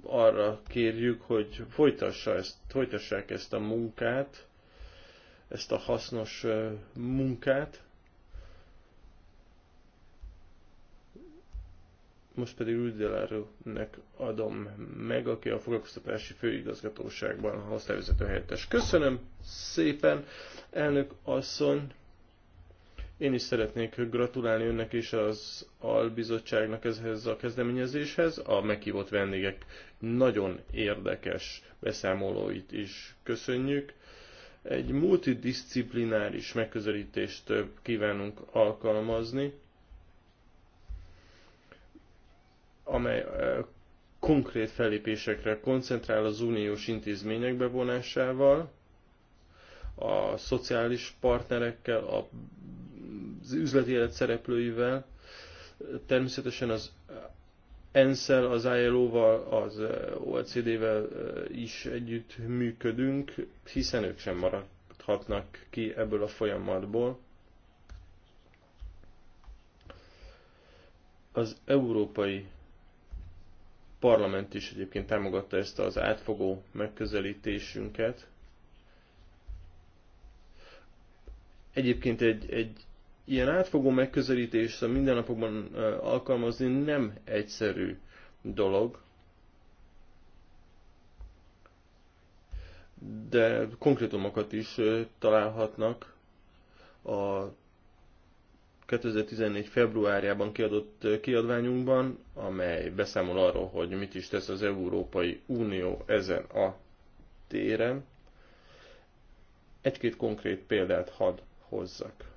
A: Arra kérjük, hogy folytassa ezt, folytassák ezt a munkát, ezt a hasznos munkát. Most pedig Rüdelerőnek adom meg, aki a foglalkoztatási főigazgatóságban a osztályvezető helyettes. Köszönöm szépen, elnök asszony! Én is szeretnék gratulálni önnek és az albizottságnak ezhez a kezdeményezéshez. A meghívott vendégek nagyon érdekes beszámolóit is köszönjük. Egy multidisciplináris megközelítést kívánunk alkalmazni, amely konkrét fellépésekre koncentrál az uniós intézmények bevonásával, a szociális partnerekkel, az üzleti élet szereplőivel, természetesen az ENSZ-el, az ILO-val, az OECD-vel is együtt működünk, hiszen ők sem maradhatnak ki ebből a folyamatból. Az Európai Parlament is egyébként támogatta ezt az átfogó megközelítésünket. Egyébként egy, egy ilyen átfogó megközelítést a mindennapokban alkalmazni nem egyszerű dolog, de konkrétumokat is találhatnak a 2014. februárjában kiadott kiadványunkban, amely beszámol arról, hogy mit is tesz az Európai Unió ezen a téren. Egy-két konkrét példát hadd hozzak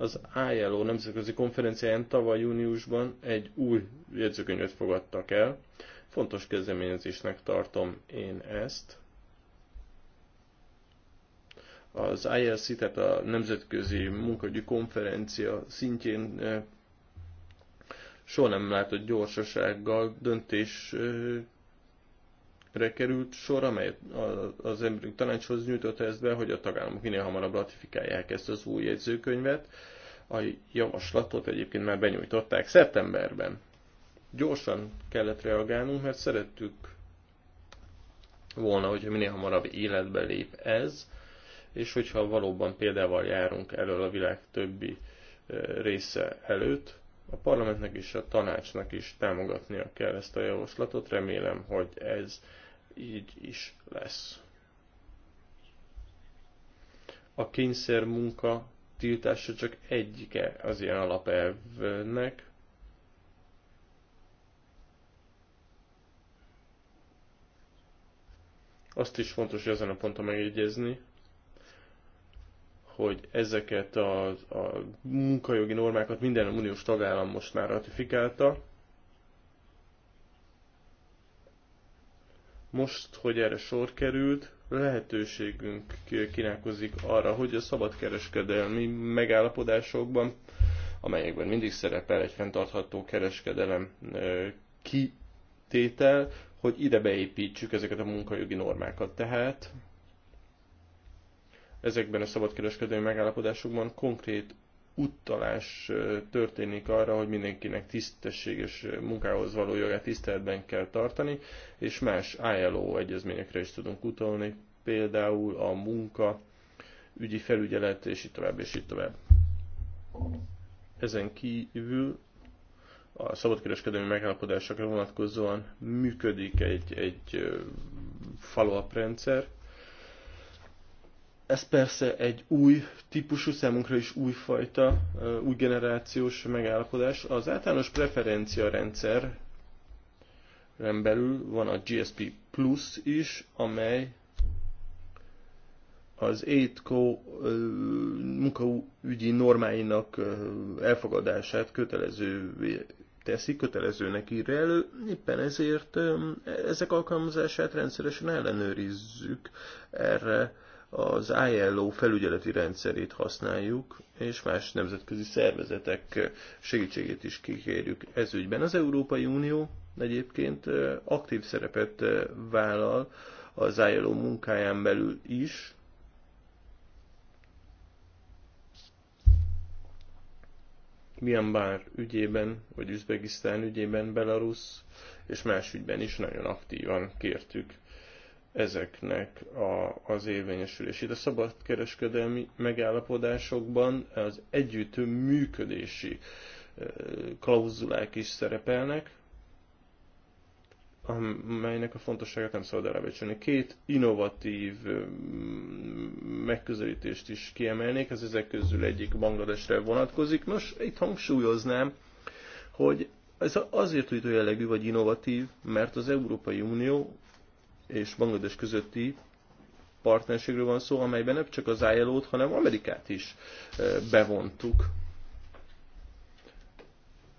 A: az ILO nemzetközi konferenciáján tavaly júniusban egy új jegyzőkönyvet fogadtak el. Fontos kezdeményezésnek tartom én ezt. Az ILC, tehát a Nemzetközi Munkagyi Konferencia szintjén eh, soha nem látott gyorsasággal döntés eh, került sor, amelyet az emberünk tanácshoz nyújtott ezt be, hogy a tagállamok minél hamarabb ratifikálják ezt az új jegyzőkönyvet. A javaslatot egyébként már benyújtották szeptemberben. Gyorsan kellett reagálnunk, mert szerettük volna, hogy minél hamarabb életbe lép ez, és hogyha valóban példával járunk elől a világ többi része előtt, a parlamentnek és a tanácsnak is támogatnia kell ezt a javaslatot. Remélem, hogy ez így is lesz. A kényszer munka tiltása csak egyike az ilyen alapelvnek. Azt is fontos hogy ezen a ponton megjegyezni, hogy ezeket a, a munkajogi normákat minden uniós tagállam most már ratifikálta, Most, hogy erre sor került, lehetőségünk kínálkozik arra, hogy a szabadkereskedelmi megállapodásokban, amelyekben mindig szerepel egy fenntartható kereskedelem kitétel, hogy ide beépítsük ezeket a munkajogi normákat. Tehát ezekben a szabadkereskedelmi megállapodásokban konkrét utalás történik arra, hogy mindenkinek tisztességes munkához való jogát tiszteletben kell tartani, és más ILO egyezményekre is tudunk utalni, például a munka, ügyi felügyelet, és így tovább, és így tovább. Ezen kívül a szabadkereskedelmi megállapodásokra vonatkozóan működik egy, egy follow-up rendszer, ez persze egy új típusú, számunkra is újfajta, új generációs megállapodás. Az általános preferencia rendszer belül van a GSP Plus is, amely az EITCO munkaügyi normáinak elfogadását kötelező teszi, kötelezőnek írja elő, éppen ezért ezek alkalmazását rendszeresen ellenőrizzük. Erre az ILO felügyeleti rendszerét használjuk, és más nemzetközi szervezetek segítségét is kikérjük ez ügyben. Az Európai Unió egyébként aktív szerepet vállal az ILO munkáján belül is, Myanmar ügyében, vagy Üzbegisztán ügyében, Belarus és más ügyben is nagyon aktívan kértük ezeknek a, az érvényesülését. A szabadkereskedelmi megállapodásokban az együtt működési klauzulák is szerepelnek, amelynek a fontosságát nem szabad elbecsülni. Két innovatív megközelítést is kiemelnék, ez ezek közül egyik Bangladesre vonatkozik. Nos, itt hangsúlyoznám, hogy ez azért újtó jellegű vagy innovatív, mert az Európai Unió és Bangladesh közötti partnerségről van szó, amelyben nem csak az ilo hanem Amerikát is bevontuk,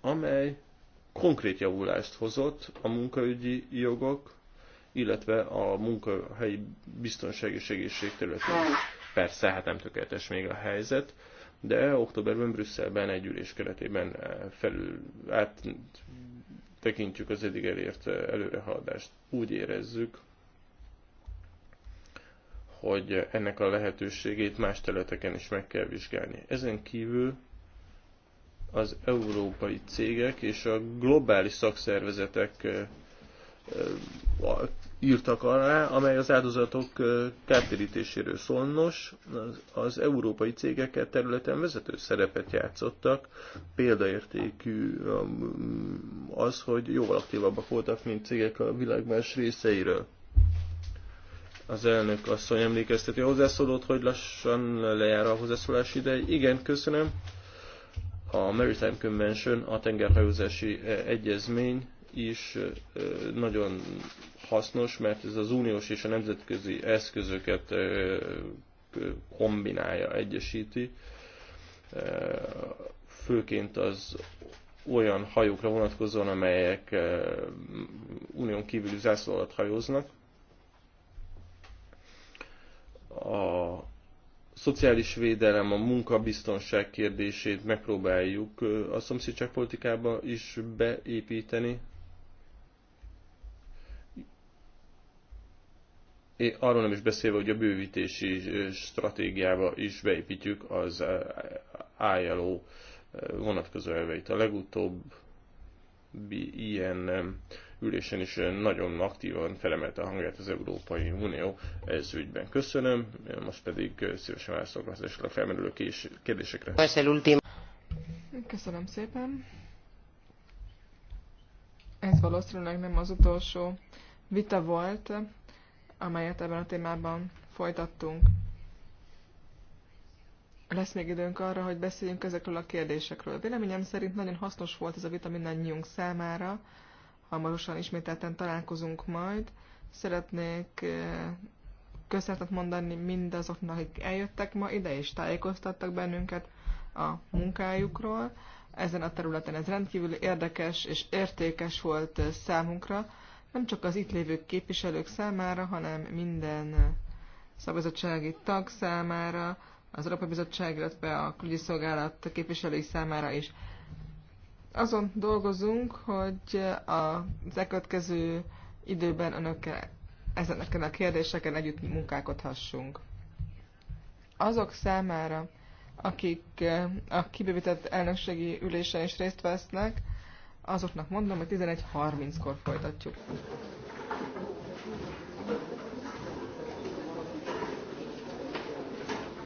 A: amely konkrét javulást hozott a munkaügyi jogok, illetve a munkahelyi biztonság és egészség területén. Persze, hát nem tökéletes még a helyzet, de októberben Brüsszelben egy ülés keretében felül át tekintjük az eddig elért előrehaladást. Úgy érezzük, hogy ennek a lehetőségét más területeken is meg kell vizsgálni. Ezen kívül az európai cégek és a globális szakszervezetek írtak alá, amely az áldozatok kártérítéséről szólnos. Az, európai cégeket területen vezető szerepet játszottak, példaértékű az, hogy jóval aktívabbak voltak, mint cégek a világ más részeiről az elnök asszony emlékezteti a hozzászólót, hogy lassan lejár a hozzászólási idej. Igen, köszönöm. A Maritime Convention, a tengerhajózási eh, egyezmény is eh, nagyon hasznos, mert ez az uniós és a nemzetközi eszközöket eh, kombinálja, egyesíti. Főként az olyan hajókra vonatkozóan, amelyek unión kívüli zászló alatt hajóznak, a szociális védelem, a munkabiztonság kérdését megpróbáljuk a szomszédságpolitikába is beépíteni. Én arról nem is beszélve, hogy a bővítési stratégiába is beépítjük az ILO vonatkozó elveit. A legutóbb ilyen ülésen is eh, nagyon aktívan felemelte a hangját az Európai Unió ez ügyben. Köszönöm, eh, most pedig eh, szívesen válaszolok az esetleg felmerülő kérdésekre.
C: Köszönöm szépen. Ez valószínűleg nem az utolsó vita volt, amelyet ebben a témában folytattunk. Lesz még időnk arra, hogy beszéljünk ezekről a kérdésekről. Véleményem szerint nagyon hasznos volt ez a vita mindannyiunk számára hamarosan ismételten találkozunk majd. Szeretnék eh, köszönetet mondani mindazoknak, akik eljöttek ma ide és tájékoztattak bennünket a munkájukról. Ezen a területen ez rendkívül érdekes és értékes volt eh, számunkra, nem csak az itt lévő képviselők számára, hanem minden eh, szabadságsági tag számára, az Európai Bizottság, illetve a külügyi szolgálat képviselői számára is azon dolgozunk, hogy a elkövetkező időben önökkel ezeken a kérdéseken együtt munkálkodhassunk. Azok számára, akik a kibővített elnökségi ülésen is részt vesznek, azoknak mondom, hogy 11.30-kor folytatjuk.